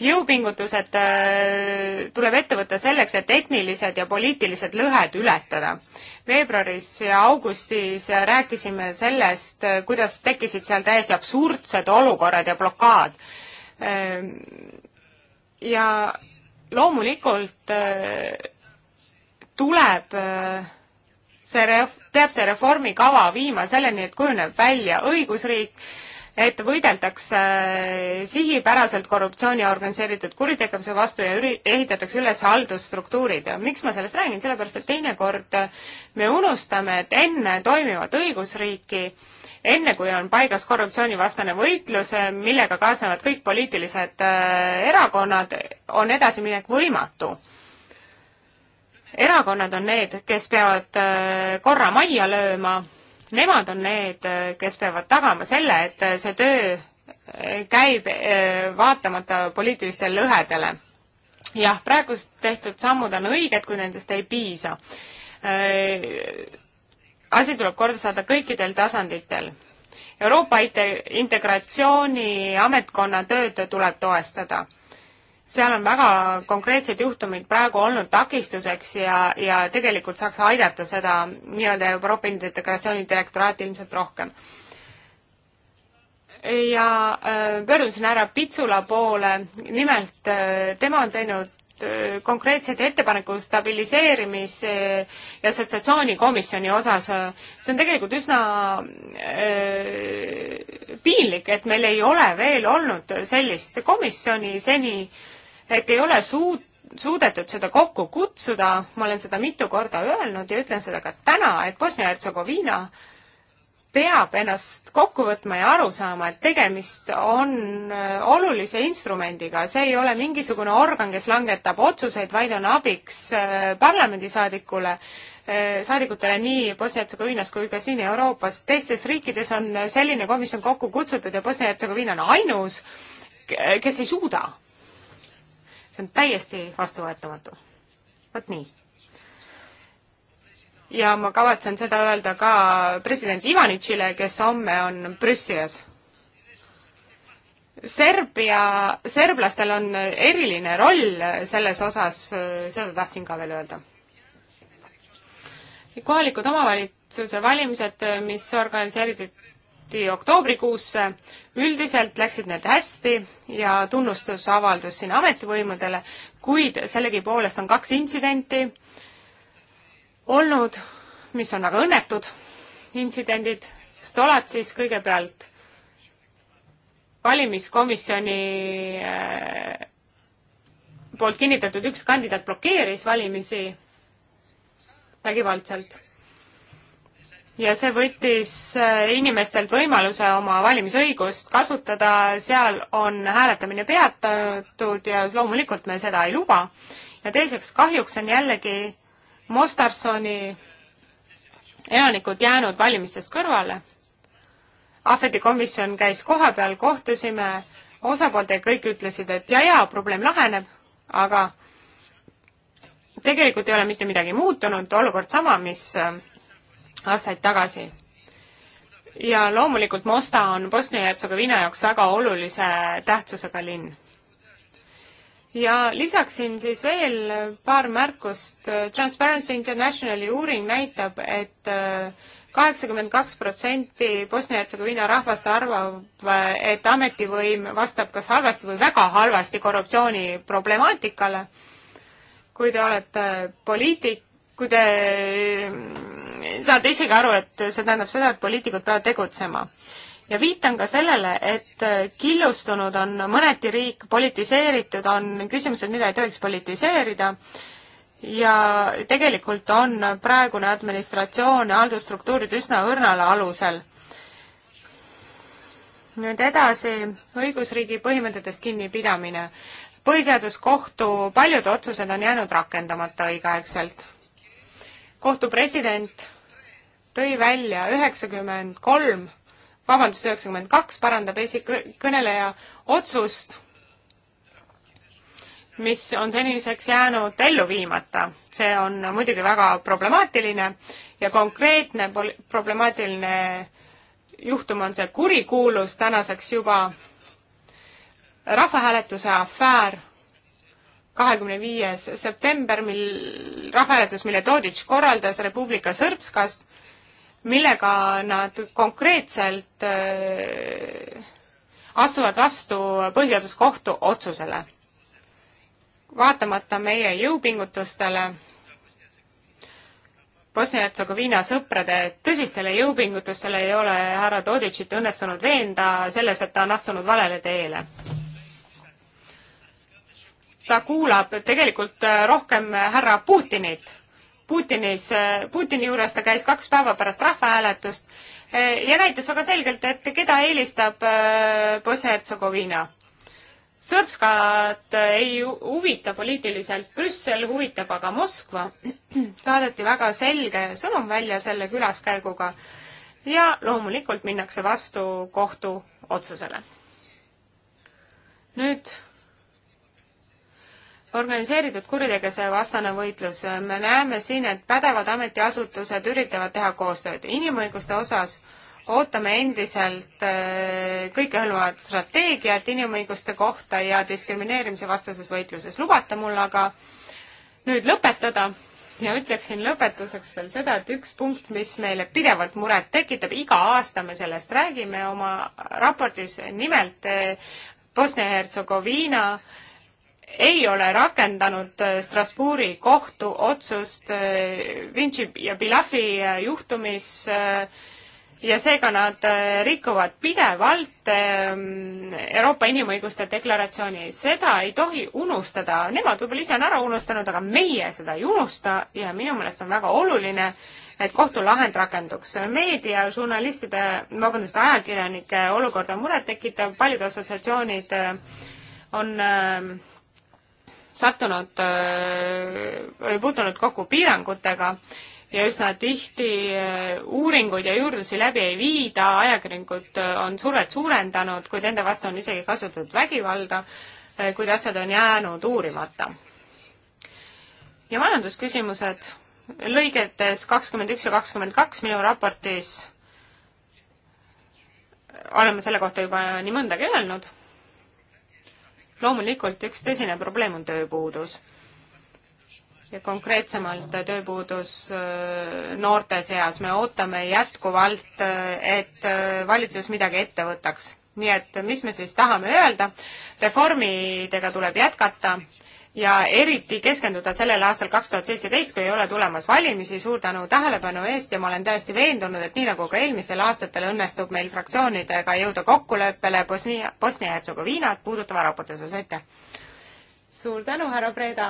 jõupingutused äh, tuleb ette võtta selleks, et etnilised ja poliitilised lõhed ületada. veebruaris ja augustis rääkisime sellest, äh, kuidas tekkisid seal täiesti absurdsed olukorrad ja blokaad. Ähm, ja loomulikult äh, tuleb see ref-, peab see reformikava viima selleni, et kujuneb välja õigusriik, et võideldakse äh, sihipäraselt korruptsiooni ja organiseeritud kuritegevuse vastu ja üri-, ehitatakse üles haldusstruktuurid ja miks ma sellest räägin, sellepärast et teinekord me unustame, et enne toimivat õigusriiki enne kui on paigas korruptsioonivastane võitlus, äh, millega kaasnevad kõik poliitilised äh, erakonnad, on edasiminek võimatu erakonnad on need, kes peavad äh, korra majja lööma, nemad on need, äh, kes peavad tagama selle, et äh, see töö käib vaatamata poliitilistele lõhedele. jah, praegust tehtud sammud on õiged, kui nendest ei piisa. asi tuleb korda saada kõikidel tasanditel. Euroopa integratsiooni ametkonna tööd tuleb toestada seal on väga konkreetsed juhtumid praegu olnud takistuseks ja, ja tegelikult saaks aidata seda nii-öelda Euroopa Integratsiooni direktoraati ilmselt rohkem. ja äh, pöördusin härra Pitsula poole, nimelt äh, tema on teinud äh, konkreetseid ettepanekuid stabiliseerimis ja assotsiatsioonikomisjoni osas. see on tegelikult üsna piinlik, et meil ei ole veel olnud sellist komisjoni seni äh, et ei ole suut-, suudetud seda kokku kutsuda, ma olen seda mitu korda öelnud ja ütlen seda ka täna, et Bosnia-Hertsegoviina peab ennast kokku võtma ja aru saama, et tegemist on äh, olulise instrumendiga, see ei ole mingisugune organ, kes langetab otsuseid, vaid on abiks äh, parlamendisaadikule, äh, saadikutele nii Bosnia-Hertsegoviinas kui ka siin Euroopas. teistes riikides on selline komisjon kokku kutsutud ja Bosnia-Hertsegoviina on ainus, kes ei suuda see on täiesti vastuvõetamatu. vot nii. ja ma kavatsen seda öelda ka president Ivanitšile, kes homme on Brüsselis Serbia, serblastel on eriline roll selles osas, seda tahtsin ka veel öelda. kohalikud omavalitsuse valimised, mis organiseeriti saati oktoobrikuusse. üldiselt läksid need hästi ja tunnustusavaldus siin ametivõimudele, kuid sellegipoolest on kaks intsidenti olnud, mis on aga õnnetud intsidendid. Stolatsis kõigepealt valimiskomisjoni äh, poolt kinnitatud üks kandidaat blokeeris valimisi vägivaldselt ja see võttis äh, inimestelt võimaluse oma valimisõigust kasutada, seal on hääletamine peatatud ja loomulikult me seda ei luba. ja teiseks, kahjuks on jällegi Mostarsoni elanikud jäänud valimistest kõrvale. Ahveti komisjon käis kohapeal, kohtusime osapooltega, kõik ütlesid, et jaa-jaa, probleem laheneb, aga tegelikult ei ole mitte midagi muutunud, olukord sama, mis äh, aastaid tagasi. ja loomulikult Mosta on Bosnia-Hertsegoviina jaoks väga olulise tähtsusega linn. ja lisaksin siis veel paar märkust. Transparency Internationali uuring näitab, et äh, kaheksakümmend kaks protsenti Bosnia-Hertsegoviina rahvast arvab, et ametivõim vastab kas halvasti või väga halvasti korruptsiooni problemaatikale. kui te olete poliitik, kui te saate isegi aru, et see tähendab seda, et poliitikud peavad tegutsema. ja viitan ka sellele, et killustunud on mõneti riik, politiseeritud on küsimused, mida ei tohiks politiseerida, ja tegelikult on praegune administratsioon ja haldusstruktuurid üsna õrnal alusel nüüd edasi, õigusriigi põhimõtetest kinnipidamine. põhiseaduskohtu paljud otsused on jäänud rakendamata õigeaegselt. kohtu president tõi välja üheksakümmend kolm, vabandust, üheksakümmend kaks parandab esikõneleja otsust, mis on seniseks jäänud ellu viimata. see on muidugi väga problemaatiline ja konkreetne pol-, problemaatiline juhtum on see kurikuulus tänaseks juba rahvahääletuse afäär, kahekümne viies september, mil rahvahääletus, mille Toditš korraldas Republika Sõrpskast millega nad konkreetselt äh, astuvad vastu Põhiseaduskohtu otsusele. vaatamata meie jõupingutustele, Bosnia-Hertsegoviina sõprade tõsistele jõupingutustele ei ole härra Dodicit õnnestunud veenda selles, et ta on astunud valele teele. ta kuulab tegelikult äh, rohkem härra Putinit Putinis, äh, Putini juures ta käis kaks päeva pärast rahvahääletust äh, ja näitas väga selgelt, et keda eelistab äh, Bosnia-Hertsegoviina. Sõrpskat ei huvita poliitiliselt Brüssel, huvitab aga Moskva. saadeti väga selge sõnum välja selle külaskäiguga ja loomulikult minnakse vastu kohtu otsusele. nüüd organiseeritud kuritegevuse vastane võitlus, me näeme siin, et pädevad ametiasutused üritavad teha koostööd. inimõiguste osas ootame endiselt äh, kõikehõlmavat strateegiat inimõiguste kohta ja diskrimineerimise vastases võitluses. lubate mul aga nüüd lõpetada ja ütleksin lõpetuseks veel seda, et üks punkt, mis meile pidevalt muret tekitab, iga aasta me sellest räägime oma raportis, nimelt äh, Bosnia-Hertsegoviina äh, ei ole rakendanud äh, Strasbourgi kohtu otsust äh, Vinci ja Pilafi äh, juhtumis ja seega nad rikuvad pidevalt ähm, Euroopa inimõiguste deklaratsiooni. seda ei tohi unustada, nemad võib-olla ise on ära unustanud, aga meie seda ei unusta ja minu meelest on väga oluline, et kohtulahend rakenduks. meedia, žurnalistide, vabandust, ajakirjanike olukord on murettekitav, paljud assotsiatsioonid on ähm, sattunud, äh, puutunud kokku piirangutega ja üsna tihti äh, uuringuid ja juurdlusi läbi ei viida, ajakirjanikud äh, on survet suurendanud, kuid nende vastu on isegi kasutatud vägivalda, kuid asjad on jäänud uurimata. ja majandusküsimused lõigetes kakskümmend üks ja kakskümmend kaks minu raportis oleme selle kohta juba nii mõndagi öelnud loomulikult üks tõsine probleem on tööpuudus ja konkreetsemalt tööpuudus äh, noorte seas. me ootame jätkuvalt, äh, et äh, valitsus midagi ette võtaks. nii et mis me siis tahame öelda? reformidega tuleb jätkata ja eriti keskenduda sellele aastal kaks tuhat seitseteist, kui ei ole tulemas valimisi, suur tänu tähelepanu eest ja ma olen täiesti veendunud, et nii nagu ka eelmistel aastatel, õnnestub meil fraktsioonidega jõuda kokkuleppele Bosnia, Bosnia-Hertsegoviinat puudutava raporti osas, aitäh! suur tänu, härra Preda!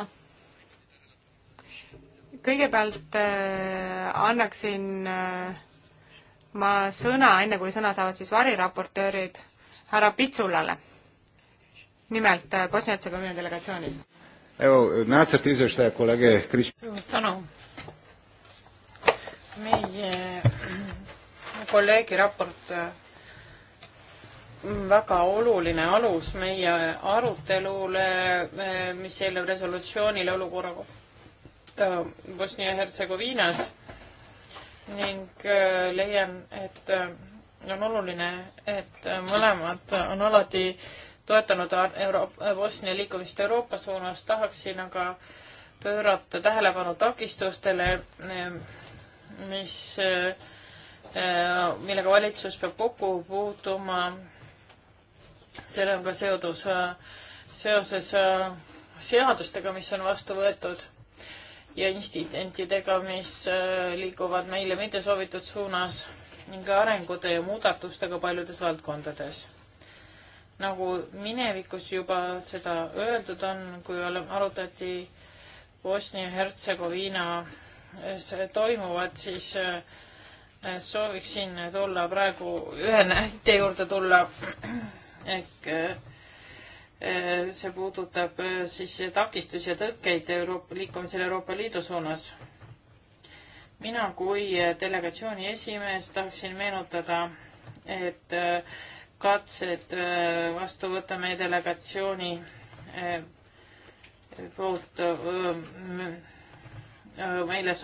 kõigepealt äh, annaksin äh, ma sõna, enne kui sõna saavad siis variraportöörid, härra Pitsulale, nimelt äh, Bosnia-Hertsegoviina delegatsioonist. Evo, nacrt izvještaja kolege Kristina. meie mm, kolleegi raport eh, väga oluline alus meie arutelule, eh, mis eelneb resolutsioonile olukorra kohta Bosnia-Hertsegoviinas ning eh, leian, et on oluline, et mõlemad on alati äh, toetanud Euro-, Bosnia liikumist Euroopa suunas, tahaksin aga pöörata tähelepanu takistustele, ehm, mis, ehm, millega valitsus peab kokku puutuma. sellega seodus, seoses ehm, seadustega, mis on vastu võetud ja instidentidega, mis liiguvad meile mittesoovitud suunas ning arengute ja muudatustega paljudes valdkondades nagu minevikus juba seda öeldud on, kui arutati Bosnia-Hertsegoviina eh, toimuvat, siis eh, sooviksin tulla praegu ühe näite juurde tulla. ehk eh, see puudutab siis takistusi ja tõkkeid Euroopa, liikumisel Euroopa Liidu suunas. mina kui delegatsiooni esimees tahaksin meenutada, et katsed äh, vastu võtta meie delegatsiooni äh, poolt äh, meile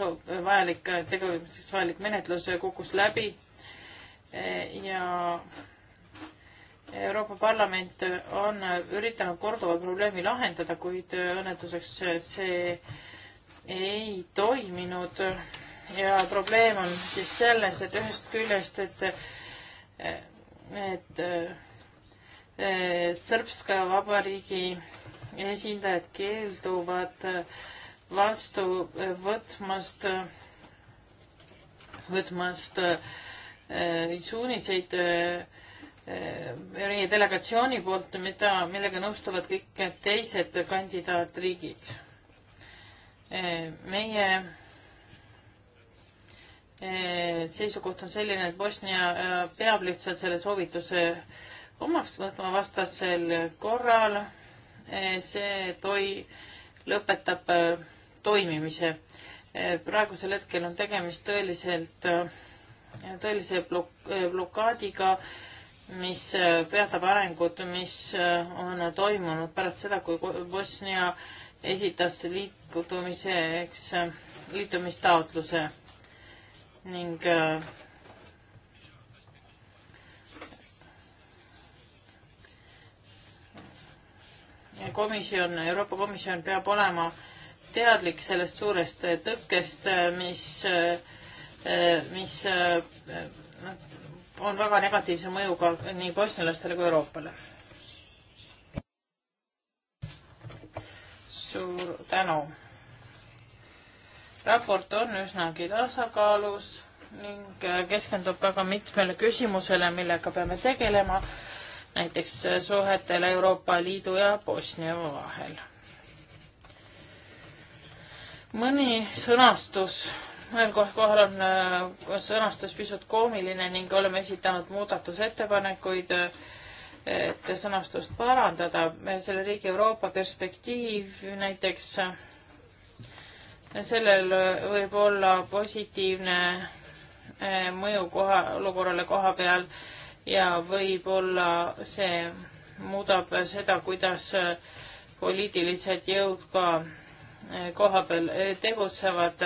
vajalik, tegelemiseks vajalik menetlus kukkus läbi ja Euroopa Parlament on üritanud korduva probleemi lahendada, kuid õnnetuseks see ei toiminud ja probleem on siis selles, et ühest küljest, et et äh, Sõrbska vabariigi esindajad keelduvad vastu võtmast, võtmast äh, suuniseid äh, meie delegatsiooni poolt, mida, millega nõustuvad kõik teised kandidaatriigid. meie Eh, seisukoht on selline, et Bosnia eh, peab lihtsalt selle soovituse omaks võtma vastasel korral. Eh, see toi-, lõpetab toimimise. praegusel hetkel on tegemist tõeliselt, tõelise blok-, blokaadiga, mis peatab arengut, mis on toimunud pärast seda, kui Bosnia esitas liitumiseks, liitumistaotluse ning äh, komisjon, Euroopa Komisjon peab olema teadlik sellest suurest tõkkest, mis, äh, mis äh, on väga negatiivse mõjuga nii bosnialastele kui Euroopale. suur tänu raport on üsnagi tasakaalus ning keskendub väga mitmele küsimusele, millega peame tegelema, näiteks suhetele Euroopa Liidu ja Bosnia vahel. mõni sõnastus, mõnel kohal on äh, sõnastus pisut koomiline ning oleme esitanud muudatusettepanekuid, et sõnastust parandada. selle riigi Euroopa perspektiiv näiteks sellel äh, võib olla positiivne äh, mõju koha, olukorrale koha peal ja võib-olla see muudab seda, kuidas äh, poliitilised jõud ka koha peal tegutsevad,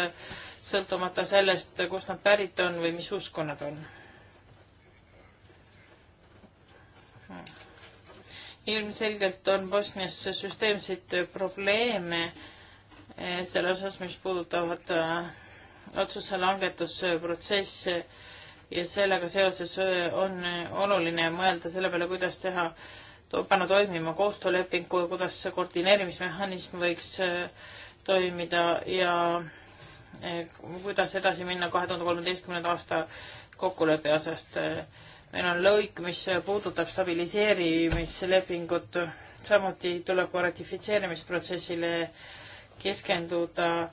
sõltumata sellest, kust nad pärit on või mis usku nad on. Hmm. ilmselgelt on Bosnias süsteemseid probleeme selle osas, mis puudutavad äh, otsuse langetusprotsesse ja sellega seoses äh, on äh, oluline mõelda selle peale, kuidas teha, panna toimima koostöölepingu ja kuidas see koordineerimismehhanism võiks toimida ja kuidas edasi minna kahe tuhande kolmeteistkümnenda aasta kokkuleppe osast. meil on lõik, mis puudutab stabiliseerimislepingut, samuti tuleb ka ratifitseerimisprotsessile äh, keskenduda.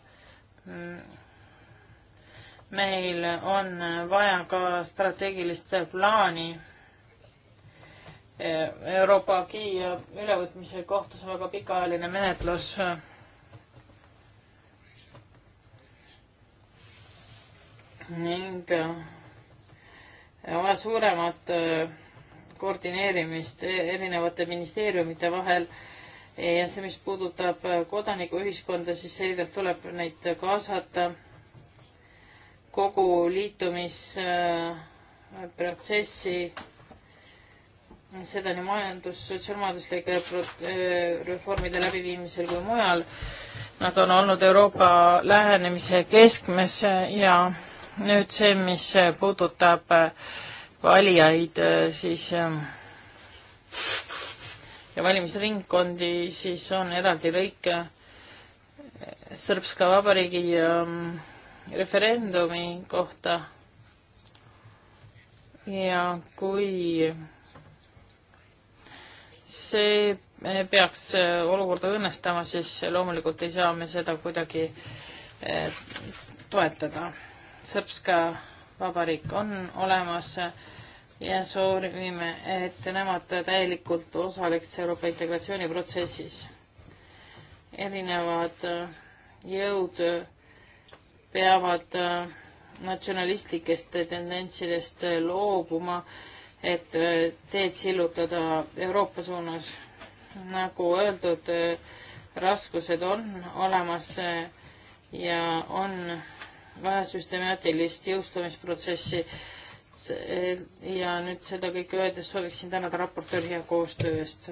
Mm, meil on vaja ka strateegilist plaani. Euroopa GI ülevõtmise kohta, see on väga pikaajaline menetlus ning äh, vaja suuremat äh, koordineerimist e-, erinevate ministeeriumite vahel ja see, mis puudutab äh, kodanikuühiskonda, siis selgelt tuleb neid kaasata kogu liitumisprotsessi, äh, seda nii majandus, sotsiaalmajanduslike äh, reformide läbiviimisel kui mujal. Nad on olnud Euroopa lähenemise keskmes ja nüüd see, mis puudutab valijaid, siis ja valimisringkondi, siis on eraldi lõik Sõrbska Vabariigi ähm, referendumi kohta. ja kui see peaks olukorda õnnestama, siis loomulikult ei saa me seda kuidagi äh, toetada. Sõrbska Vabariik on olemas ja soovime, et nemad täielikult osaleks Euroopa integratsiooniprotsessis. erinevad äh, jõud äh, peavad äh, natsionalistlikest tendentsidest loobuma, et teed sillutada Euroopa suunas. nagu öeldud, raskused on olemas ja on vaja süstemaatilist jõustumisprotsessi ja nüüd seda kõike öeldes sooviksin tänada raportööri hea koostöö eest.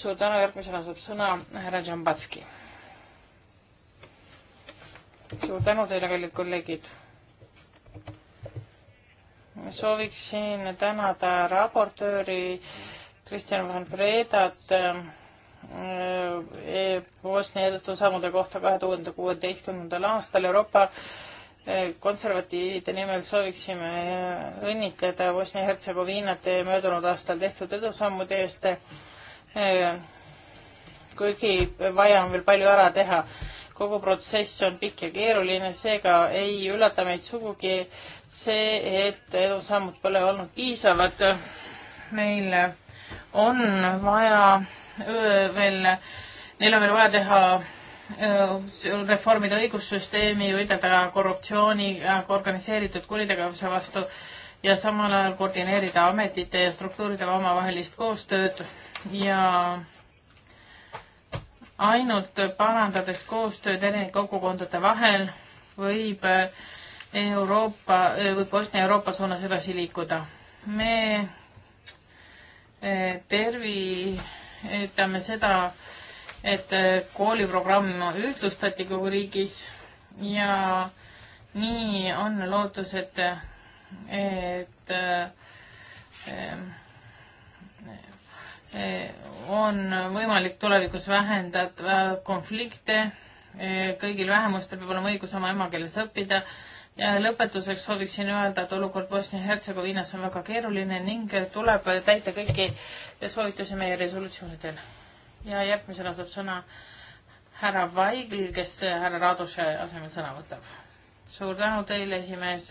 suur tänu, järgmisena saab sõna härra Džambatski. suur tänu teile, kallid kolleegid. sooviksin tänada raportööri Kristjan Van Fredat äh, e, Bosnia edutusammude kohta kahe tuhande kuueteistkümnendal aastal Euroopa Äh, konservatiivide nimel sooviksime õnnitleda Bosnia-Hertsegoviinat möödunud aastal tehtud edusammude eest, äh, kuigi vaja on veel palju ära teha. kogu protsess on pikk ja keeruline, seega ei üllata meid sugugi see, et edusammud pole olnud piisavad. meil on vaja öö, veel, neil on veel vaja teha Äh, reformida õigussüsteemi, võidelda korruptsiooniga, äh, organiseeritud kuritegevuse vastu ja samal ajal koordineerida ametite ja struktuuride omavahelist koostööd ja ainult parandades koostööd erinevate kogukondade vahel võib äh, Euroopa, võib Bosnia-Euroopa suunas edasi liikuda. me tervitame seda, et äh, kooliprogramm ühtlustati kogu riigis ja nii on lootus, et, et, äh, et äh, on võimalik tulevikus vähendada konflikte, kõigil vähemustel peab olema õigus oma emakeeles õppida ja lõpetuseks sooviksin öelda, et olukord Bosnia-Hertsegoviinas on väga keeruline ning tuleb täita kõiki soovitusi meie resolutsioonidel ja järgmisena saab sõna härra Vaigl, kes härra Raaduse asemel sõna võtab. suur tänu teile, esimees.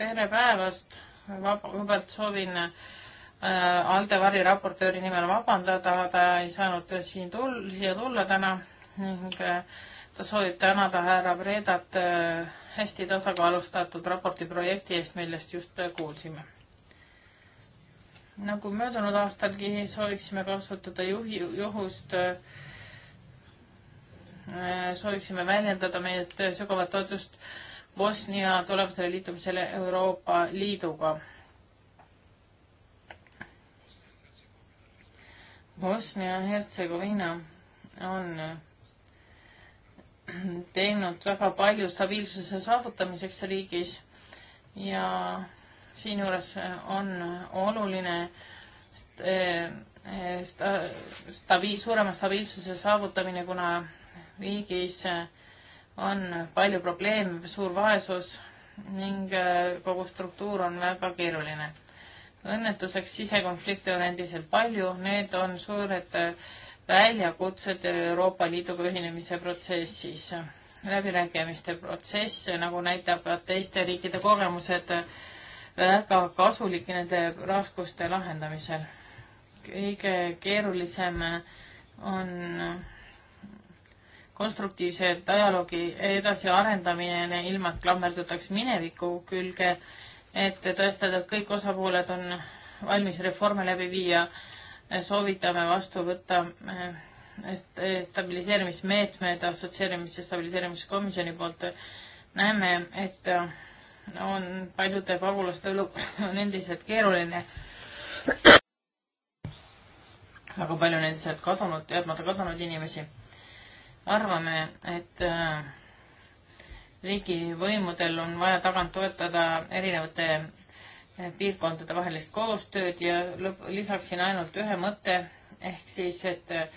tere päevast. vabalt soovin äh, Alde Vari raportööri nimel vabandada, ta ei saanud siin tul-, siia tulla täna ning äh, ta soovib tänada härra Bredat äh, hästi tasakaalustatud raporti projekti eest, millest just äh, kuulsime nagu möödunud aastalgi sooviksime kasutada juhi, juhust, äh, sooviksime väljendada meie sügavat toetust Bosnia tulevasele liitumisele Euroopa Liiduga. Bosnia-Hertsegoviina on teinud väga palju stabiilsuse saavutamiseks riigis ja siinjuures äh, on äh, oluline äh, sta-, stabiil-, suurema stabiilsuse saavutamine, kuna riigis on palju probleeme, suur vaesus ning kogu struktuur on väga keeruline. õnnetuseks sisekonflikte on endiselt palju, need on suured väljakutsed Euroopa Liiduga ühinemise protsessis. läbirääkimiste protsess, nagu näitavad teiste riikide kogemused, väga kasulik nende raskuste lahendamisel. kõige keerulisem on konstruktiivse dialoogi edasiarendamine ilma, et klammerdutaks mineviku külge, et tõestada, et kõik osapooled on valmis reforme läbi viia, soovitame vastu võtta eh, eh, stabiliseerimismeetmed assotsieerimis- ja stabiliseerimiskomisjoni poolt. näeme, et on paljude pagulaste elu on endiselt keeruline. väga palju on endiselt kadunud, teadmata kadunud inimesi. arvame, et äh, riigivõimudel on vaja tagant toetada erinevate äh, piirkondade vahelist koostööd ja lõp-, lisaksin ainult ühe mõtte, ehk siis, et äh,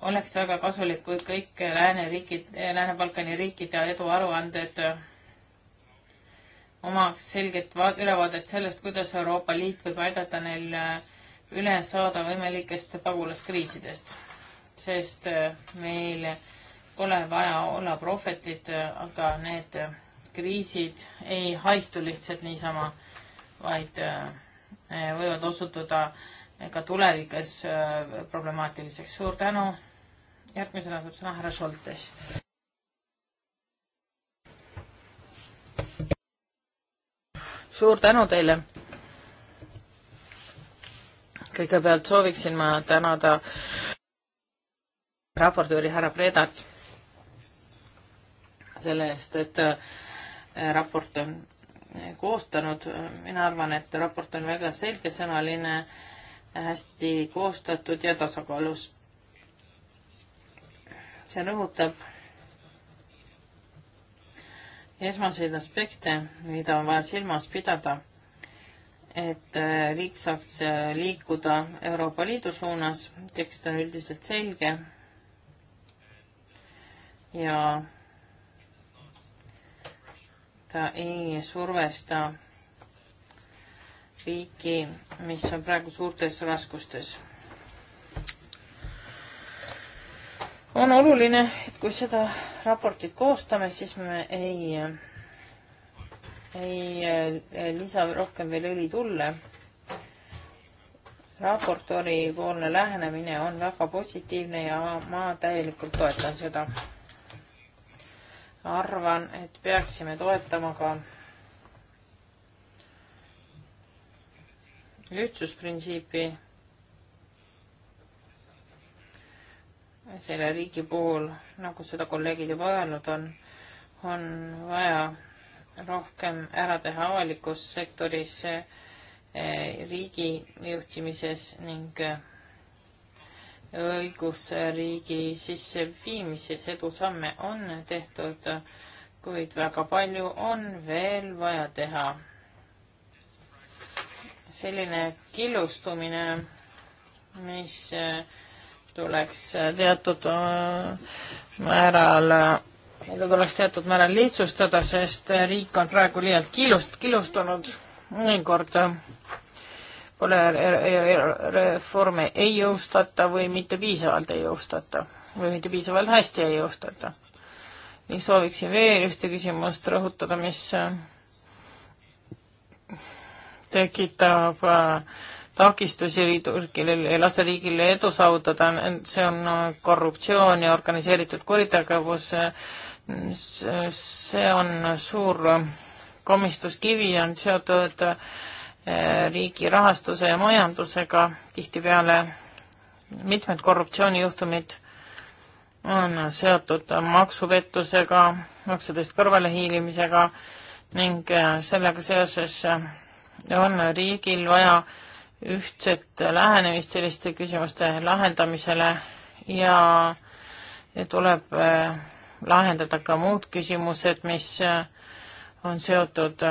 oleks väga kasulik, kui kõik lääneriigid, Lääne-Balkani riikide eduaruanded omaks selget ülevaadet sellest, kuidas Euroopa Liit võib aidata neil äh, üle saada võimalikest pagulaskriisidest. sest äh, meil pole vaja olla prohvetid, äh, aga need kriisid ei haihtu lihtsalt niisama, vaid võivad osutuda ka tulevikus problemaatiliseks. suur tänu. järgmisena saab sõna härra Šoltes suur tänu teile. kõigepealt sooviksin ma tänada raportööri härra Predat selle eest, et äh, raport on koostanud. mina arvan, et raport on väga selgesõnaline, hästi koostatud ja tasakaalus. see rõhutab esmaseid aspekte, mida on vaja silmas pidada, et äh, riik saaks äh, liikuda Euroopa Liidu suunas, tekst on üldiselt selge ja ta ei survesta riiki, mis on praegu suurtes raskustes on oluline, et kui seda raportit koostame, siis me ei, ei eh, lisa rohkem veel õli tulle. raportori poolne lähenemine on väga positiivne ja ma täielikult toetan seda. arvan, et peaksime toetama ka ühtsusprintsiipi selle riigi puhul, nagu seda kolleegid juba öelnud on, on vaja rohkem ära teha avalikus sektoris, eh, riigi juhtimises ning eh, õigusriigi sisseviimises edusamme on tehtud, kuid väga palju on veel vaja teha. selline killustumine, mis äh, tuleks teatud äh, määral seda tuleks teatud määral lihtsustada, sest riik on praegu liialt killust, killustunud. mõnikord pole reforme ei jõustata või mitte piisavalt ei jõustata või mitte piisavalt hästi ei jõustata. ning sooviksin veel ühte küsimust rõhutada, mis tekitab äh, takistusi Türgile ei lase riigile edu saavutada, see on äh, korruptsioon ja organiseeritud kuritegevus, see on suur komistuskivi, on seotud äh, riigi rahastuse ja majandusega, tihtipeale mitmed korruptsioonijuhtumid on seotud maksupettusega, maksudest kõrvalehiilimisega ning äh, sellega seoses on riigil vaja äh, ühtset lähenemist selliste küsimuste lahendamisele ja tuleb eh, lahendada ka muud küsimused, mis eh, on seotud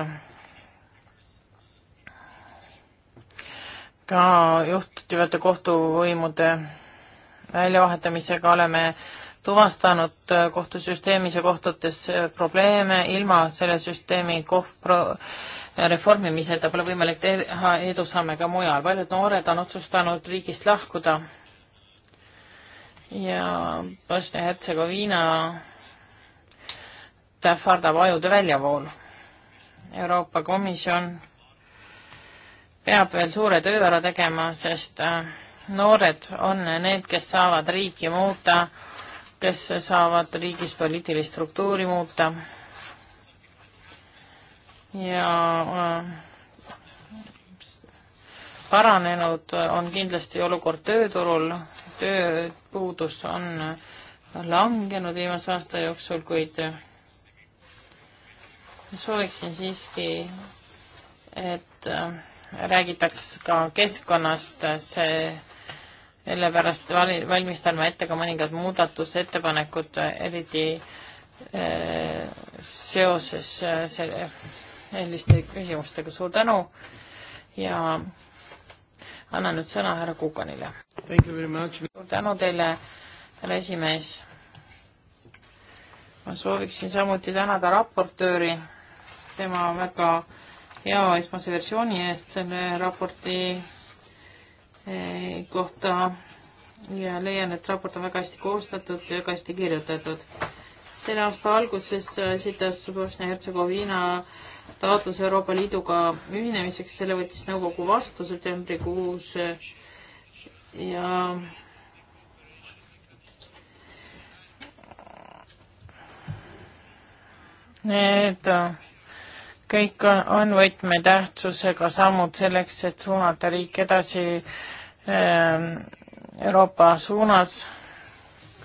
ka juhtivate kohtuvõimude väljavahetamisega oleme tuvastanud eh, kohtusüsteemis ja kohtutes probleeme ilma selle süsteemi koht- pro, reformimiseta pole võimalik teha edusamme ka mujal. paljud noored on otsustanud riigist lahkuda ja Bosnia-Hertsegoviina ähvardab ajude väljavool. Euroopa Komisjon peab veel suure töö ära tegema, sest äh, noored on need, kes saavad riiki muuta, kes saavad riigis poliitilist struktuuri muuta ja äh, paranenud on kindlasti olukord tööturul, tööpuudus on langenud viimase aasta jooksul, kuid sooviksin siiski, et äh, räägitaks ka keskkonnast, see, sellepärast vali-, valmistan ma ette ka mõningad muudatusettepanekud, eriti äh, seoses selle selliste küsimustega. suur tänu ja annan nüüd sõna härra Kukanile. suur tänu teile, härra esimees. ma sooviksin samuti tänada raportööri tema väga hea esmase versiooni eest selle raporti eh, kohta ja leian, et raport on väga hästi koostatud ja väga hästi kirjutatud. selle aasta alguses esitas Bosnia-Hertsegoviina äh, taotlus Euroopa Liiduga ühinemiseks, selle võttis nõukogu vastu septembrikuus ja Need äh, kõik on võtmetähtsusega sammud selleks, et suunata riik edasi ähm, Euroopa suunas.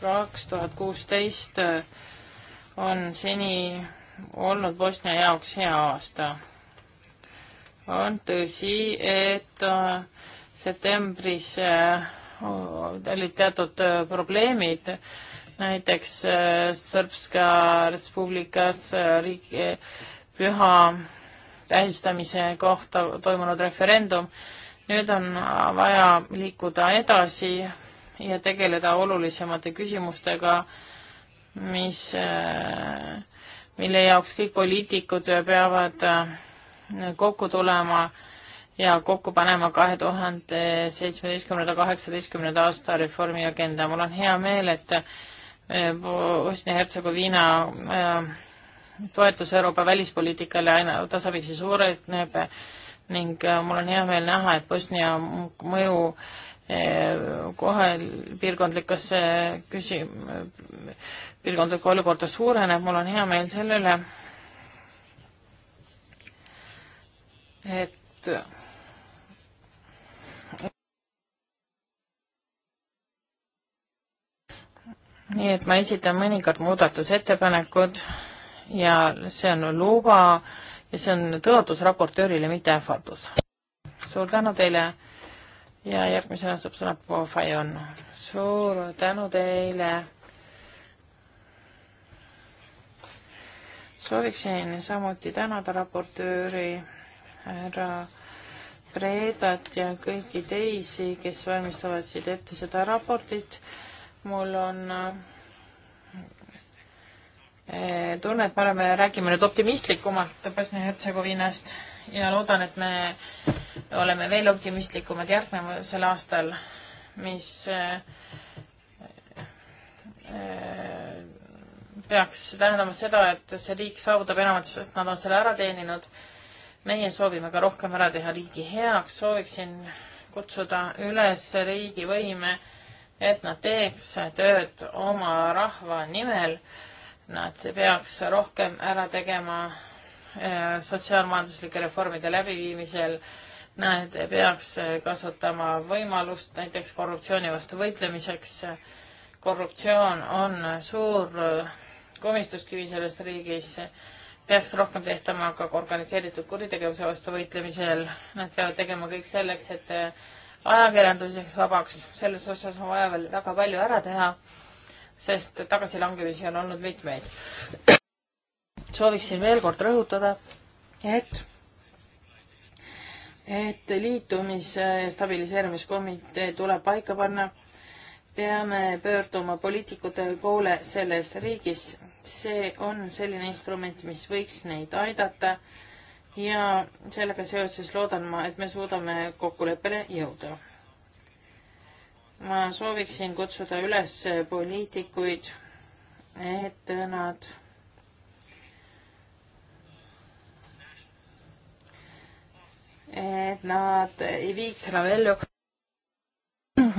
kaks tuhat kuusteist äh, on seni olnud Bosnia jaoks hea aasta. on tõsi, et äh, septembris äh, olid teatud äh, probleemid, näiteks Sõrbska Respublikas riigi püha tähistamise kohta toimunud referendum. nüüd on vaja liikuda edasi ja tegeleda olulisemate küsimustega, mis äh, mille jaoks kõik poliitikud peavad äh, kokku tulema ja kokku panema kahe tuhande seitsmeteistkümnenda, kaheksateistkümnenda aasta reformi agenda. mul on hea meel, et äh, Bosnia-Hertsegoviina äh, toetus Euroopa välispoliitikale aina tasapisi suureneb ning mul on hea meel näha, et Bosnia mõju Eh, kohe piirkondlikusse eh, küsi-, piirkondlikku olukorda suureneb, mul on hea meel selle üle, et nii et ma esitan mõnikord muudatusettepanekud ja see on luba ja see on tõotus raportöörile, mitte ähvardus. suur tänu teile ja järgmisena saab sõna proua Fajon. suur tänu teile. sooviksin samuti tänada raportööri härra Predat ja kõiki teisi, kes valmistavad siit ette seda raportit. mul on eh, tunne, et me oleme, räägime nüüd optimistlikumalt Bosnia-Hertsegoviinast ja loodan, et me oleme veel optimistlikumad järgneval aastal, mis äh, äh, peaks tähendama seda, et see riik saavutab enamat, sest nad on selle ära teeninud. meie soovime ka rohkem ära teha riigi heaks, sooviksin kutsuda üles riigivõime, et nad teeks tööd oma rahva nimel. Nad peaks rohkem ära tegema äh, sotsiaalmajanduslike reformide läbiviimisel äh, nad peaks kasutama võimalust näiteks korruptsiooni vastu võitlemiseks. korruptsioon on suur komistuskivi selles riigis, peaks rohkem tehtama ka organiseeritud kuritegevuse vastu võitlemisel. Nad peavad tegema kõik selleks, et ajakirjandus jääks vabaks, selles osas on vaja veel väga palju ära teha, sest tagasilangemisi on olnud mitmeid. sooviksin veel kord rõhutada, et et liitumise stabiliseerimiskomitee tuleb paika panna. peame pöörduma poliitikute poole selles riigis. see on selline instrument, mis võiks neid aidata ja sellega seoses loodan ma, et me suudame kokkuleppele jõuda. ma sooviksin kutsuda üles poliitikuid, et nad et nad ei viiks enam ellu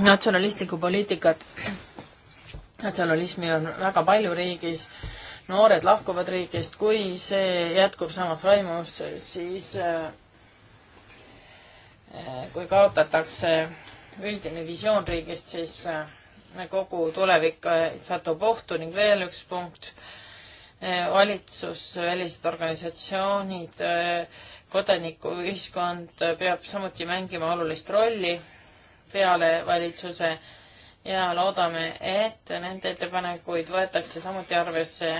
natsionalistlikku poliitikat. natsionalismi on väga palju riigis, noored lahkuvad riigist, kui see jätkub samas vaimus, siis äh, kui kaotatakse üldine visioon riigist, siis äh, kogu tulevik äh, satub ohtu ning veel üks punkt, valitsus, välised organisatsioonid äh, kodanikuühiskond peab samuti mängima olulist rolli peale valitsuse ja loodame, et nende ettepanekuid võetakse samuti arvesse.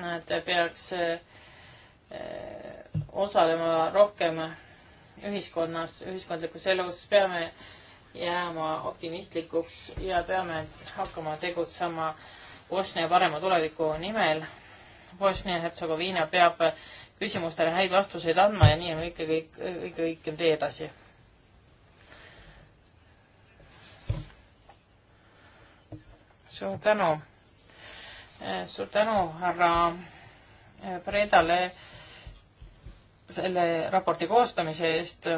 Nad peaks eh, osalema rohkem ühiskonnas, ühiskondlikus elus, peame jääma optimistlikuks ja peame hakkama tegutsema Bosnia parema tuleviku nimel. Bosnia-Hertsegoviina peab küsimustele häid vastuseid andma ja nii on ikka kõik, kõige õigem tee edasi. suur tänu. Eh, suur tänu härra eh, Predale selle raporti koostamise eest.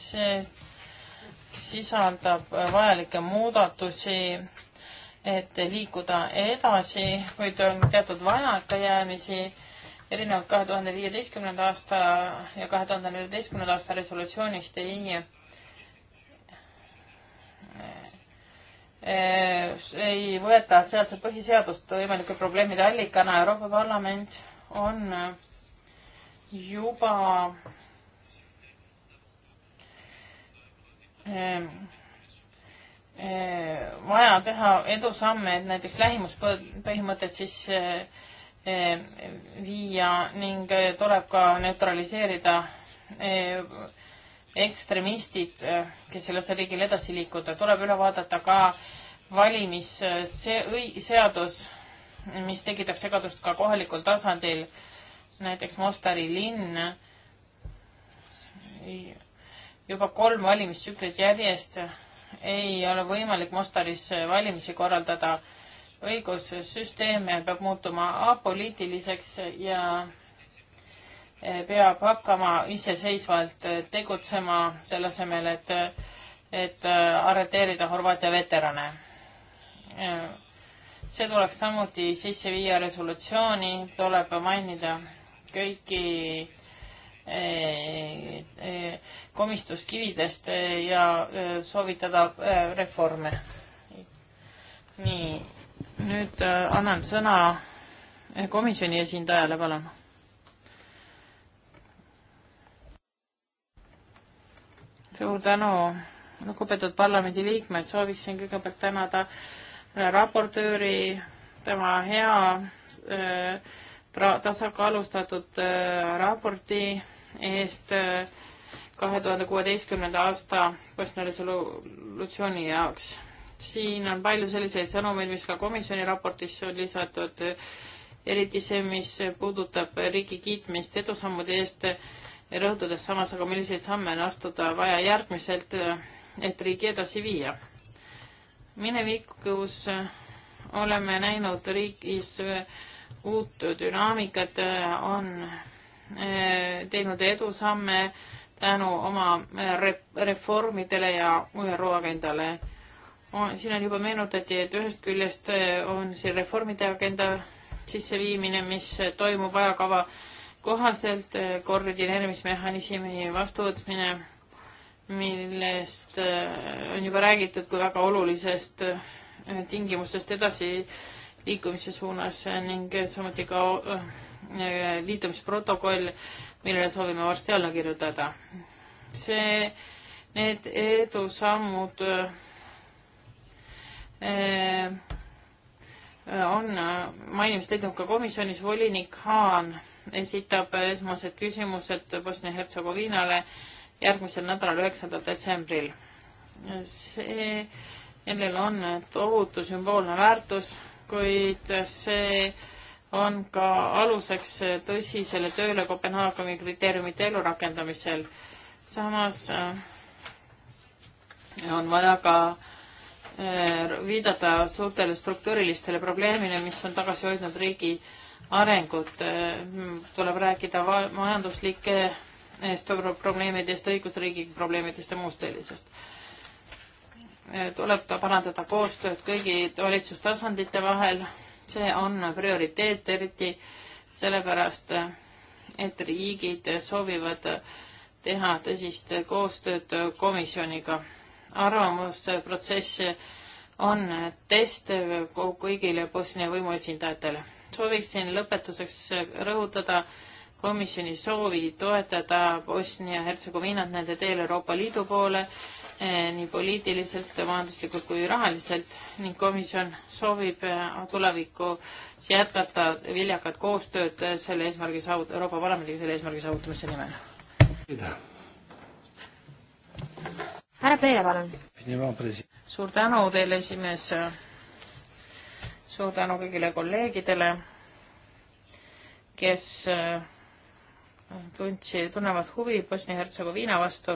see sisaldab vajalikke muudatusi, et liikuda edasi, kuid on teatud vajakajäämisi erinevalt kahe tuhande viieteistkümnenda aasta ja kahe tuhande neljateistkümnenda aasta resolutsioonist ei eh, ei võeta sealset põhiseadust võimalike probleemide allikana. Euroopa Parlament on juba eh, eh, vaja teha edusamme, et näiteks lähimuspõhimõtted siis E, viia ning e, tuleb ka neutraliseerida e, ekstremistid, kes selles riigil edasi liikuda, tuleb üle vaadata ka valimisseadus, mis tekitab segadust ka kohalikul tasandil, näiteks Mostari linn juba kolm valimistsüklit järjest ei ole võimalik Mostaris valimisi korraldada õigussüsteem peab muutuma apoliitiliseks ja eh, peab hakkama iseseisvalt eh, tegutsema selle asemel, et, et eh, arreteerida Horvaatia veterane. see tuleks samuti sisse viia resolutsiooni, tuleb mainida kõiki komistuskividest ja soovitada reforme. nii nüüd äh, annan sõna äh, komisjoni esindajale, palun. suur tänu, lugupeetud parlamendiliikmed, sooviksin kõigepealt tänada äh, raportööri tema hea äh, tasakaalustatud äh, raporti eest kahe tuhande kuueteistkümnenda aasta Bosnia resolutsiooni jaoks siin on palju selliseid sõnumeid, mis ka komisjoni raportisse on lisatud, eriti see, mis puudutab riigi kiitmist edusammude eest, rõhutades samas aga, milliseid samme on astuda vaja järgmiselt, et riigi edasi viia. minevikus oleme näinud riigis uut dünaamikat, on eh, teinud edusamme tänu oma reformidele ja ÜRO agendale on, siin on juba meenutati, et ühest küljest eh, on siin reformide agenda sisseviimine, mis toimub ajakava kohaselt, eh, koordineerimismehhanismi vastuvõtmine, millest eh, on juba räägitud kui väga olulisest tingimustest edasiliikumise suunas ning samuti ka liitumisprotokoll, millele soovime varsti alla kirjutada. see, need edusammud Äh, on, äh, mainimist leidnud ka komisjonis, volinik Haan esitab esmased küsimused Bosnia-Hertsegoviinale järgmisel nädalal, üheksandal detsembril. see, sellel on tohutu sümboolne väärtus, kuid see on ka aluseks tõsisele tööle Kopenhaageni kriteeriumite elurakendamisel. samas äh, on vaja ka äh, Äh, viidata suurtele struktuurilistele probleemile, mis on tagasi hoidnud riigi arengut. Äh, tuleb rääkida majanduslike äh, probleemidest, õigusriigi probleemidest ja muust sellisest. tuleb parandada koostööd kõigi valitsustasandite vahel, see on prioriteet, eriti sellepärast, et riigid soovivad teha tõsist koostööd komisjoniga arvamusprotsess on test kõigile Bosnia võimuesindajatele. sooviksin lõpetuseks rõhutada komisjoni soovi toetada Bosnia-Hertsegoviinat nende teel Euroopa Liidu poole eh, nii poliitiliselt, majanduslikult kui rahaliselt ning komisjon soovib eh, tulevikus jätkata viljakat koostööd selle eesmärgi saavut-, Euroopa Parlamendiga selle eesmärgi saavutamise nimel härra Preele, palun. suur tänu teile, esimees. suur tänu kõigile kolleegidele, kes äh, tundsid, tunnevad huvi Bosnia-Hertsegoviina vastu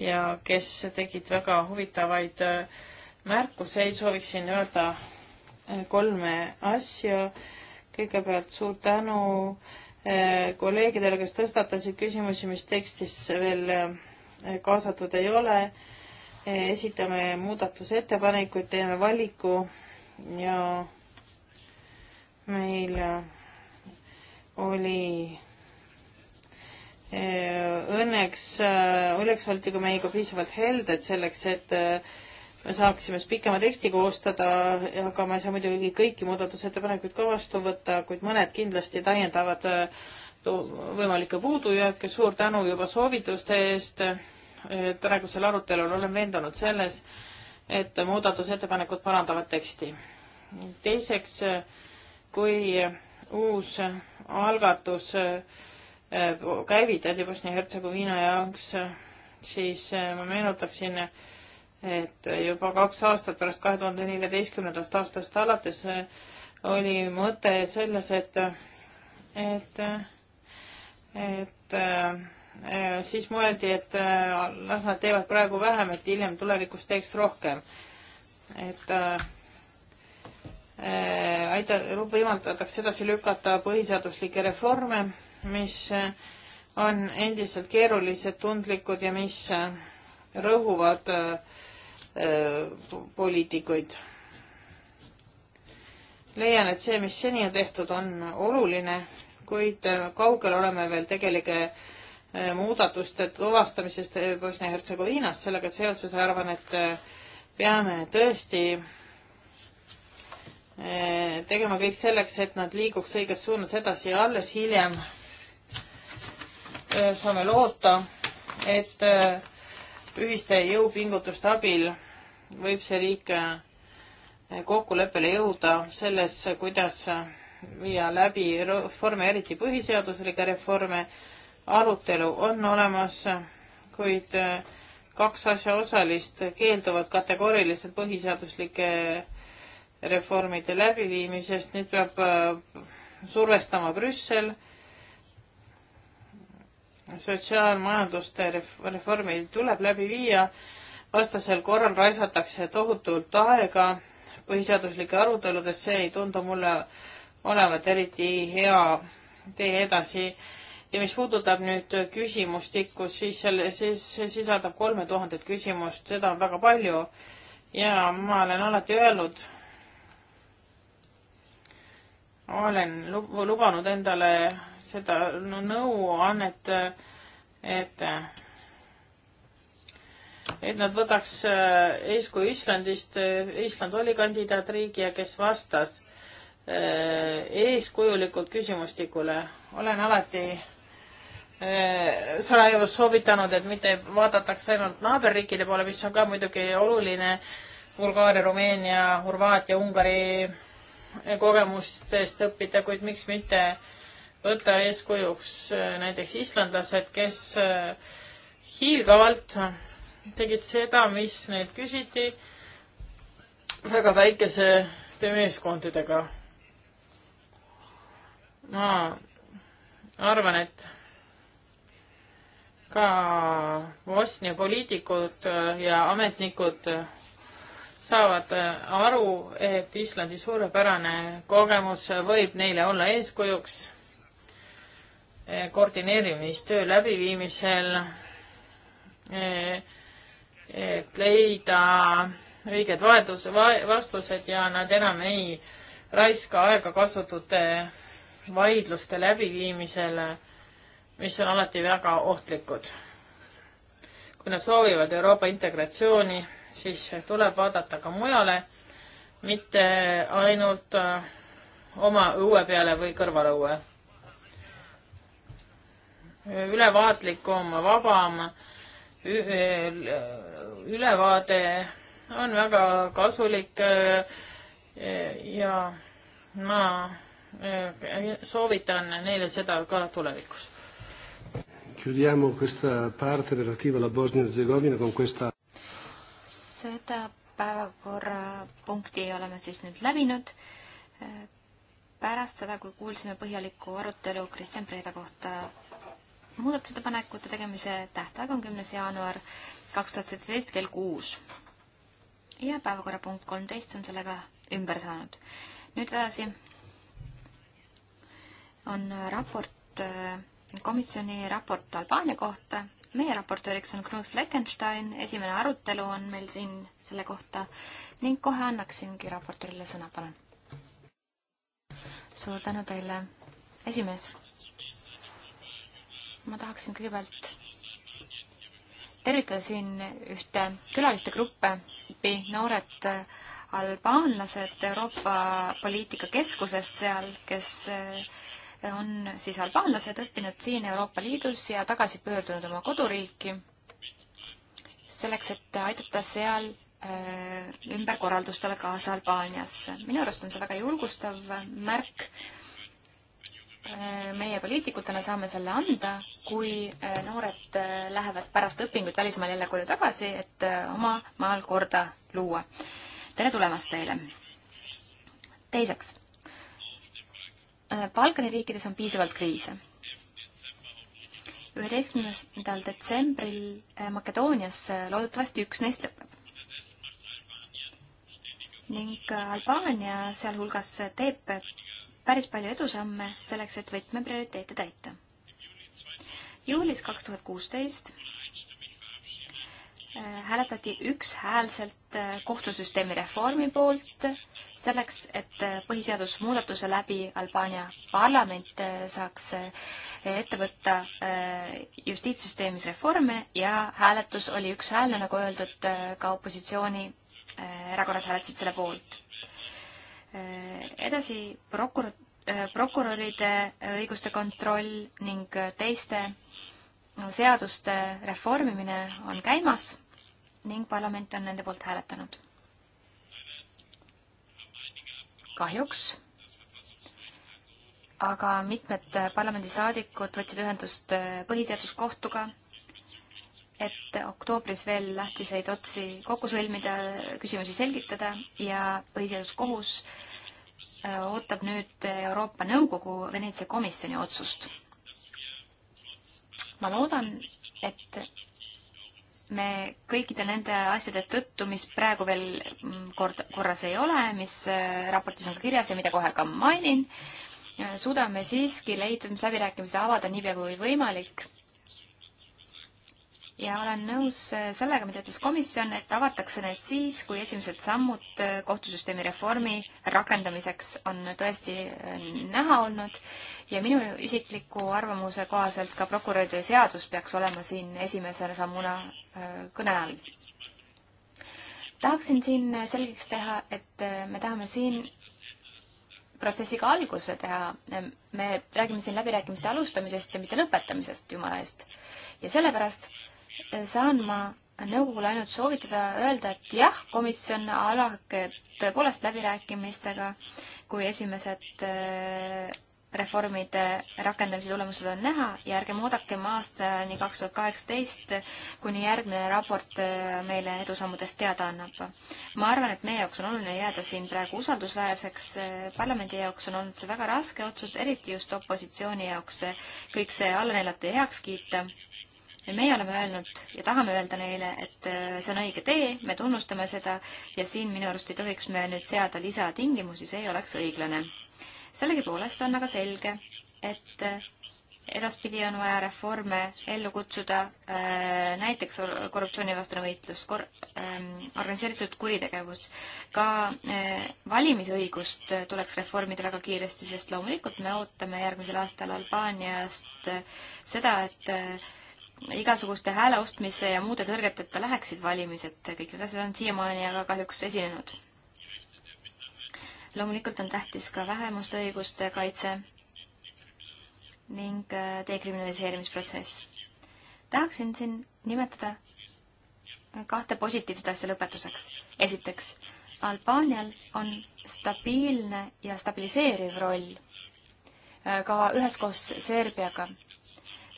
ja kes tegid väga huvitavaid äh, märkuseid, sooviksin öelda äh, kolme asja. kõigepealt suur tänu kolleegidele, kes tõstatasid küsimusi, mis tekstis veel kaasatud ei ole. Eh, esitame muudatusettepanekuid, teeme valiku ja meil eh, oli eh, õnneks, õnneks oldi ka meiega piisavalt helded selleks, et me saaksime siis pikema teksti koostada, aga ma ei saa muidugi kõiki muudatusettepanekuid ka vastu võtta, kuid mõned kindlasti täiendavad võimalikke puudujääke. suur tänu juba soovituste eest praegusel arutelul olen veendunud selles, et muudatusettepanekud parandavad teksti. teiseks, kui uus algatus eh, käivitati Bosnia-Hertsegoviina jaoks, siis eh, ma meenutaksin, et juba kaks aastat pärast kahe tuhande neljateistkümnendast aastast alates eh, oli mõte selles, et, et, et Äh, siis mõeldi, et äh, las nad teevad praegu vähem, et hiljem tulevikus teeks rohkem. et äh, äh aita-, võimaldatakse edasi lükata põhiseaduslikke reforme, mis on endiselt keerulised, tundlikud ja mis rõhuvad äh, poliitikuid. leian, et see, mis seni on tehtud, on oluline, kuid kaugel oleme veel tegelike äh, Eh, muudatuste tuvastamisest Bosnia-Hertsegoviinas, sellega seoses arvan, et eh, peame tõesti eh, tegema kõik selleks, et nad liiguks õiges suunas edasi ja alles hiljem saame loota, et ühiste jõupingutuste abil võib see riik kokkuleppele jõuda selles, kuidas viia läbi reforme, eriti põhiseaduslikke reforme, reforme arutelu on olemas, kuid äh, kaks asjaosalist keelduvad kategooriliselt põhiseaduslike reformide läbiviimisest, nüüd peab äh, survestama Brüssel sotsiaalmajanduste reformi tuleb läbi viia, vastasel korral raisatakse tohutult aega põhiseaduslike aruteludes, see ei tundu mulle olevat eriti hea tee edasi ja mis puudutab nüüd küsimustikku, siis selle, siis see sisaldab kolme tuhandet küsimust, seda on väga palju ja ma olen alati öelnud, olen lubanud endale seda nõuannet, et, et nad võtaks äh, eeskuju Islandist, äh, Island oli kandidaatriik ja kes vastas äh, eeskujulikult küsimustikule, olen alati Äh, Sarajevos soovitanud, et mitte vaadataks ainult naaberriikide poole, mis on ka muidugi oluline Bulgaaria, Rumeenia, Horvaatia, Ungari kogemustest õppida, kuid miks mitte võtta eeskujuks äh, näiteks islandlased, kes äh, hiilgavalt tegid seda, mis neilt küsiti väga väikese meeskondadega. ma arvan, et ka Bosnia poliitikud ja ametnikud saavad aru, et Islandi suurepärane kogemus võib neile olla eeskujuks koordineerimistöö läbiviimisel, et leida õiged vaedus, vastused ja nad enam ei raiska aega kasutute vaidluste läbiviimisele mis on alati väga ohtlikud. kui nad soovivad Euroopa integratsiooni, siis tuleb vaadata ka mujale, mitte ainult äh, oma õue peale või kõrvalõue. ülevaatlikum, vabam äh, ülevaade on väga kasulik äh, ja ma soovitan neile seda ka tulevikus. Chiudiamo questa parte relativa alla Bosnia-Herzegovina con questa seda päevakorrapunkti oleme siis nüüd läbinud. Äh, pärast seda, kui kuulsime põhjalikku arutelu Kristjan Preeda kohta muudatusettepanekute tegemise tähtaeg on kümnes jaanuar kaks tuhat seitseteist kell kuus. ja päevakorrapunkt kolmteist on sellega ümber saanud. nüüd edasi on raport äh, komisjoni raport Albaania kohta. meie raportööriks on Knut Fleckenstein, esimene arutelu on meil siin selle kohta ning kohe annaksingi raportöörile sõna, palun. suur tänu teile, esimees. ma tahaksin kõigepealt tervitada siin ühte külaliste gruppe, noored albaanlased Euroopa Poliitikakeskusest seal, kes on siis albaanlased õppinud siin Euroopa Liidus ja tagasi pöördunud oma koduriiki selleks, et aidata seal äh, ümberkorraldustele kaasa Albaaniasse. minu arust on see väga julgustav märk. Äh, meie poliitikutena saame selle anda, kui äh, noored lähevad pärast õpinguid välismaal jälle koju tagasi, et oma maal korda luua. tere tulemast teile! teiseks Äh, Balkani riikides on piisavalt kriise. üheteistkümnendal detsembril äh, Makedoonias äh, loodetavasti üks neist lõpeb. ning Albaania sealhulgas teeb päris palju edusamme selleks, et võtmeprioriteete täita. juulis kaks tuhat kuusteist hääletati ükshäälselt kohtusüsteemi reformi poolt selleks, et põhiseadusmuudatuse läbi Albaania parlament äh, saaks äh, ette võtta äh, justiitssüsteemis reforme ja hääletus oli ükshäälne, nagu öeldud, ka opositsiooni erakonnad hääletasid selle poolt. edasi prokur-, prokuröride õiguste kontroll ning teiste seaduste reformimine on käimas ning parlament on nende poolt hääletanud kahjuks aga mitmed parlamendisaadikud võtsid ühendust äh, põhiseaduskohtuga, et oktoobris veel lähtiseid otsi kokku sõlmida, küsimusi selgitada ja põhiseaduskohus äh, ootab nüüd Euroopa Nõukogu Veneetsia komisjoni otsust. ma loodan, et me kõikide nende asjade tõttu, mis praegu veel mm, kord, korras ei ole, mis äh, raportis on ka kirjas ja mida kohe ka mainin, äh, suudame siiski leidmisläbirääkimisi avada niipea kui võimalik ja olen nõus äh, sellega, mida ütles komisjon, et avatakse need siis, kui esimesed sammud äh, kohtusüsteemi reformi rakendamiseks on tõesti äh, näha olnud ja minu isikliku arvamuse kohaselt ka prokuröride seadus peaks olema siin esimese sammuna kõne all. tahaksin siin selgeks teha, et me tahame siin protsessiga alguse teha. me räägime siin läbirääkimiste alustamisest ja mitte lõpetamisest, jumala eest. ja sellepärast saan ma nõukogule ainult soovitada öelda, et jah, komisjon alake tõepoolest läbirääkimistega, kui esimesed äh, reformide rakendamise tulemused on näha ja ärgem oodakem aastani kaks tuhat kaheksateist, kuni järgmine raport äh, meile edusammudest teada annab. ma arvan, et meie jaoks on oluline jääda siin praegu usaldusväärseks, äh, parlamendi jaoks on olnud see väga raske otsus, eriti just opositsiooni jaoks kõik see alla neelata ja heaks kiita ja meie oleme öelnud ja tahame öelda neile, et äh, see on õige tee, me tunnustame seda ja siin minu arust ei tohiks me nüüd seada lisatingimusi, see ei oleks õiglane. sellegipoolest on aga selge, et äh, edaspidi on vaja reforme ellu kutsuda, äh, näiteks korruptsioonivastane võitlus, kor-, ähm, organiseeritud kuritegevus. ka valimisõigust tuleks reformida väga kiiresti, sest loomulikult me ootame järgmisel aastal Albaaniast seda, et igasuguste hääleostmise ja muude tõrgeteta läheksid valimised, kõik need asjad on siiamaani aga kahjuks esinenud. loomulikult on tähtis ka vähemuste õiguste kaitse ning äh, dekriminaliseerimisprotsess. tahaksin siin nimetada äh, kahte positiivset asja lõpetuseks. esiteks, Albaanial on stabiilne ja stabiliseeriv roll äh, ka üheskoos Serbiaga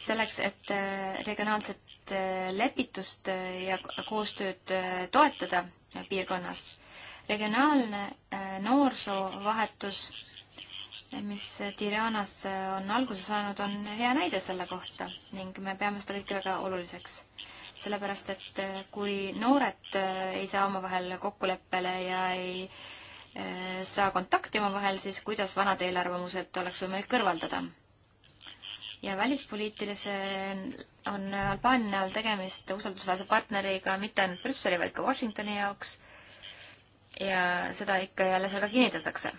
selleks, et äh, regionaalset äh, lepitust äh, ja koostööd toetada piirkonnas. regionaalne noorsoovahetus, mis Tiranas on alguse saanud, on hea näide selle kohta ning me peame seda kõike väga oluliseks sellepärast, et kui noored ei saa omavahel kokkuleppele ja ei saa kontakti omavahel, siis kuidas vanad eelarvamused oleks võimalik kõrvaldada? ja välispoliitilise on Albaania näol tegemist usaldusväärse partneriga mitte ainult Brüsseli, vaid ka Washingtoni jaoks. ja seda ikka jälle seal ka kinnitatakse.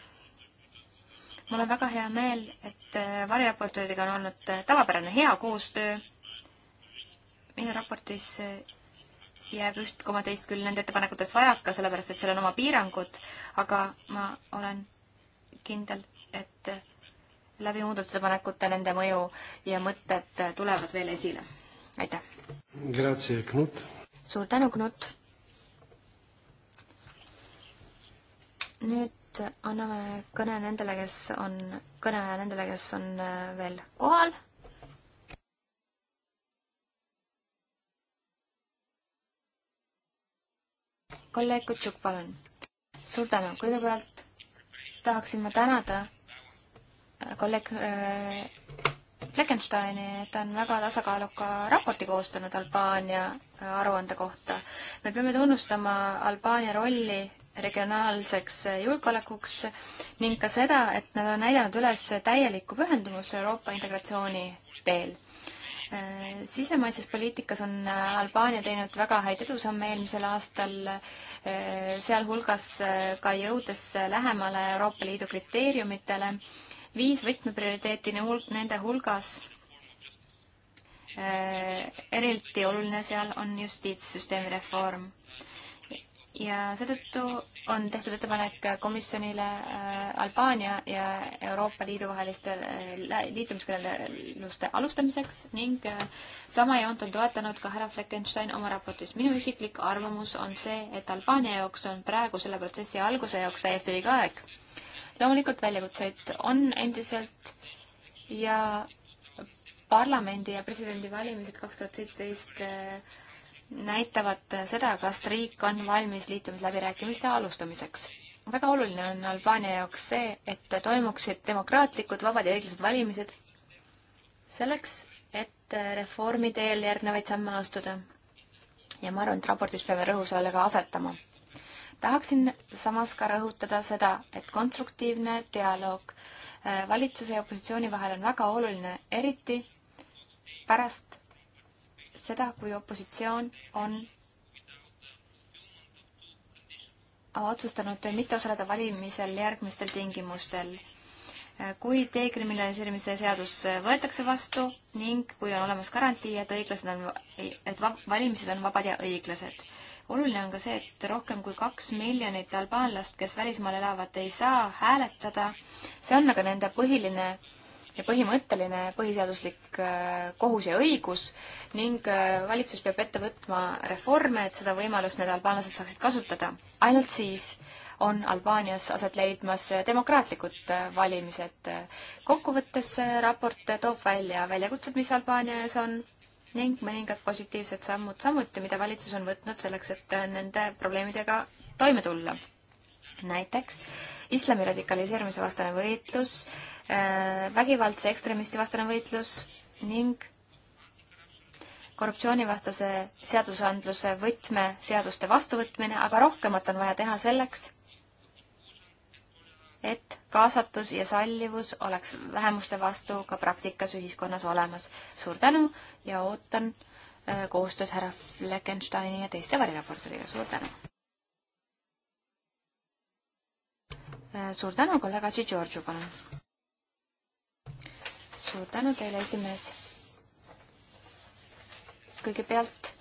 mul on väga hea meel, et äh, variraportööridega on olnud äh, tavapärane hea koostöö. minu raportis äh, jääb üht koma teist küll nende ettepanekutest vajaka, sellepärast et seal on oma piirangud, aga ma olen kindel, et läbi muudatusettepanekute nende mõju ja mõtted tulevad veel esile. aitäh! Grazie, Knut! suur tänu, Knut! nüüd anname kõne nendele, kes on, kõne nendele, kes on äh, veel kohal. kolleeg Kutšuk, palun! suur tänu, kõigepealt tahaksin ma tänada kolleeg äh, Fleckensteini, et ta on väga tasakaaluka raporti koostanud Albaania äh, aruande kohta. me peame tunnustama Albaania rolli regionaalseks äh, julgeolekuks ning ka seda, et nad on näidanud üles täielikku pühendumust Euroopa integratsiooni teel. sisemaises poliitikas on Albaania teinud väga häid edusamme eelmisel aastal, sealhulgas ka jõudes lähemale Euroopa Liidu kriteeriumitele viis võtmeprioriteeti nende hulgas äh, eriti oluline seal on justiitssüsteemi reform. ja seetõttu on tehtud ettepanek komisjonile äh, Albaania ja Euroopa Liidu vaheliste äh, liitumiskõneluste alustamiseks ning sama joont on toetanud ka härra Fleckenstein oma raportis. minu isiklik arvamus on see, et Albaania jaoks on praegu selle protsessi alguse jaoks täiesti õige aeg loomulikult väljakutseid on endiselt ja parlamendi ja presidendi valimised kaks tuhat seitseteist eh, näitavad seda, kas riik on valmis liitumisläbirääkimiste alustamiseks. väga oluline on Albaania jaoks see, et toimuksid demokraatlikud, vabad ja õiglased valimised selleks, et reformi teel järgnevaid samme astuda. ja ma arvan, et raportis peame rõhu sellele ka asetama tahaksin samas ka rõhutada seda, et konstruktiivne dialoog äh, valitsuse ja opositsiooni vahel on väga oluline, eriti pärast seda, kui opositsioon on otsustanud mitte osaleda valimisel järgmistel tingimustel. Äh, kui dekriminaliseerimise seadus äh, võetakse vastu ning kui on olemas garantii, et õiglased on, et vab, valimised on vabad ja õiglased oluline on ka see, et rohkem kui kaks miljonit albaanlast, kes välismaal elavad, ei saa hääletada. see on aga nende põhiline ja põhimõtteline põhiseaduslik äh, kohus ja õigus ning äh, valitsus peab ette võtma reforme, et seda võimalust need albaanlased saaksid kasutada. ainult siis on Albaanias aset leidmas äh, demokraatlikud valimised. kokkuvõttes raport toob välja väljakutsed, mis Albaania ees on ning mõningad positiivsed sammud samuti, mida valitsus on võtnud selleks, et äh, nende probleemidega toime tulla. näiteks islami radikaliseerumise vastane võitlus, äh, vägivaldse ekstremisti vastane võitlus ning korruptsioonivastase seadusandluse võtmeseaduste vastuvõtmine, aga rohkemat on vaja teha selleks, et kaasatus ja sallivus oleks vähemuste vastu ka praktikas ühiskonnas olemas. suur tänu ja ootan äh, koostöös härra Fleckensteini ja teiste variraportoriga, suur tänu! Äh, suur tänu, kolleeg Adži Georgiou, palun! suur tänu teile, esimees! kõigepealt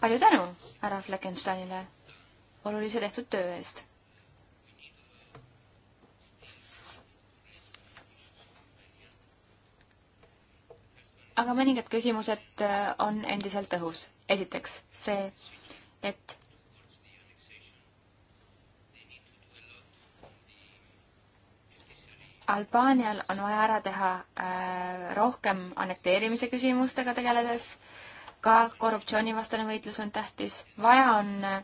palju tänu härra Fleckensteinile olulise tehtud töö eest aga mõningad küsimused äh, on endiselt õhus. esiteks see, et Albaanial on vaja ära teha äh, rohkem annekteerimise küsimustega tegeledes, ka korruptsioonivastane võitlus on tähtis, vaja on äh,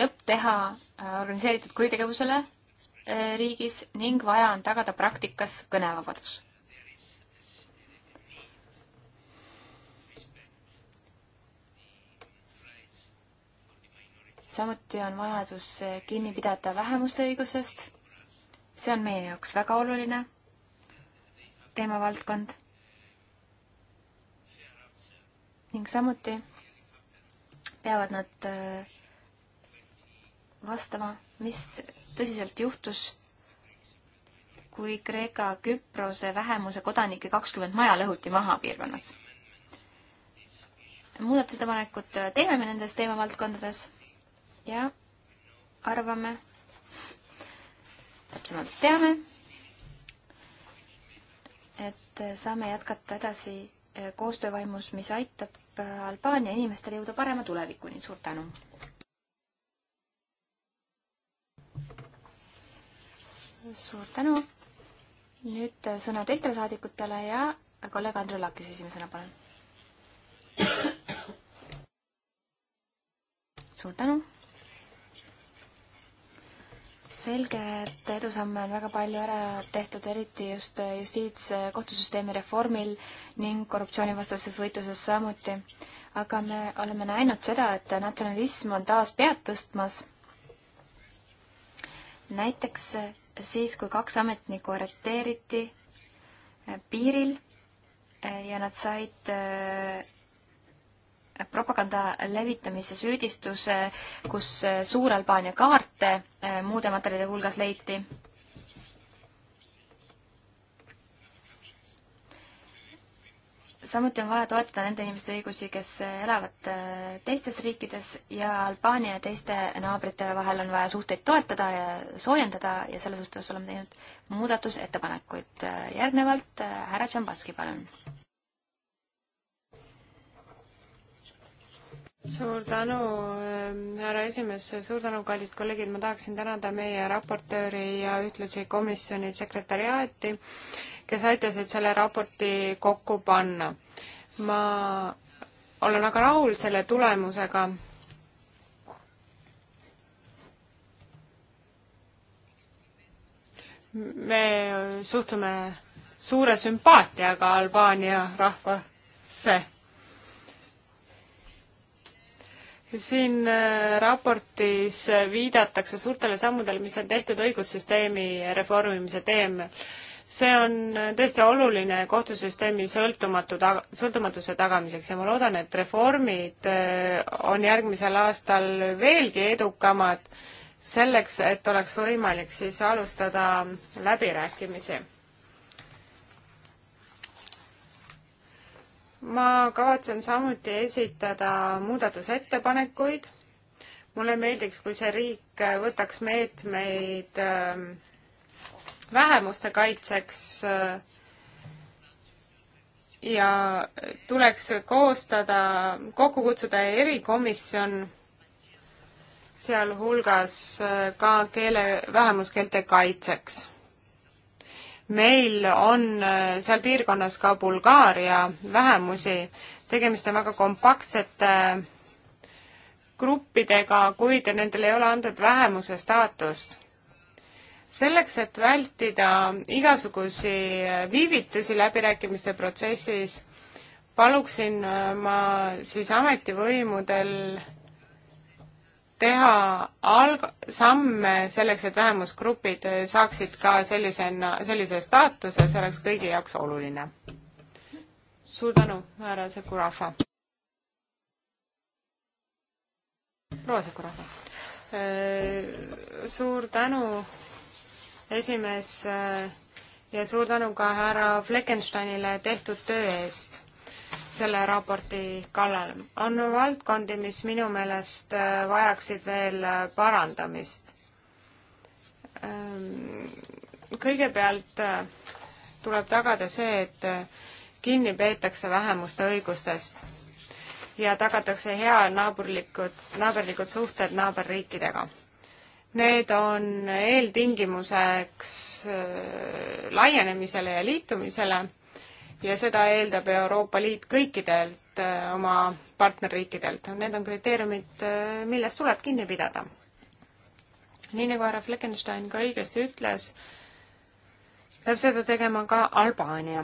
lõpp teha äh, organiseeritud kuritegevusele äh, riigis ning vaja on tagada praktikas kõnevabadus samuti on vajadus kinni pidada vähemuste õigusest. see on meie jaoks väga oluline teemavaldkond. ning samuti peavad nad äh, vastama, mis tõsiselt juhtus, kui Kreeka Küprose vähemuse kodanike kakskümmend maja lõhuti maha piirkonnas. muudatusettepanekud teeme me nendes teemavaldkondades ja arvame, täpsemalt teame, et saame jätkata edasi eh, koostöövaimus, mis aitab eh, Albaania inimestele jõuda parema tulevikuni. suur tänu! suur tänu! nüüd eh, sõna teistele saadikutele ja kolleeg Andrei Lakis esimesena, palun. suur tänu! selge, et edusamme on väga palju ära tehtud, eriti just justiitskohtusüsteemi reformil ning korruptsioonivastases võitluses samuti. aga me oleme näinud seda, et natsionalism on taas pead tõstmas. näiteks siis, kui kaks ametnikku arreteeriti piiril ja nad said propaganda levitamise süüdistuse, kus eh, Suur-Albaania kaarte eh, muude materjalide hulgas leiti. samuti on vaja toetada nende inimeste õigusi, kes eh, elavad teistes riikides ja Albaania ja teiste naabrite vahel on vaja suhteid toetada ja soojendada ja selles suhtes oleme teinud muudatusettepanekuid. järgnevalt härra Tšambaski, palun suur tänu, ähm, härra esimees, suur tänu, kallid kolleegid, ma tahaksin tänada meie raportööri ja ühtlasi komisjoni sekretäriaati, kes aitasid selle raporti kokku panna. ma olen väga rahul selle tulemusega me suhtume suure sümpaatiaga Albaania rahvasse. siin äh, raportis äh, viidatakse suurtele sammudele, mis on tehtud õigussüsteemi reformimise teemal. see on äh, tõesti oluline kohtusüsteemi sõltumatu taga, sõltumatuse tagamiseks ja ma loodan, et reformid on järgmisel aastal veelgi edukamad selleks, et oleks võimalik siis alustada läbirääkimisi ma kavatsen samuti esitada muudatusettepanekuid. mulle meeldiks, kui see riik võtaks meetmeid ähm, vähemuste kaitseks äh, ja tuleks koostada, kokku kutsuda erikomisjon, sealhulgas äh, ka keele, vähemuskeelte kaitseks meil on äh, seal piirkonnas ka Bulgaaria vähemusi, tegemist on väga kompaktsete äh, gruppidega, kuid nendel ei ole antud vähemuse staatust. selleks, et vältida igasugusi äh, viivitusi läbirääkimiste protsessis, paluksin ma siis ametivõimudel teha alg-, samme selleks, et vähemusgrupid saaksid ka sellisena, sellise staatuse, see oleks kõigi jaoks oluline. suur tänu, härra Sekurafa. proua Sekurafa. Äh, suur tänu, esimees, äh, ja suur tänu ka härra Fleckensteinile tehtud töö eest selle raporti kallal. on valdkondi, mis minu meelest äh, vajaksid veel äh, parandamist. Ähm, kõigepealt äh, tuleb tagada see, et kinni peetakse vähemuste õigustest ja tagatakse hea naaberlikud, naaberlikud suhted naaberriikidega. Need on eeltingimuseks laienemisele ja liitumisele ja seda eeldab Euroopa Liit kõikidelt äh, oma partnerriikidelt. Need on kriteeriumid, äh, millest tuleb kinni pidada. nii nagu härra Fleckenstein ka õigesti ütles, peab seda tegema ka Albaania.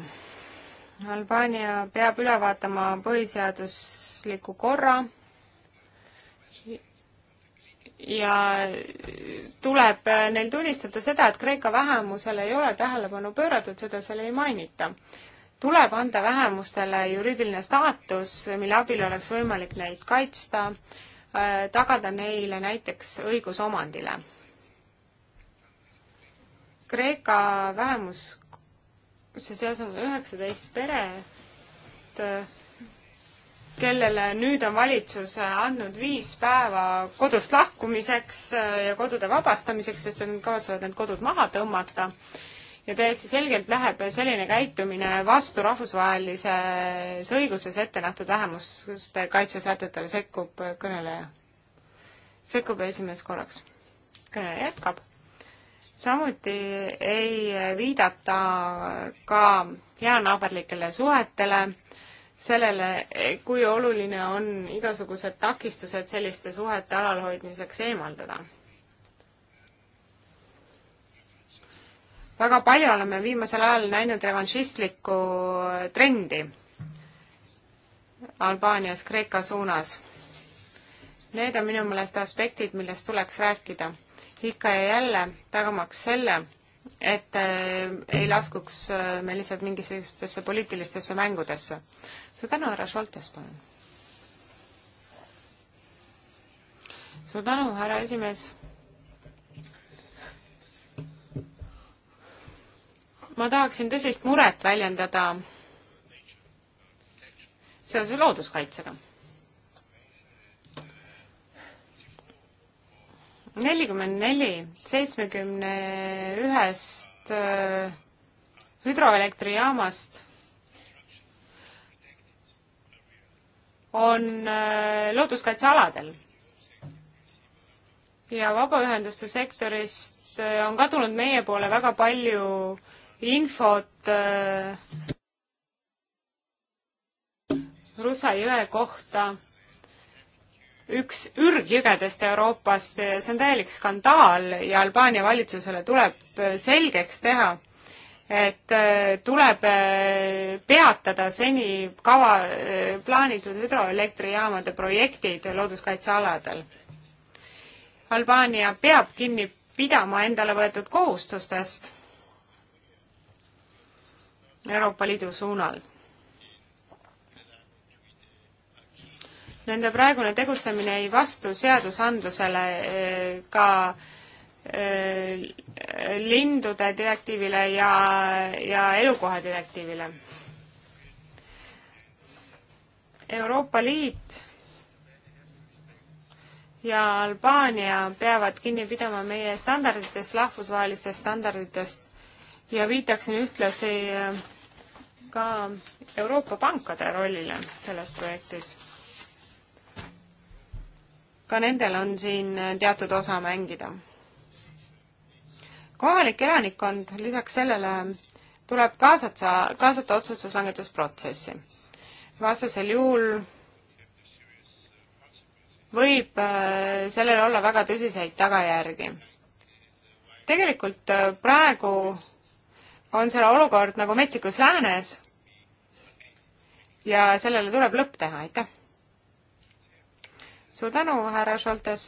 Albaania peab üle vaatama põhiseadusliku korra ja tuleb neil tunnistada seda, et Kreeka vähemusele ei ole tähelepanu pööratud, seda seal ei mainita tuleb anda vähemustele juriidiline staatus, mille abil oleks võimalik neid kaitsta, äh, tagada neile näiteks õigus omandile. Kreeka vähemus, see seas on üheksateist peret, kellele nüüd on valitsus andnud viis päeva kodust lahkumiseks ja kodude vabastamiseks, sest nad kavatsevad need kodud maha tõmmata ja täiesti selgelt läheb selline käitumine vastu rahvusvahelises õiguses ette nähtud vähemuste kaitsesätetele, sekkub kõneleja. sekkub esimees korraks. kõneleja jätkab. samuti ei viidata ka heanaaberlikele suhetele, sellele, kui oluline on igasugused takistused selliste suhete alalhoidmiseks eemaldada väga palju oleme viimasel ajal näinud revanšistlikku trendi Albaanias Kreeka suunas. Need on minu meelest aspektid, millest tuleks rääkida ikka ja jälle, tagamaks selle, et eh, ei laskuks eh, me lihtsalt mingisugustesse poliitilistesse mängudesse. suur tänu, härra Šoltes, palun. suur tänu, härra esimees. ma tahaksin tõsist muret väljendada seoses looduskaitsega. nelikümmend neli seitsmekümne ühest äh, hüdroelektrijaamast on äh, looduskaitsealadel ja vabaühenduste sektorist äh, on kadunud meie poole väga palju äh, infot äh, Rusa jõe kohta, üks ürgjõgedest Euroopast, see on täielik skandaal ja Albaania valitsusele tuleb äh, selgeks teha, et äh, tuleb peatada seni kava, plaanitud hüdroelektrijaamade projektid looduskaitsealadel. Albaania peab kinni pidama endale võetud kohustustest Euroopa Liidu suunal. Nende praegune tegutsemine ei vastu seadusandlusele eh, ka eh, lindude direktiivile ja, ja elukoha direktiivile. Euroopa Liit ja Albaania peavad kinni pidama meie standarditest, rahvusvahelistest standarditest ja viitaksin ühtlasi eh, ka Euroopa pankade rollile selles projektis. ka nendel on siin teatud osa mängida. kohalik elanikkond lisaks sellele tuleb kaasata, kaasata otsustuslangetusprotsessi. vastasel juhul võib äh, sellel olla väga tõsiseid tagajärgi. tegelikult äh, praegu on seal olukord nagu metsikus läänes, ja sellele tuleb lõpp teha, aitäh! suur tänu, härra Šoltes,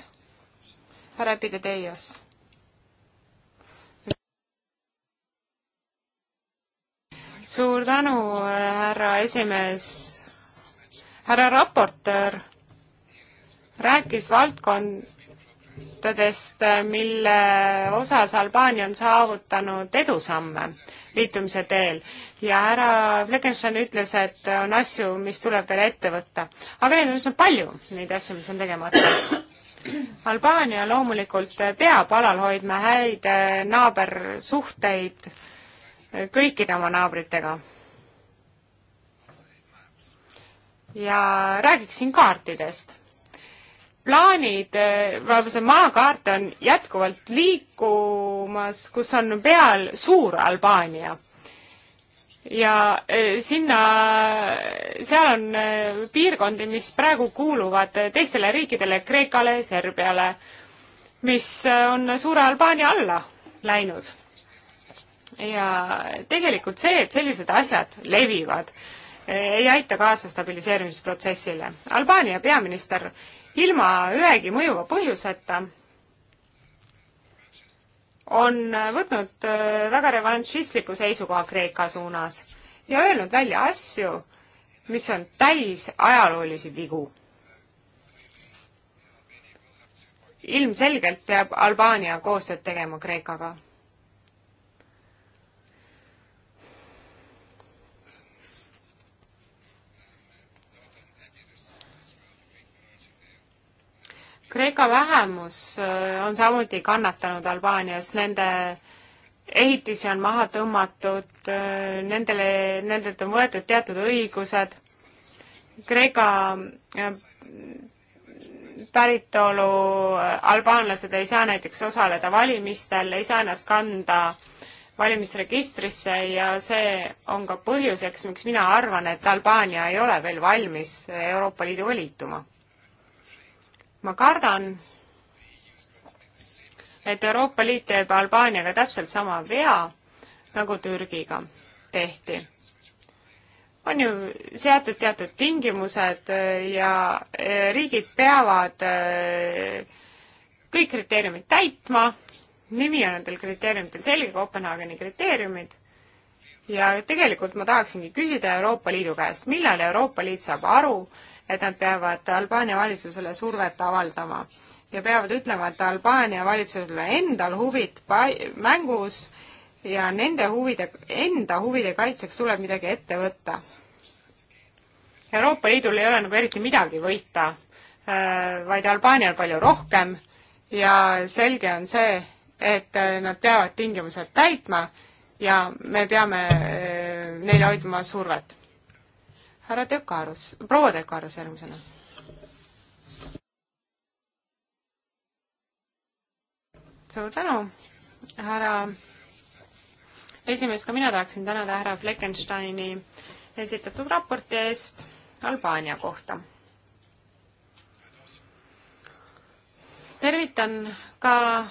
härra Epideteios! suur tänu, härra esimees. härra raportöör rääkis valdkond, kohtadest, mille osas Albaania on saavutanud edusamme liitumise teel ja härra Fleckenstein ütles, et on asju, mis tuleb veel ette võtta. aga neid on üsna palju, neid asju, mis on tegemata. Albaania loomulikult peab alal hoidma häid eh, naabersuhteid kõikide oma naabritega. ja räägiksin kaartidest plaanid, vabandust, maakaart on jätkuvalt liikumas, kus on peal suur Albaania. ja e, sinna, seal on e, piirkondi, mis praegu kuuluvad teistele riikidele, Kreekale, Serbiale, mis e, on suure Albaania alla läinud. ja tegelikult see, et sellised asjad levivad, ei aita kaasa stabiliseerimisprotsessile. Albaania peaminister ilma ühegi mõjuva põhjuseta on võtnud äh, väga revanšistliku seisukoha Kreeka suunas ja öelnud välja asju, mis on täis ajaloolisi vigu. ilmselgelt peab Albaania koostööd tegema Kreekaga Kreeka vähemus äh, on samuti kannatanud Albaanias, nende ehitisi on maha tõmmatud, äh, nendele, nendelt on võetud teatud õigused. Kreeka äh, päritolu albaanlased ei saa näiteks osaleda valimistel, ei saa ennast kanda valimisregistrisse ja see on ka põhjuseks, miks mina arvan, et Albaania ei ole veel valmis Euroopa Liiduga liituma ma kardan, et Euroopa Liit teeb Albaaniaga täpselt sama vea, nagu Türgiga tehti. on ju seatud teatud tingimused eh, ja eh, riigid peavad eh, kõik kriteeriumid täitma, nimi on nendel kriteeriumitel selge, Kopenhaageni kriteeriumid, ja tegelikult ma tahaksingi küsida Euroopa Liidu käest, millal Euroopa Liit saab aru, et nad peavad Albaania valitsusele survet avaldama ja peavad ütlema, et Albaania valitsusel endal huvid mängus ja nende huvide, enda huvide kaitseks tuleb midagi ette võtta. Euroopa Liidul ei ole nagu eriti midagi võita, äh, vaid Albaanial palju rohkem ja selge on see, et äh, nad peavad tingimused täitma ja me peame äh, neile hoidma survet härra Dekarus, proua Dekarus järgmisena. suur tänu, härra esimees, ka mina tahaksin tänada härra Fleckensteini esitatud raporti eest Albaania kohta. tervitan ka äh,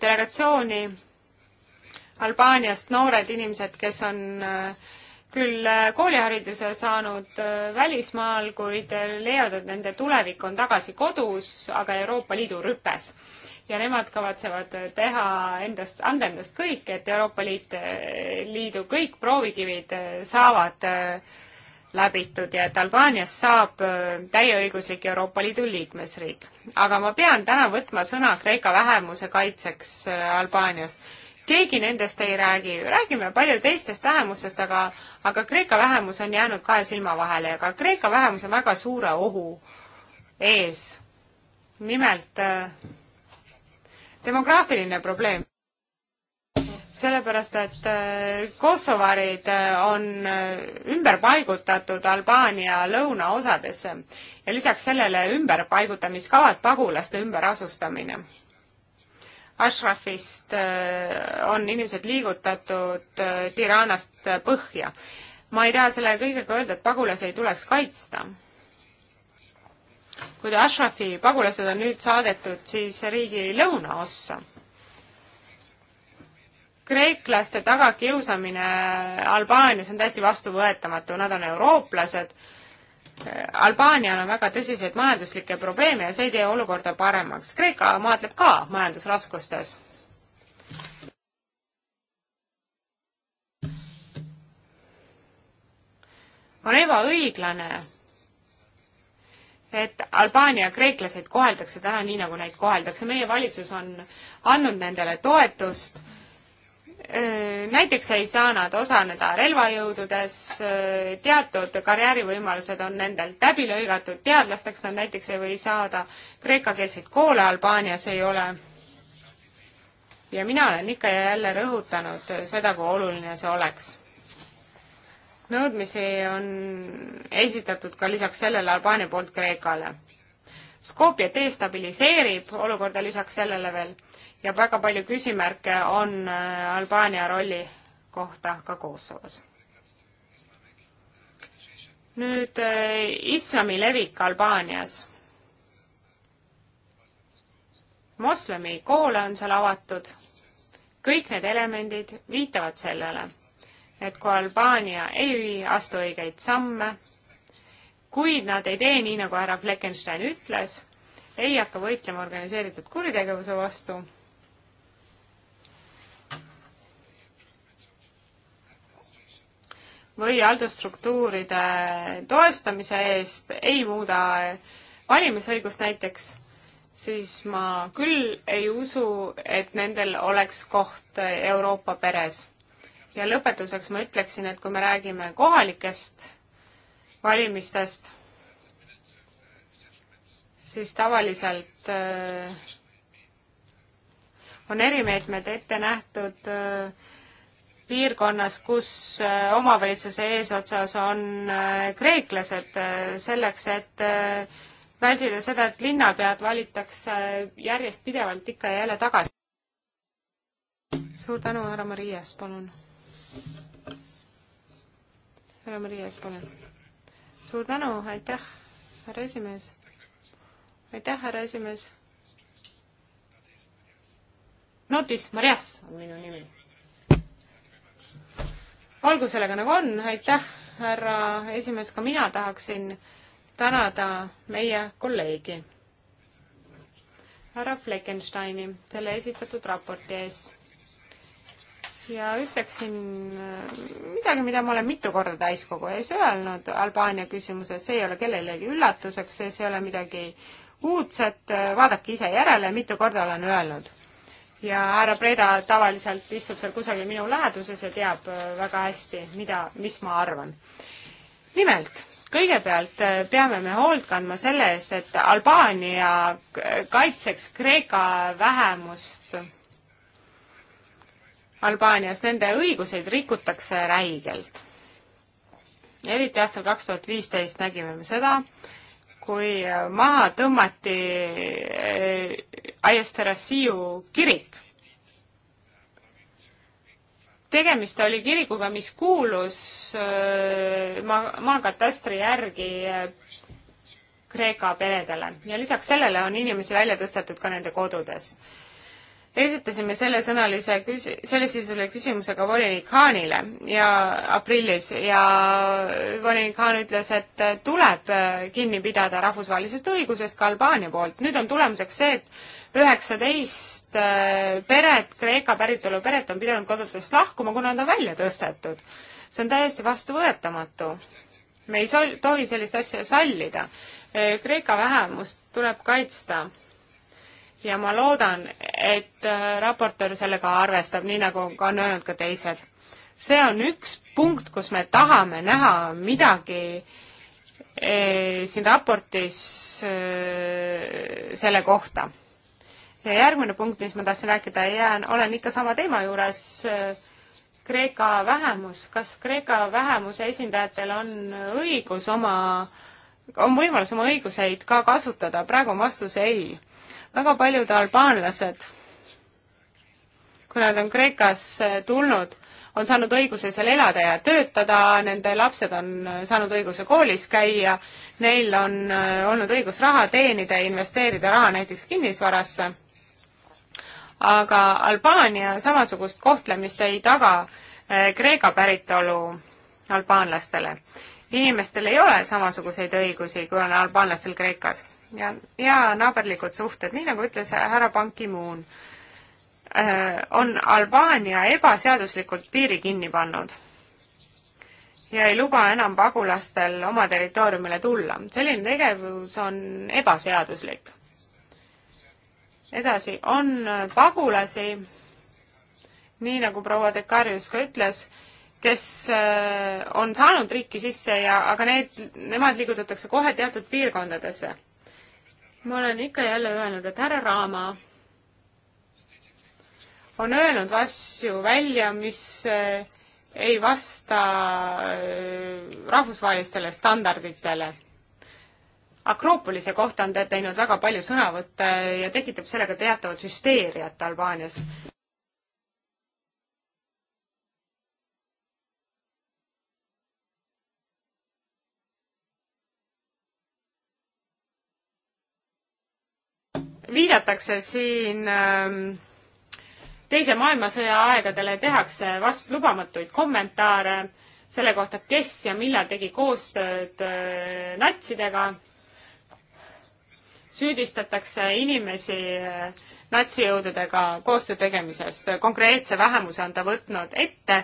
delegatsiooni Albaaniast noored inimesed, kes on äh, küll äh, koolihariduse saanud äh, välismaal, kuid leiavad, et nende tulevik on tagasi kodus, aga Euroopa Liidu rüpes. ja nemad kavatsevad äh, teha endast, anda endast kõik, et Euroopa Liit, Liidu kõik proovikivid saavad läbitud ja et Albaaniast saab täieõiguslik Euroopa Liidu liikmesriik. aga ma pean täna võtma sõna Kreeka vähemuse kaitseks Albaanias keegi nendest ei räägi, räägime palju teistest vähemustest, aga, aga Kreeka vähemus on jäänud kahe silma vahele ja ka Kreeka vähemus on väga suure ohu ees. nimelt äh, demograafiline probleem. sellepärast, et äh, kosovarid äh, on äh, ümber paigutatud Albaania lõunaosadesse ja lisaks sellele ümberpaigutamiskavad pagulaste ümberasustamine Ashrafist äh, on inimesed liigutatud äh, Tiranast äh, põhja. ma ei taha selle kõigega öelda, et pagulasi ei tuleks kaitsta. kuid Ashrafi pagulased on nüüd saadetud siis riigi lõunaossa. kreeklaste tagakiusamine Albaanias on täiesti vastuvõetamatu, nad on eurooplased Albaanial on väga tõsiseid majanduslikke probleeme ja see ei tee olukorda paremaks. Kreeka maadleb ka majandusraskustes. on ebaõiglane, et Albaania kreeklaseid koheldakse täna nii, nagu neid koheldakse. meie valitsus on andnud nendele toetust Äh, näiteks ei saa nad osaneda relvajõududes, äh, teatud karjäärivõimalused on nendelt läbi lõigatud, teadlasteks nad näiteks ei või saada, kreekakeelseid koole Albaanias ei ole. ja mina olen ikka ja jälle rõhutanud seda, kui oluline see oleks. nõudmisi on esitatud ka lisaks sellele Albaania poolt Kreekale. Skopje destabiliseerib olukorda lisaks sellele veel ja väga palju küsimärke on äh, Albaania rolli kohta ka Kosovos. nüüd äh, islami levik Albaanias. moslemi koole on seal avatud, kõik need elemendid viitavad sellele, et kui Albaania ei astu õigeid samme, kuid nad ei tee nii, nagu härra Fleckenstein ütles, ei hakka võitlema organiseeritud kuritegevuse vastu või haldusstruktuuride toestamise eest ei muuda valimisõigust näiteks, siis ma küll ei usu, et nendel oleks koht Euroopa peres. ja lõpetuseks ma ütleksin, et kui me räägime kohalikest valimistest, siis tavaliselt äh, on erimeetmed ette nähtud äh, piirkonnas, kus äh, omavalitsuse eesotsas on äh, kreeklased, äh, selleks et vältida seda, et linnapead valitakse järjest pidevalt ikka ja jälle tagasi. suur tänu, härra Marias, palun. härra Marias, palun. suur tänu, aitäh, härra esimees. aitäh, härra esimees. Notis Marias on minu nimi olgu sellega nagu on, aitäh, härra esimees, ka mina tahaksin tänada meie kolleegi, härra Fleckensteini, selle esitatud raporti eest. ja ütleksin äh, midagi, mida ma olen mitu korda täiskogu ees öelnud Albaania küsimuses, see ei ole kellelegi üllatuseks, see ei ole midagi uudset, vaadake ise järele, mitu korda olen öelnud ja härra Preda tavaliselt istub seal kusagil minu läheduses ja teab äh, väga hästi, mida, mis ma arvan. nimelt, kõigepealt äh, peame me hoolt kandma selle eest, et Albaania kaitseks Kreeka vähemust Albaanias, nende õiguseid rikutakse räigelt. eriti aastal kaks tuhat viisteist nägime me seda, kui äh, maha tõmmati äh, Aiestarasiu kirik. tegemist oli kirikuga, mis kuulus äh, maa, maakatastri järgi Kreeka peredele ja lisaks sellele on inimesi välja tõstetud ka nende kodudes esitasime sellesõnalise küs-, sellesisulise küsimusega volinik Haanile ja aprillis ja volinik Haan ütles, et tuleb kinni pidada rahvusvahelisest õigusest ka Albaania poolt. nüüd on tulemuseks see, et üheksateist äh, peret, Kreeka päritolu peret on pidanud kodudest lahkuma, kuna nad on välja tõstetud. see on täiesti vastuvõetamatu. me ei sol-, tohi sellist asja sallida. Äh, Kreeka vähemust tuleb kaitsta ja ma loodan, et äh, raportöör sellega arvestab, nii nagu on öelnud ka teised. see on üks punkt, kus me tahame näha midagi äh, siin raportis äh, selle kohta. ja järgmine punkt, mis ma tahtsin rääkida, jään, olen ikka sama teema juures, Kreeka vähemus, kas Kreeka vähemuse esindajatel on õigus oma, on võimalus oma õiguseid ka kasutada, praegu on vastus ei väga paljud albaanlased, kui nad on Kreekas tulnud, on saanud õiguse seal elada ja töötada, nende lapsed on saanud õiguse koolis käia, neil on äh, olnud õigus raha teenida ja investeerida raha näiteks kinnisvarasse. aga Albaania samasugust kohtlemist ei taga äh, Kreeka päritolu albaanlastele inimestel ei ole samasuguseid õigusi, kui on albaanlastel Kreekas. ja, ja naaberlikud suhted, nii nagu ütles härra Ban Ki-moon, äh, on Albaania ebaseaduslikult piiri kinni pannud ja ei luba enam pagulastel oma territooriumile tulla. selline tegevus on ebaseaduslik. edasi, on pagulasi, nii nagu proua Dekarius ka ütles, kes äh, on saanud riiki sisse ja, aga need, nemad liigutatakse kohe teatud piirkondadesse. ma olen ikka jälle öelnud, et härra Raama on öelnud asju välja, mis äh, ei vasta äh, rahvusvahelistele standarditele. Akropolise kohta on ta teinud väga palju sõnavõtte ja tekitab sellega teatavat hüsteeriat Albaanias. viidatakse siin ähm, teise maailmasõja aegadele, tehakse vast lubamatuid kommentaare selle kohta, kes ja millal tegi koostööd äh, natsidega. süüdistatakse inimesi äh, natsijõududega koostöö tegemisest. konkreetse vähemuse on ta võtnud ette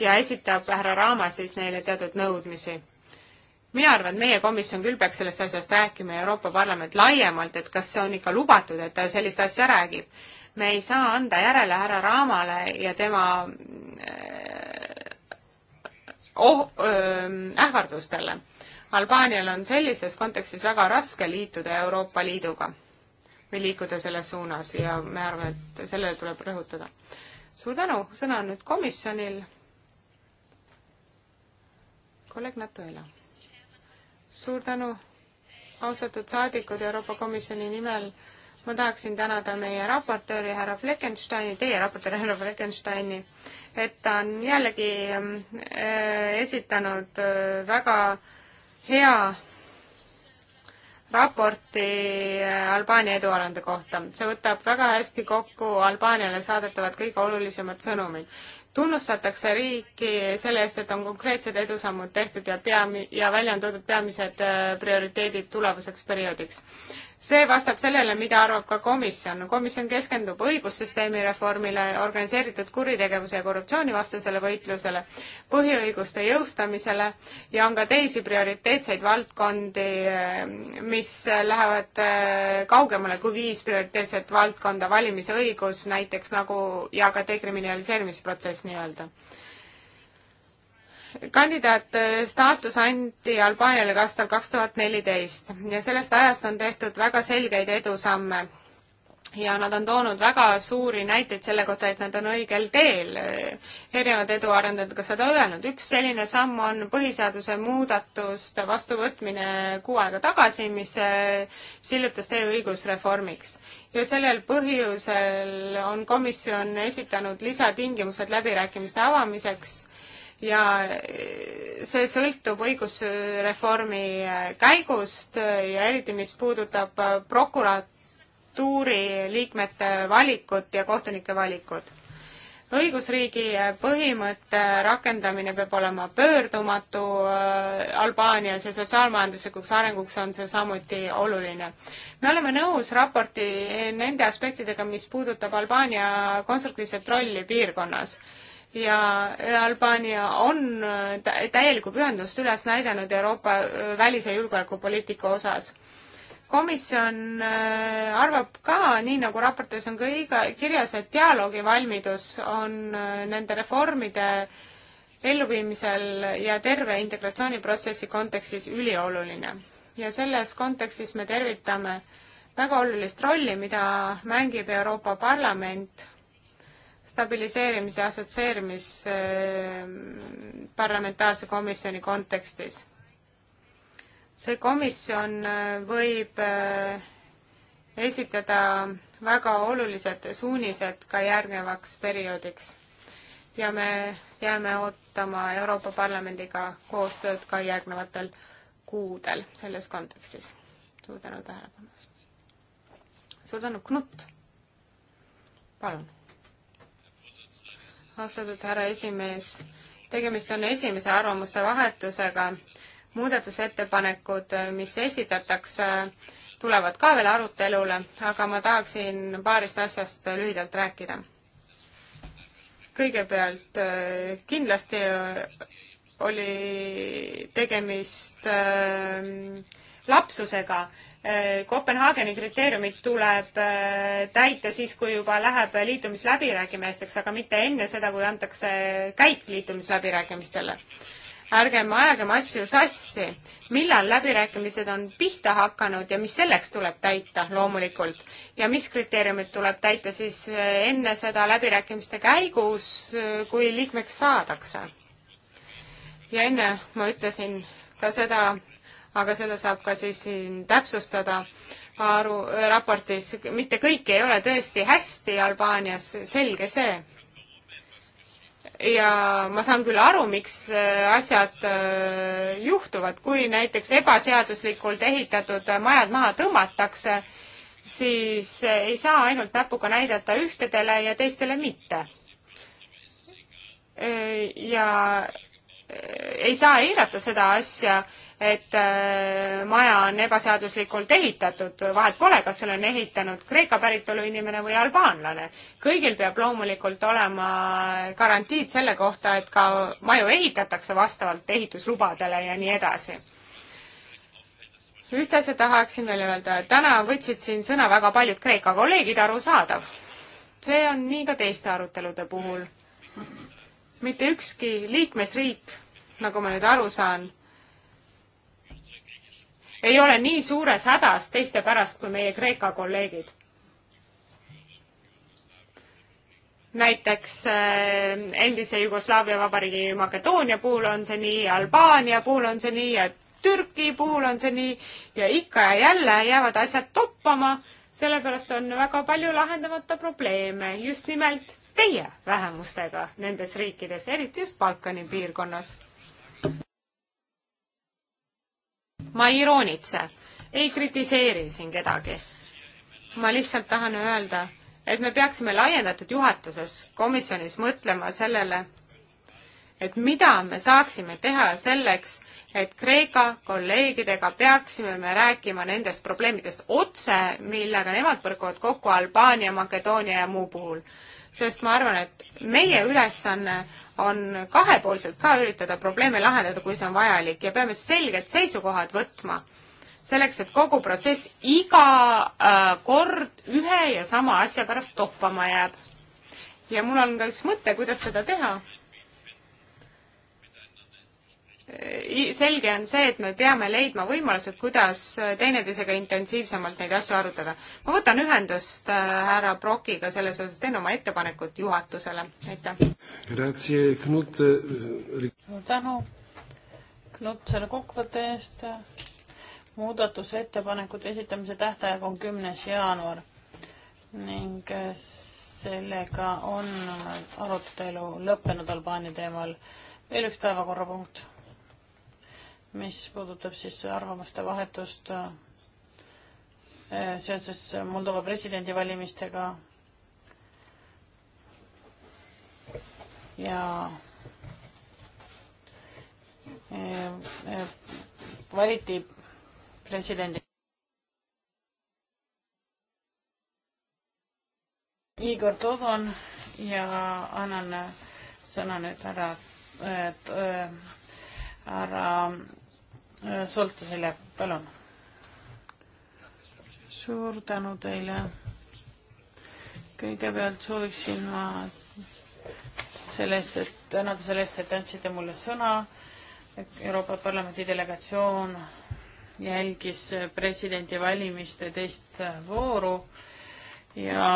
ja esitab härra Raama siis neile teatud nõudmisi mina arvan, et meie komisjon küll peaks sellest asjast rääkima ja Euroopa Parlament laiemalt, et kas see on ikka lubatud, et ta sellist asja räägib. me ei saa anda järele härra Raamale ja tema äh, oh, ähm, ähvardustele. Albaanial on sellises kontekstis väga raske liituda Euroopa Liiduga või liikuda selles suunas ja me arvame, et sellele tuleb rõhutada. suur tänu, sõna on nüüd komisjonil. kolleeg Natuela suur tänu, austatud saadikud Euroopa Komisjoni nimel. ma tahaksin tänada meie raportööri härra Fleckensteini, teie raportööri härra Fleckensteini, et ta on jällegi ähm, äh, esitanud äh, väga hea raporti äh, Albaania eduarande kohta. see võtab väga hästi kokku Albaaniale saadetavad kõige olulisemad sõnumid tunnustatakse riiki selle eest, et on konkreetsed edusammud tehtud ja peami- ja välja on toodud peamised äh, prioriteedid tulevaseks perioodiks see vastab sellele, mida arvab ka komisjon. komisjon keskendub õigussüsteemi reformile, organiseeritud kuritegevuse ja korruptsioonivastasele võitlusele, põhiõiguste jõustamisele ja on ka teisi prioriteetseid valdkondi, eh, mis lähevad eh, kaugemale kui viis prioriteetset valdkonda, valimisõigus näiteks nagu ja ka dekriminaliseerimisprotsess nii-öelda kandidaatstaatus anti Albaaniale ka aastal kaks tuhat neliteist ja sellest ajast on tehtud väga selgeid edusamme. ja nad on toonud väga suuri näiteid selle kohta, et nad on õigel teel. erinevad eduarendajad on seda öelnud. üks selline samm on põhiseaduse muudatuste vastuvõtmine kuu aega tagasi, mis eh, sillutas tee õigusreformiks. ja sellel põhjusel on komisjon esitanud lisatingimused läbirääkimiste avamiseks ja see sõltub õigusreformi käigust ja eriti, mis puudutab prokuratuuri liikmete valikut ja kohtunike valikut. õigusriigi põhimõtte rakendamine peab olema pöördumatu Albaanias ja sotsiaalmajanduslikuks arenguks on see samuti oluline. me oleme nõus raporti nende aspektidega, mis puudutab Albaania konstruktiivset rolli piirkonnas ja Albaania on äh, täielikku pühendust üles näidanud Euroopa äh, välis- ja julgeolekupoliitika osas. komisjon äh, arvab ka, nii nagu raportis on ka iga, kirjas, et dialoogivalmidus on nende reformide elluviimisel ja terve integratsiooniprotsessi kontekstis ülioluline. ja selles kontekstis me tervitame väga olulist rolli, mida mängib Euroopa Parlament stabiliseerimise assotsieerimis parlamentaarse komisjoni kontekstis. see komisjon äh, võib äh, esitada väga olulised suunised ka järgnevaks perioodiks ja me jääme ootama Euroopa Parlamendiga koostööd ka järgnevatel kuudel selles kontekstis. suur tänu tähelepanu eest. suur tänu, Knut. palun austatud härra esimees, tegemist on esimese arvamuste vahetusega. muudatusettepanekud, mis esitatakse, tulevad ka veel arutelule, aga ma tahaksin paarist asjast lühidalt rääkida. kõigepealt kindlasti oli tegemist ähm, lapsusega Äh, Kopenhaageni kriteeriumid tuleb äh, täita siis, kui juba läheb liitumisläbirääkimisteks, aga mitte enne seda, kui antakse käik liitumisläbirääkimistele. ärgem ajagem asju sassi, millal läbirääkimised on pihta hakanud ja mis selleks tuleb täita loomulikult ja mis kriteeriumid tuleb täita siis äh, enne seda läbirääkimiste käigus, kui liikmeks saadakse. ja enne ma ütlesin ka seda, aga selle saab ka siis siin täpsustada aru, äh, raportis, mitte kõik ei ole tõesti hästi Albaanias, selge see. ja ma saan küll aru, miks äh, asjad äh, juhtuvad, kui näiteks ebaseaduslikult ehitatud majad maha tõmmatakse, siis ei saa ainult näpuga näidata ühtedele ja teistele mitte. ja ei saa eirata seda asja et äh, maja on ebaseaduslikult ehitatud, vahet pole, kas selle on ehitanud Kreeka päritolu inimene või albaanlane. kõigil peab loomulikult olema garantiid selle kohta, et ka maju ehitatakse vastavalt ehituslubadele ja nii edasi ühte asja tahaksin veel öelda, et täna võtsid siin sõna väga paljud Kreeka kolleegid, arusaadav. see on nii ka teiste arutelude puhul. mitte ükski liikmesriik, nagu ma nüüd aru saan, ei ole nii suures hädas teiste pärast kui meie Kreeka kolleegid. näiteks äh, endise Jugoslaavia vabariigi Makedoonia puhul on see nii, Albaania puhul on see nii ja Türgi puhul on see nii ja ikka ja jälle jäävad asjad toppama, sellepärast on väga palju lahendamata probleeme just nimelt teie vähemustega nendes riikides, eriti just Balkani piirkonnas ma ei iroonitse, ei kritiseeri siin kedagi. ma lihtsalt tahan öelda, et me peaksime laiendatud juhatuses komisjonis mõtlema sellele, et mida me saaksime teha selleks, et Kreeka kolleegidega peaksime me rääkima nendest probleemidest otse, millega nemad põrkuvad kokku Albaania, Makedoonia ja muu puhul sest ma arvan, et meie ülesanne on kahepoolselt ka üritada probleeme lahendada, kui see on vajalik ja peame selged seisukohad võtma selleks, et kogu protsess iga äh, kord ühe ja sama asja pärast toppama jääb. ja mul on ka üks mõte, kuidas seda teha Äh, selge on see, et me peame leidma võimalused, kuidas äh, teineteisega intensiivsemalt neid asju arutada. ma võtan ühendust äh, härra Brokiga selles osas, teen oma ettepanekut juhatusele, aitäh. suur tänu, Knut, selle kokkuvõtte eest. muudatusettepanekute esitamise tähtaeg on kümnes jaanuar ning sellega on arutelu lõppenud Albaania teemal. veel üks päevakorrapunkt mis puudutab siis arvamuste vahetust äh, seoses Moldova presidendivalimistega ja äh, äh, valiti presidendi Igor Dodon ja annan sõna nüüd härra härra Äh, Soltusele, palun. suur tänu teile. kõigepealt sooviksin ma selle eest, et tänada selle eest, et andsite mulle sõna. Euroopa Parlamendi delegatsioon jälgis presidendivalimiste teist vooru ja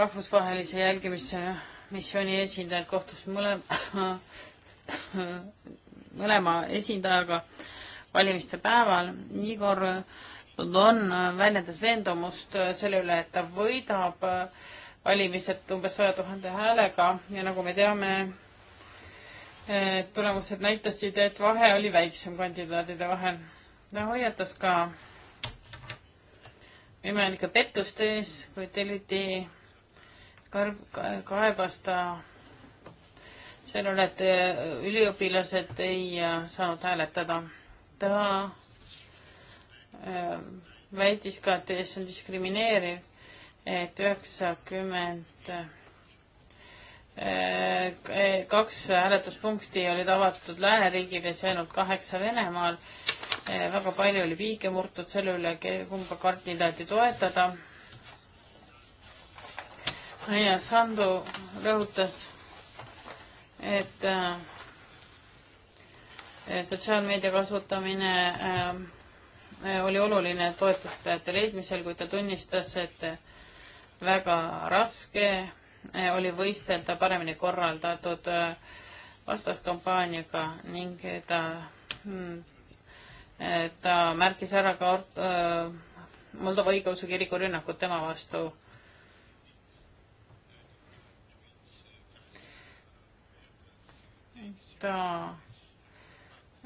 rahvusvahelise jälgimise missiooni esindajal kohtus mõlema, mõlema esindajaga valimiste päeval. Igor Dodon väljendas veendumust selle üle, et ta võidab valimised umbes saja tuhande häälega ja nagu me teame, eh, tulemused näitasid, et vahe oli väiksem kandidaatide vahel. ta hoiatas ka imelike pettuste ees, kuid eriti kaebas ta sellele, et äh, üliõpilased ei äh, saanud hääletada. ta äh, väitis ka, et see on diskrimineeriv, et üheksakümmend kaks hääletuspunkti olid avatud lääneriikides ja ainult kaheksa Venemaal. väga palju oli piike murtud selle üle, kumba kandidaati toetada ja Sando rõhutas, et äh, sotsiaalmeedia kasutamine äh, oli oluline toetajate leidmisel, kui ta tunnistas, et väga raske äh, oli võistelda paremini korraldatud vastaskampaaniaga ning ta, mm, ta märkis ära ka Moldova õigeusu kiriku rünnakud tema vastu ta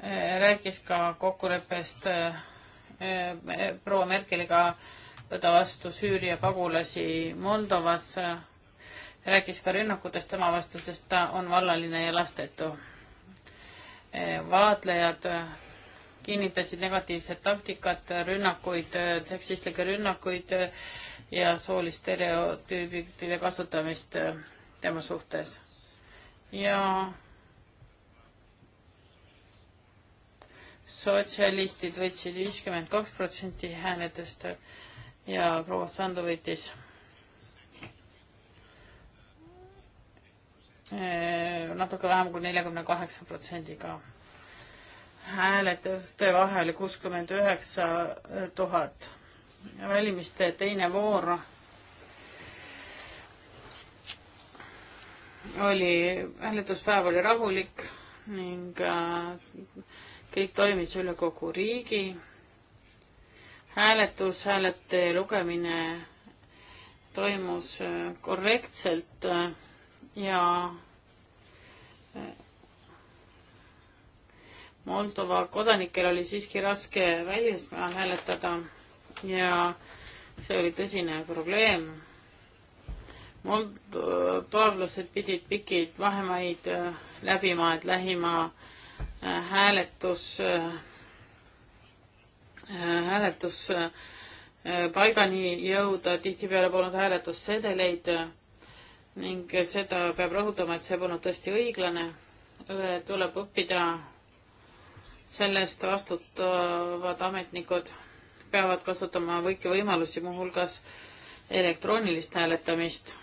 eh, rääkis ka kokkuleppest eh, eh, proua Merkeliga võtta vastu Süüria pagulasi Moldovas, rääkis ka rünnakutest tema vastu, sest ta on vallaline ja lastetu. vaatlejad kinnitasid negatiivset taktikat, rünnakuid, seksistlikke rünnakuid ja soolist stereotüübide kasutamist tema suhtes. ja sotsialistid võtsid viiskümmend kaks protsenti hääletest ja proua Sandu võitis äh, natuke vähem kui neljakümne kaheksa protsendiga. hääletajate vahe oli kuuskümmend üheksa tuhat. valimiste teine voor oli, hääletuspäev oli rahulik ning äh, kõik toimis üle kogu riigi. hääletus, häälete lugemine toimus äh, korrektselt äh, ja äh, Moldova kodanikel oli siiski raske välismaal hääletada ja see oli tõsine probleem. Moldovlased pidid pikid vahemaid läbima, et lähima äh, hääletus, hääletus paigani jõuda, tihtipeale polnud hääletussedeleid ning seda peab rõhutama, et see polnud tõesti õiglane. tuleb õppida, sellest vastutavad ametnikud peavad kasutama kõiki võimalusi, muuhulgas elektroonilist hääletamist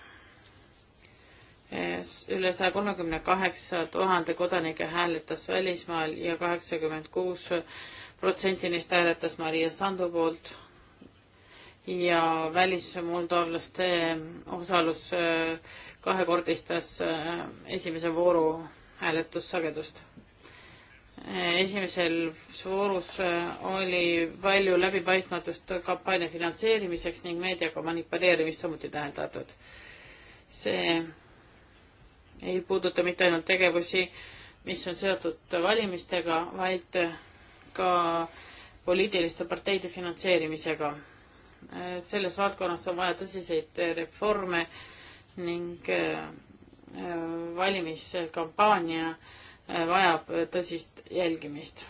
üle saja kolmekümne kaheksa tuhande kodanike hääletas välismaal ja kaheksakümmend kuus protsenti neist hääletas Maria Sandu poolt ja välismoldovlaste eh, osalus eh, kahekordistas eh, esimese vooru hääletussagedust. esimeses voorus oli palju läbipaistmatust kampaania finantseerimiseks ning meediaga manipuleerimist samuti täheldatud. see ei puuduta mitte ainult tegevusi, mis on seotud valimistega, vaid ka poliitiliste parteide finantseerimisega. selles valdkonnas on vaja tõsiseid reforme ning äh, valimiskampaania äh, vajab tõsist jälgimist.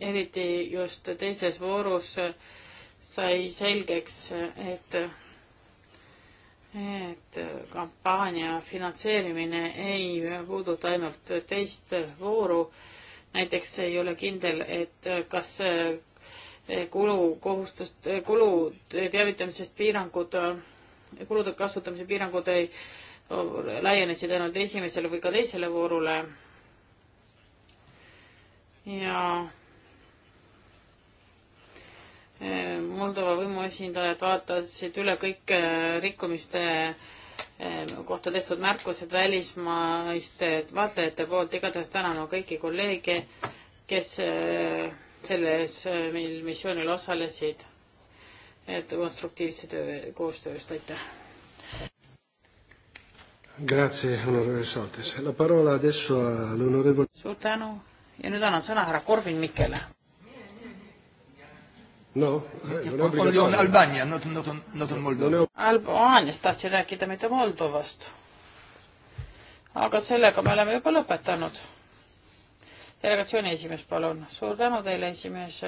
eriti just teises voorus äh, sai selgeks, et et kampaania finantseerimine ei puuduta ainult teist vooru. näiteks ei ole kindel, et kas kulukohustust, kulu teavitamisest piirangud, kulude kasutamise piirangud ei laienesid ainult esimesele või ka teisele voorule. ja Moldova võimuesindajad vaatasid üle kõik äh, rikkumiste äh, kohta tehtud märkused välismaiste vaatlejate poolt, igatahes täname kõiki kolleege, kes äh, selles meil missioonil osalesid, et konstruktiivse töö, koostöö eest, aitäh! Grazie, onorevole Soltes. La parola adesso all'onorevole. suur tänu ja nüüd annan sõna härra Korvin Mikkele no oli on Albaania, not, not on, not on Moldova. Albaaniast tahtsin rääkida, mitte Moldovast. aga sellega me oleme juba lõpetanud. delegatsiooni esimees, palun. suur tänu teile, esimees.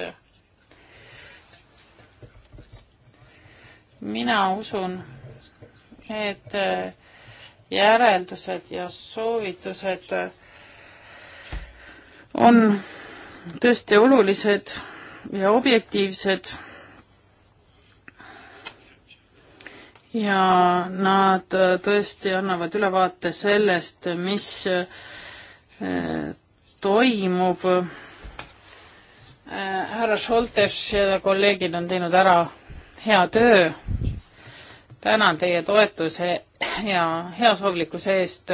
mina usun, et eh, järeldused ja soovitused on tõesti olulised ja objektiivsed. ja nad tõesti annavad ülevaate sellest, mis eh, toimub. Eh, härra Šoltes ja kolleegid on teinud ära hea töö. tänan teie toetuse ja heasoovlikkuse eest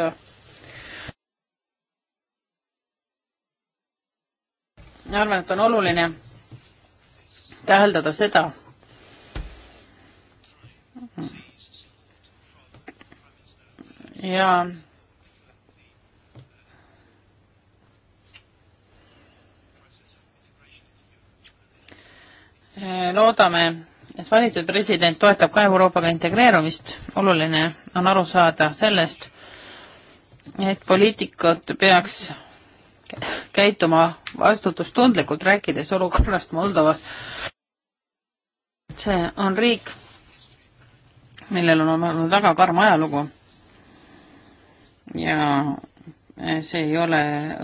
ma arvan, et on oluline, täheldada seda, ja loodame, et valitud president toetab ka Euroopaga integreerumist, oluline on aru saada sellest, et poliitikud peaks käituma vastutustundlikult, rääkides olukorrast Moldovas see on riik, millel on olnud väga karm ajalugu ja see ei ole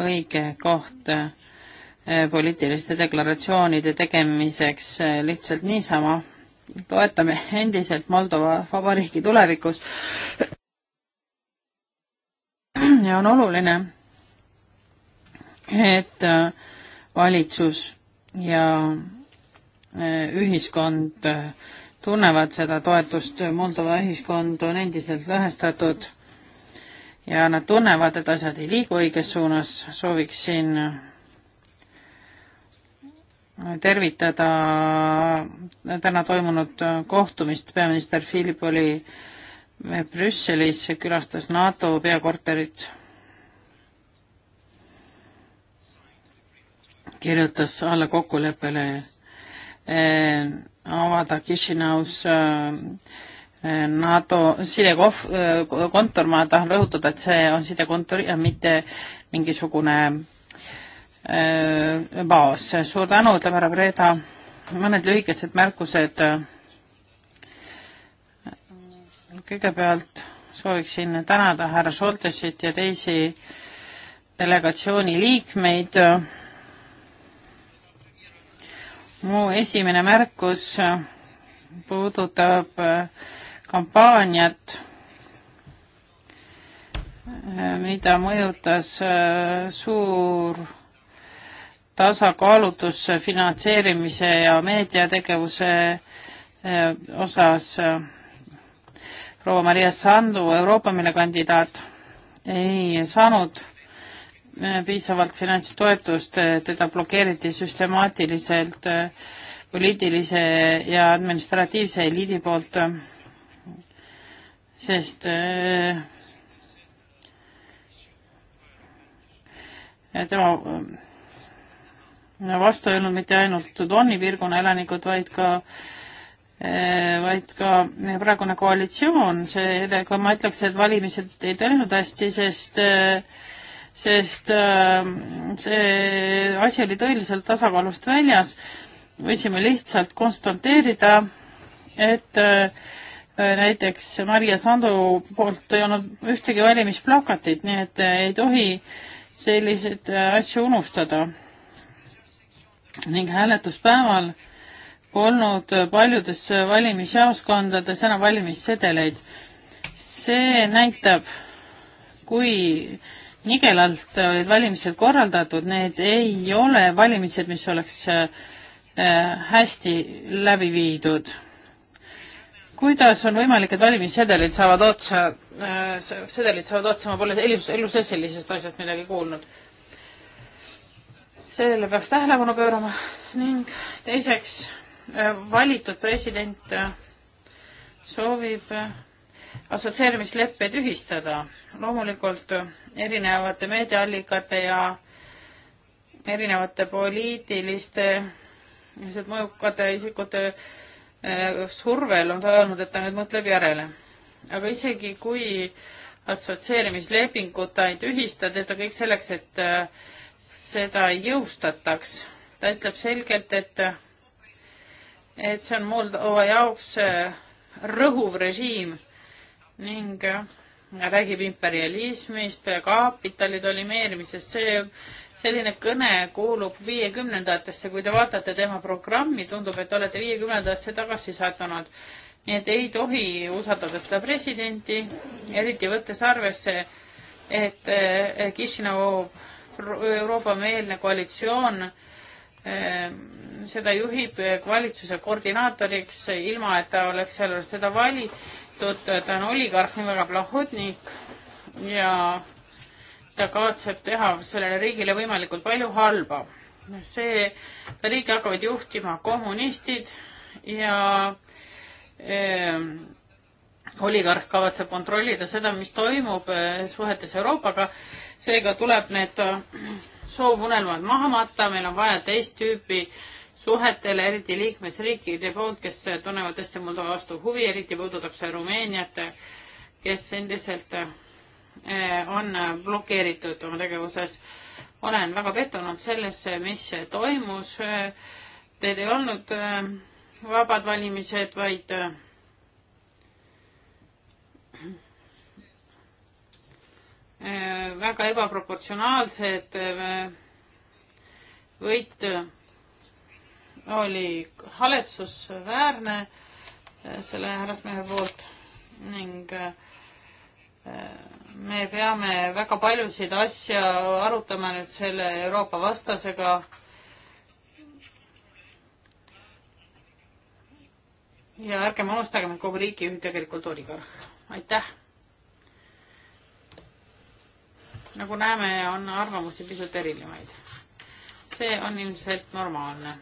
õige koht eh, poliitiliste deklaratsioonide tegemiseks eh, lihtsalt niisama. toetame endiselt Moldova Vabariigi tulevikus. ja on oluline, et eh, valitsus ja Eh, ühiskond eh, tunnevad seda toetust, Moldova ühiskond on endiselt lõhestatud ja nad tunnevad, et asjad ei liigu õiges suunas, sooviksin eh, tervitada täna toimunud kohtumist, peaminister Philip oli Brüsselis, külastas NATO peakorterit, kirjutas alla kokkuleppele Eh, avada Kishinaus eh, eh, NATO sidekontor, ma tahan rõhutada, et see on sidekontor ja mitte mingisugune baas. suur tänu, ütleb härra Breda. mõned lühikesed märkused. kõigepealt sooviksin tänada härra Šoltesit ja teisi delegatsiooni liikmeid mu esimene märkus puudutab äh, kampaaniat, äh, mida mõjutas äh, suur tasakaalutus finantseerimise ja meediategevuse osas. proua Maria Sandu, Euroopa Meele kandidaat, ei saanud Eh, piisavalt finantstoetust, eh, teda blokeeriti süstemaatiliselt eh, poliitilise ja administratiivse eliidi poolt, sest tema vastu ei olnud mitte ainult Doni piirkonna elanikud, vaid ka vaid ka praegune koalitsioon, sellega ma ütleks, et valimised ei toimunud hästi, sest äh, sest äh, see asi oli tõeliselt tasakaalust väljas. võisime lihtsalt konstateerida, et äh, näiteks Maria Sandu poolt ei olnud ühtegi valimisplakatit, nii et äh, ei tohi selliseid asju unustada. ning hääletuspäeval polnud paljudes valimisjaoskondades enam valimissedeleid. see näitab, kui äh, nigelalt olid valimised korraldatud, need ei ole valimised, mis oleks äh, hästi läbi viidud. kuidas on võimalik, et valimissedelid saavad otsa, äh, sedelid saavad otsa, ma pole elus, elu sees sellisest asjast midagi kuulnud. sellele peaks tähelepanu pöörama ning teiseks, äh, valitud president soovib assotsieerimisleppe tühistada. loomulikult erinevate meediaallikate ja erinevate poliitiliste mõjukate isikute äh, survel on ta öelnud, et ta nüüd mõtleb järele. aga isegi kui assotsieerimislepingut ei tühista, teeb ta kõik selleks, et äh, seda jõustataks. ta ütleb selgelt, et, et see on Moldova jaoks äh, rõhuv režiim ning räägib imperialismist, kapitali dolimeerimisest, see, selline kõne kuulub viiekümnendatesse, kui te vaatate tema programmi, tundub, et olete viiekümnendasse tagasi sattunud. nii et ei tohi usaldada seda presidenti, eriti võttes arvesse, et eh, Kišinau Euroopa-meelne koalitsioon eh, seda juhib valitsuse koordinaatoriks, ilma et ta oleks sealjuures teda vali-, tuntud, ta on oligarh nimega Plahotnik ja ta kavatseb teha sellele riigile võimalikult palju halba. see, seda riiki hakkavad juhtima kommunistid ja eh, oligarh kavatseb kontrollida seda, mis toimub äh, suhetes Euroopaga, seega tuleb need äh, soovunelmad maha matta, meil on vaja teist tüüpi eh, suhetele, eriti liikmesriikide poolt, kes tunnevad tõesti Moldova vastu huvi, eriti puudutab see Rumeeniat, kes endiselt eh, on blokeeritud oma tegevuses. olen väga pettunud sellesse, mis toimus. Need ei olnud eh, vabad valimised, vaid eh, väga ebaproportsionaalsed võit oli haletsusväärne äh, selle härrasmehe poolt ning äh, äh, me peame väga paljusid asja arutama nüüd selle Euroopa vastasega. ja ärgem unustagem, et kogu riigijuht tegelikult oligarh. aitäh! nagu näeme, on arvamusi pisut erinevaid. see on ilmselt normaalne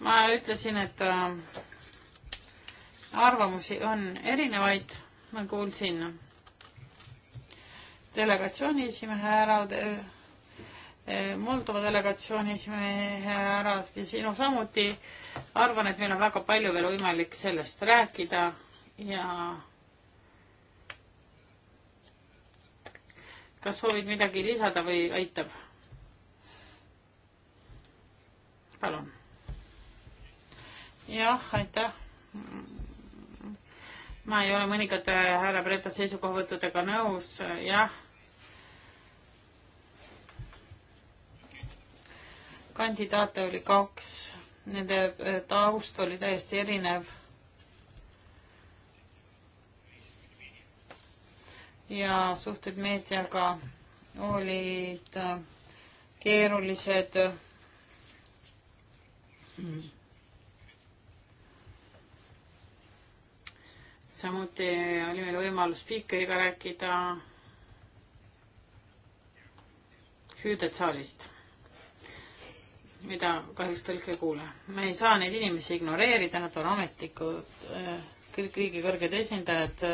ma ütlesin, et äh, arvamusi on erinevaid, ma kuulsin delegatsiooni esimehe ära äh, äh, Moldova delegatsiooni esimehe härrast ja sinu samuti. arvan, et meil on väga palju veel võimalik sellest rääkida ja kas soovid midagi lisada või aitab? palun jah, aitäh. ma ei ole mõningate härra Breta seisukohavõttudega nõus, jah. kandidaate oli kaks, nende taust oli täiesti erinev. ja suhted meediaga olid keerulised mm samuti oli meil võimalus spiikeriga rääkida hüüded saalist, mida kahjuks tõlk ei kuule. me ei saa neid inimesi ignoreerida, nad on ametlikud, kõik riigi kõrged esindajad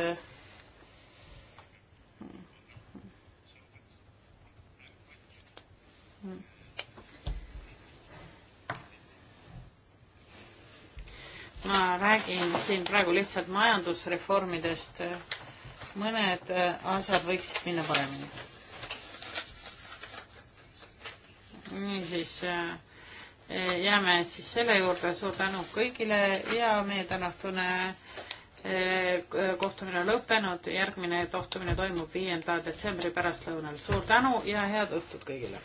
ma räägin siin praegu lihtsalt majandusreformidest. mõned äh, asjad võiksid minna paremini. niisiis äh, jääme siis selle juurde. suur tänu kõigile ja meie tänaõhtune äh, kohtumine on lõppenud. järgmine kohtumine toimub viienda detsembri pärastlõunal. suur tänu ja head õhtut kõigile!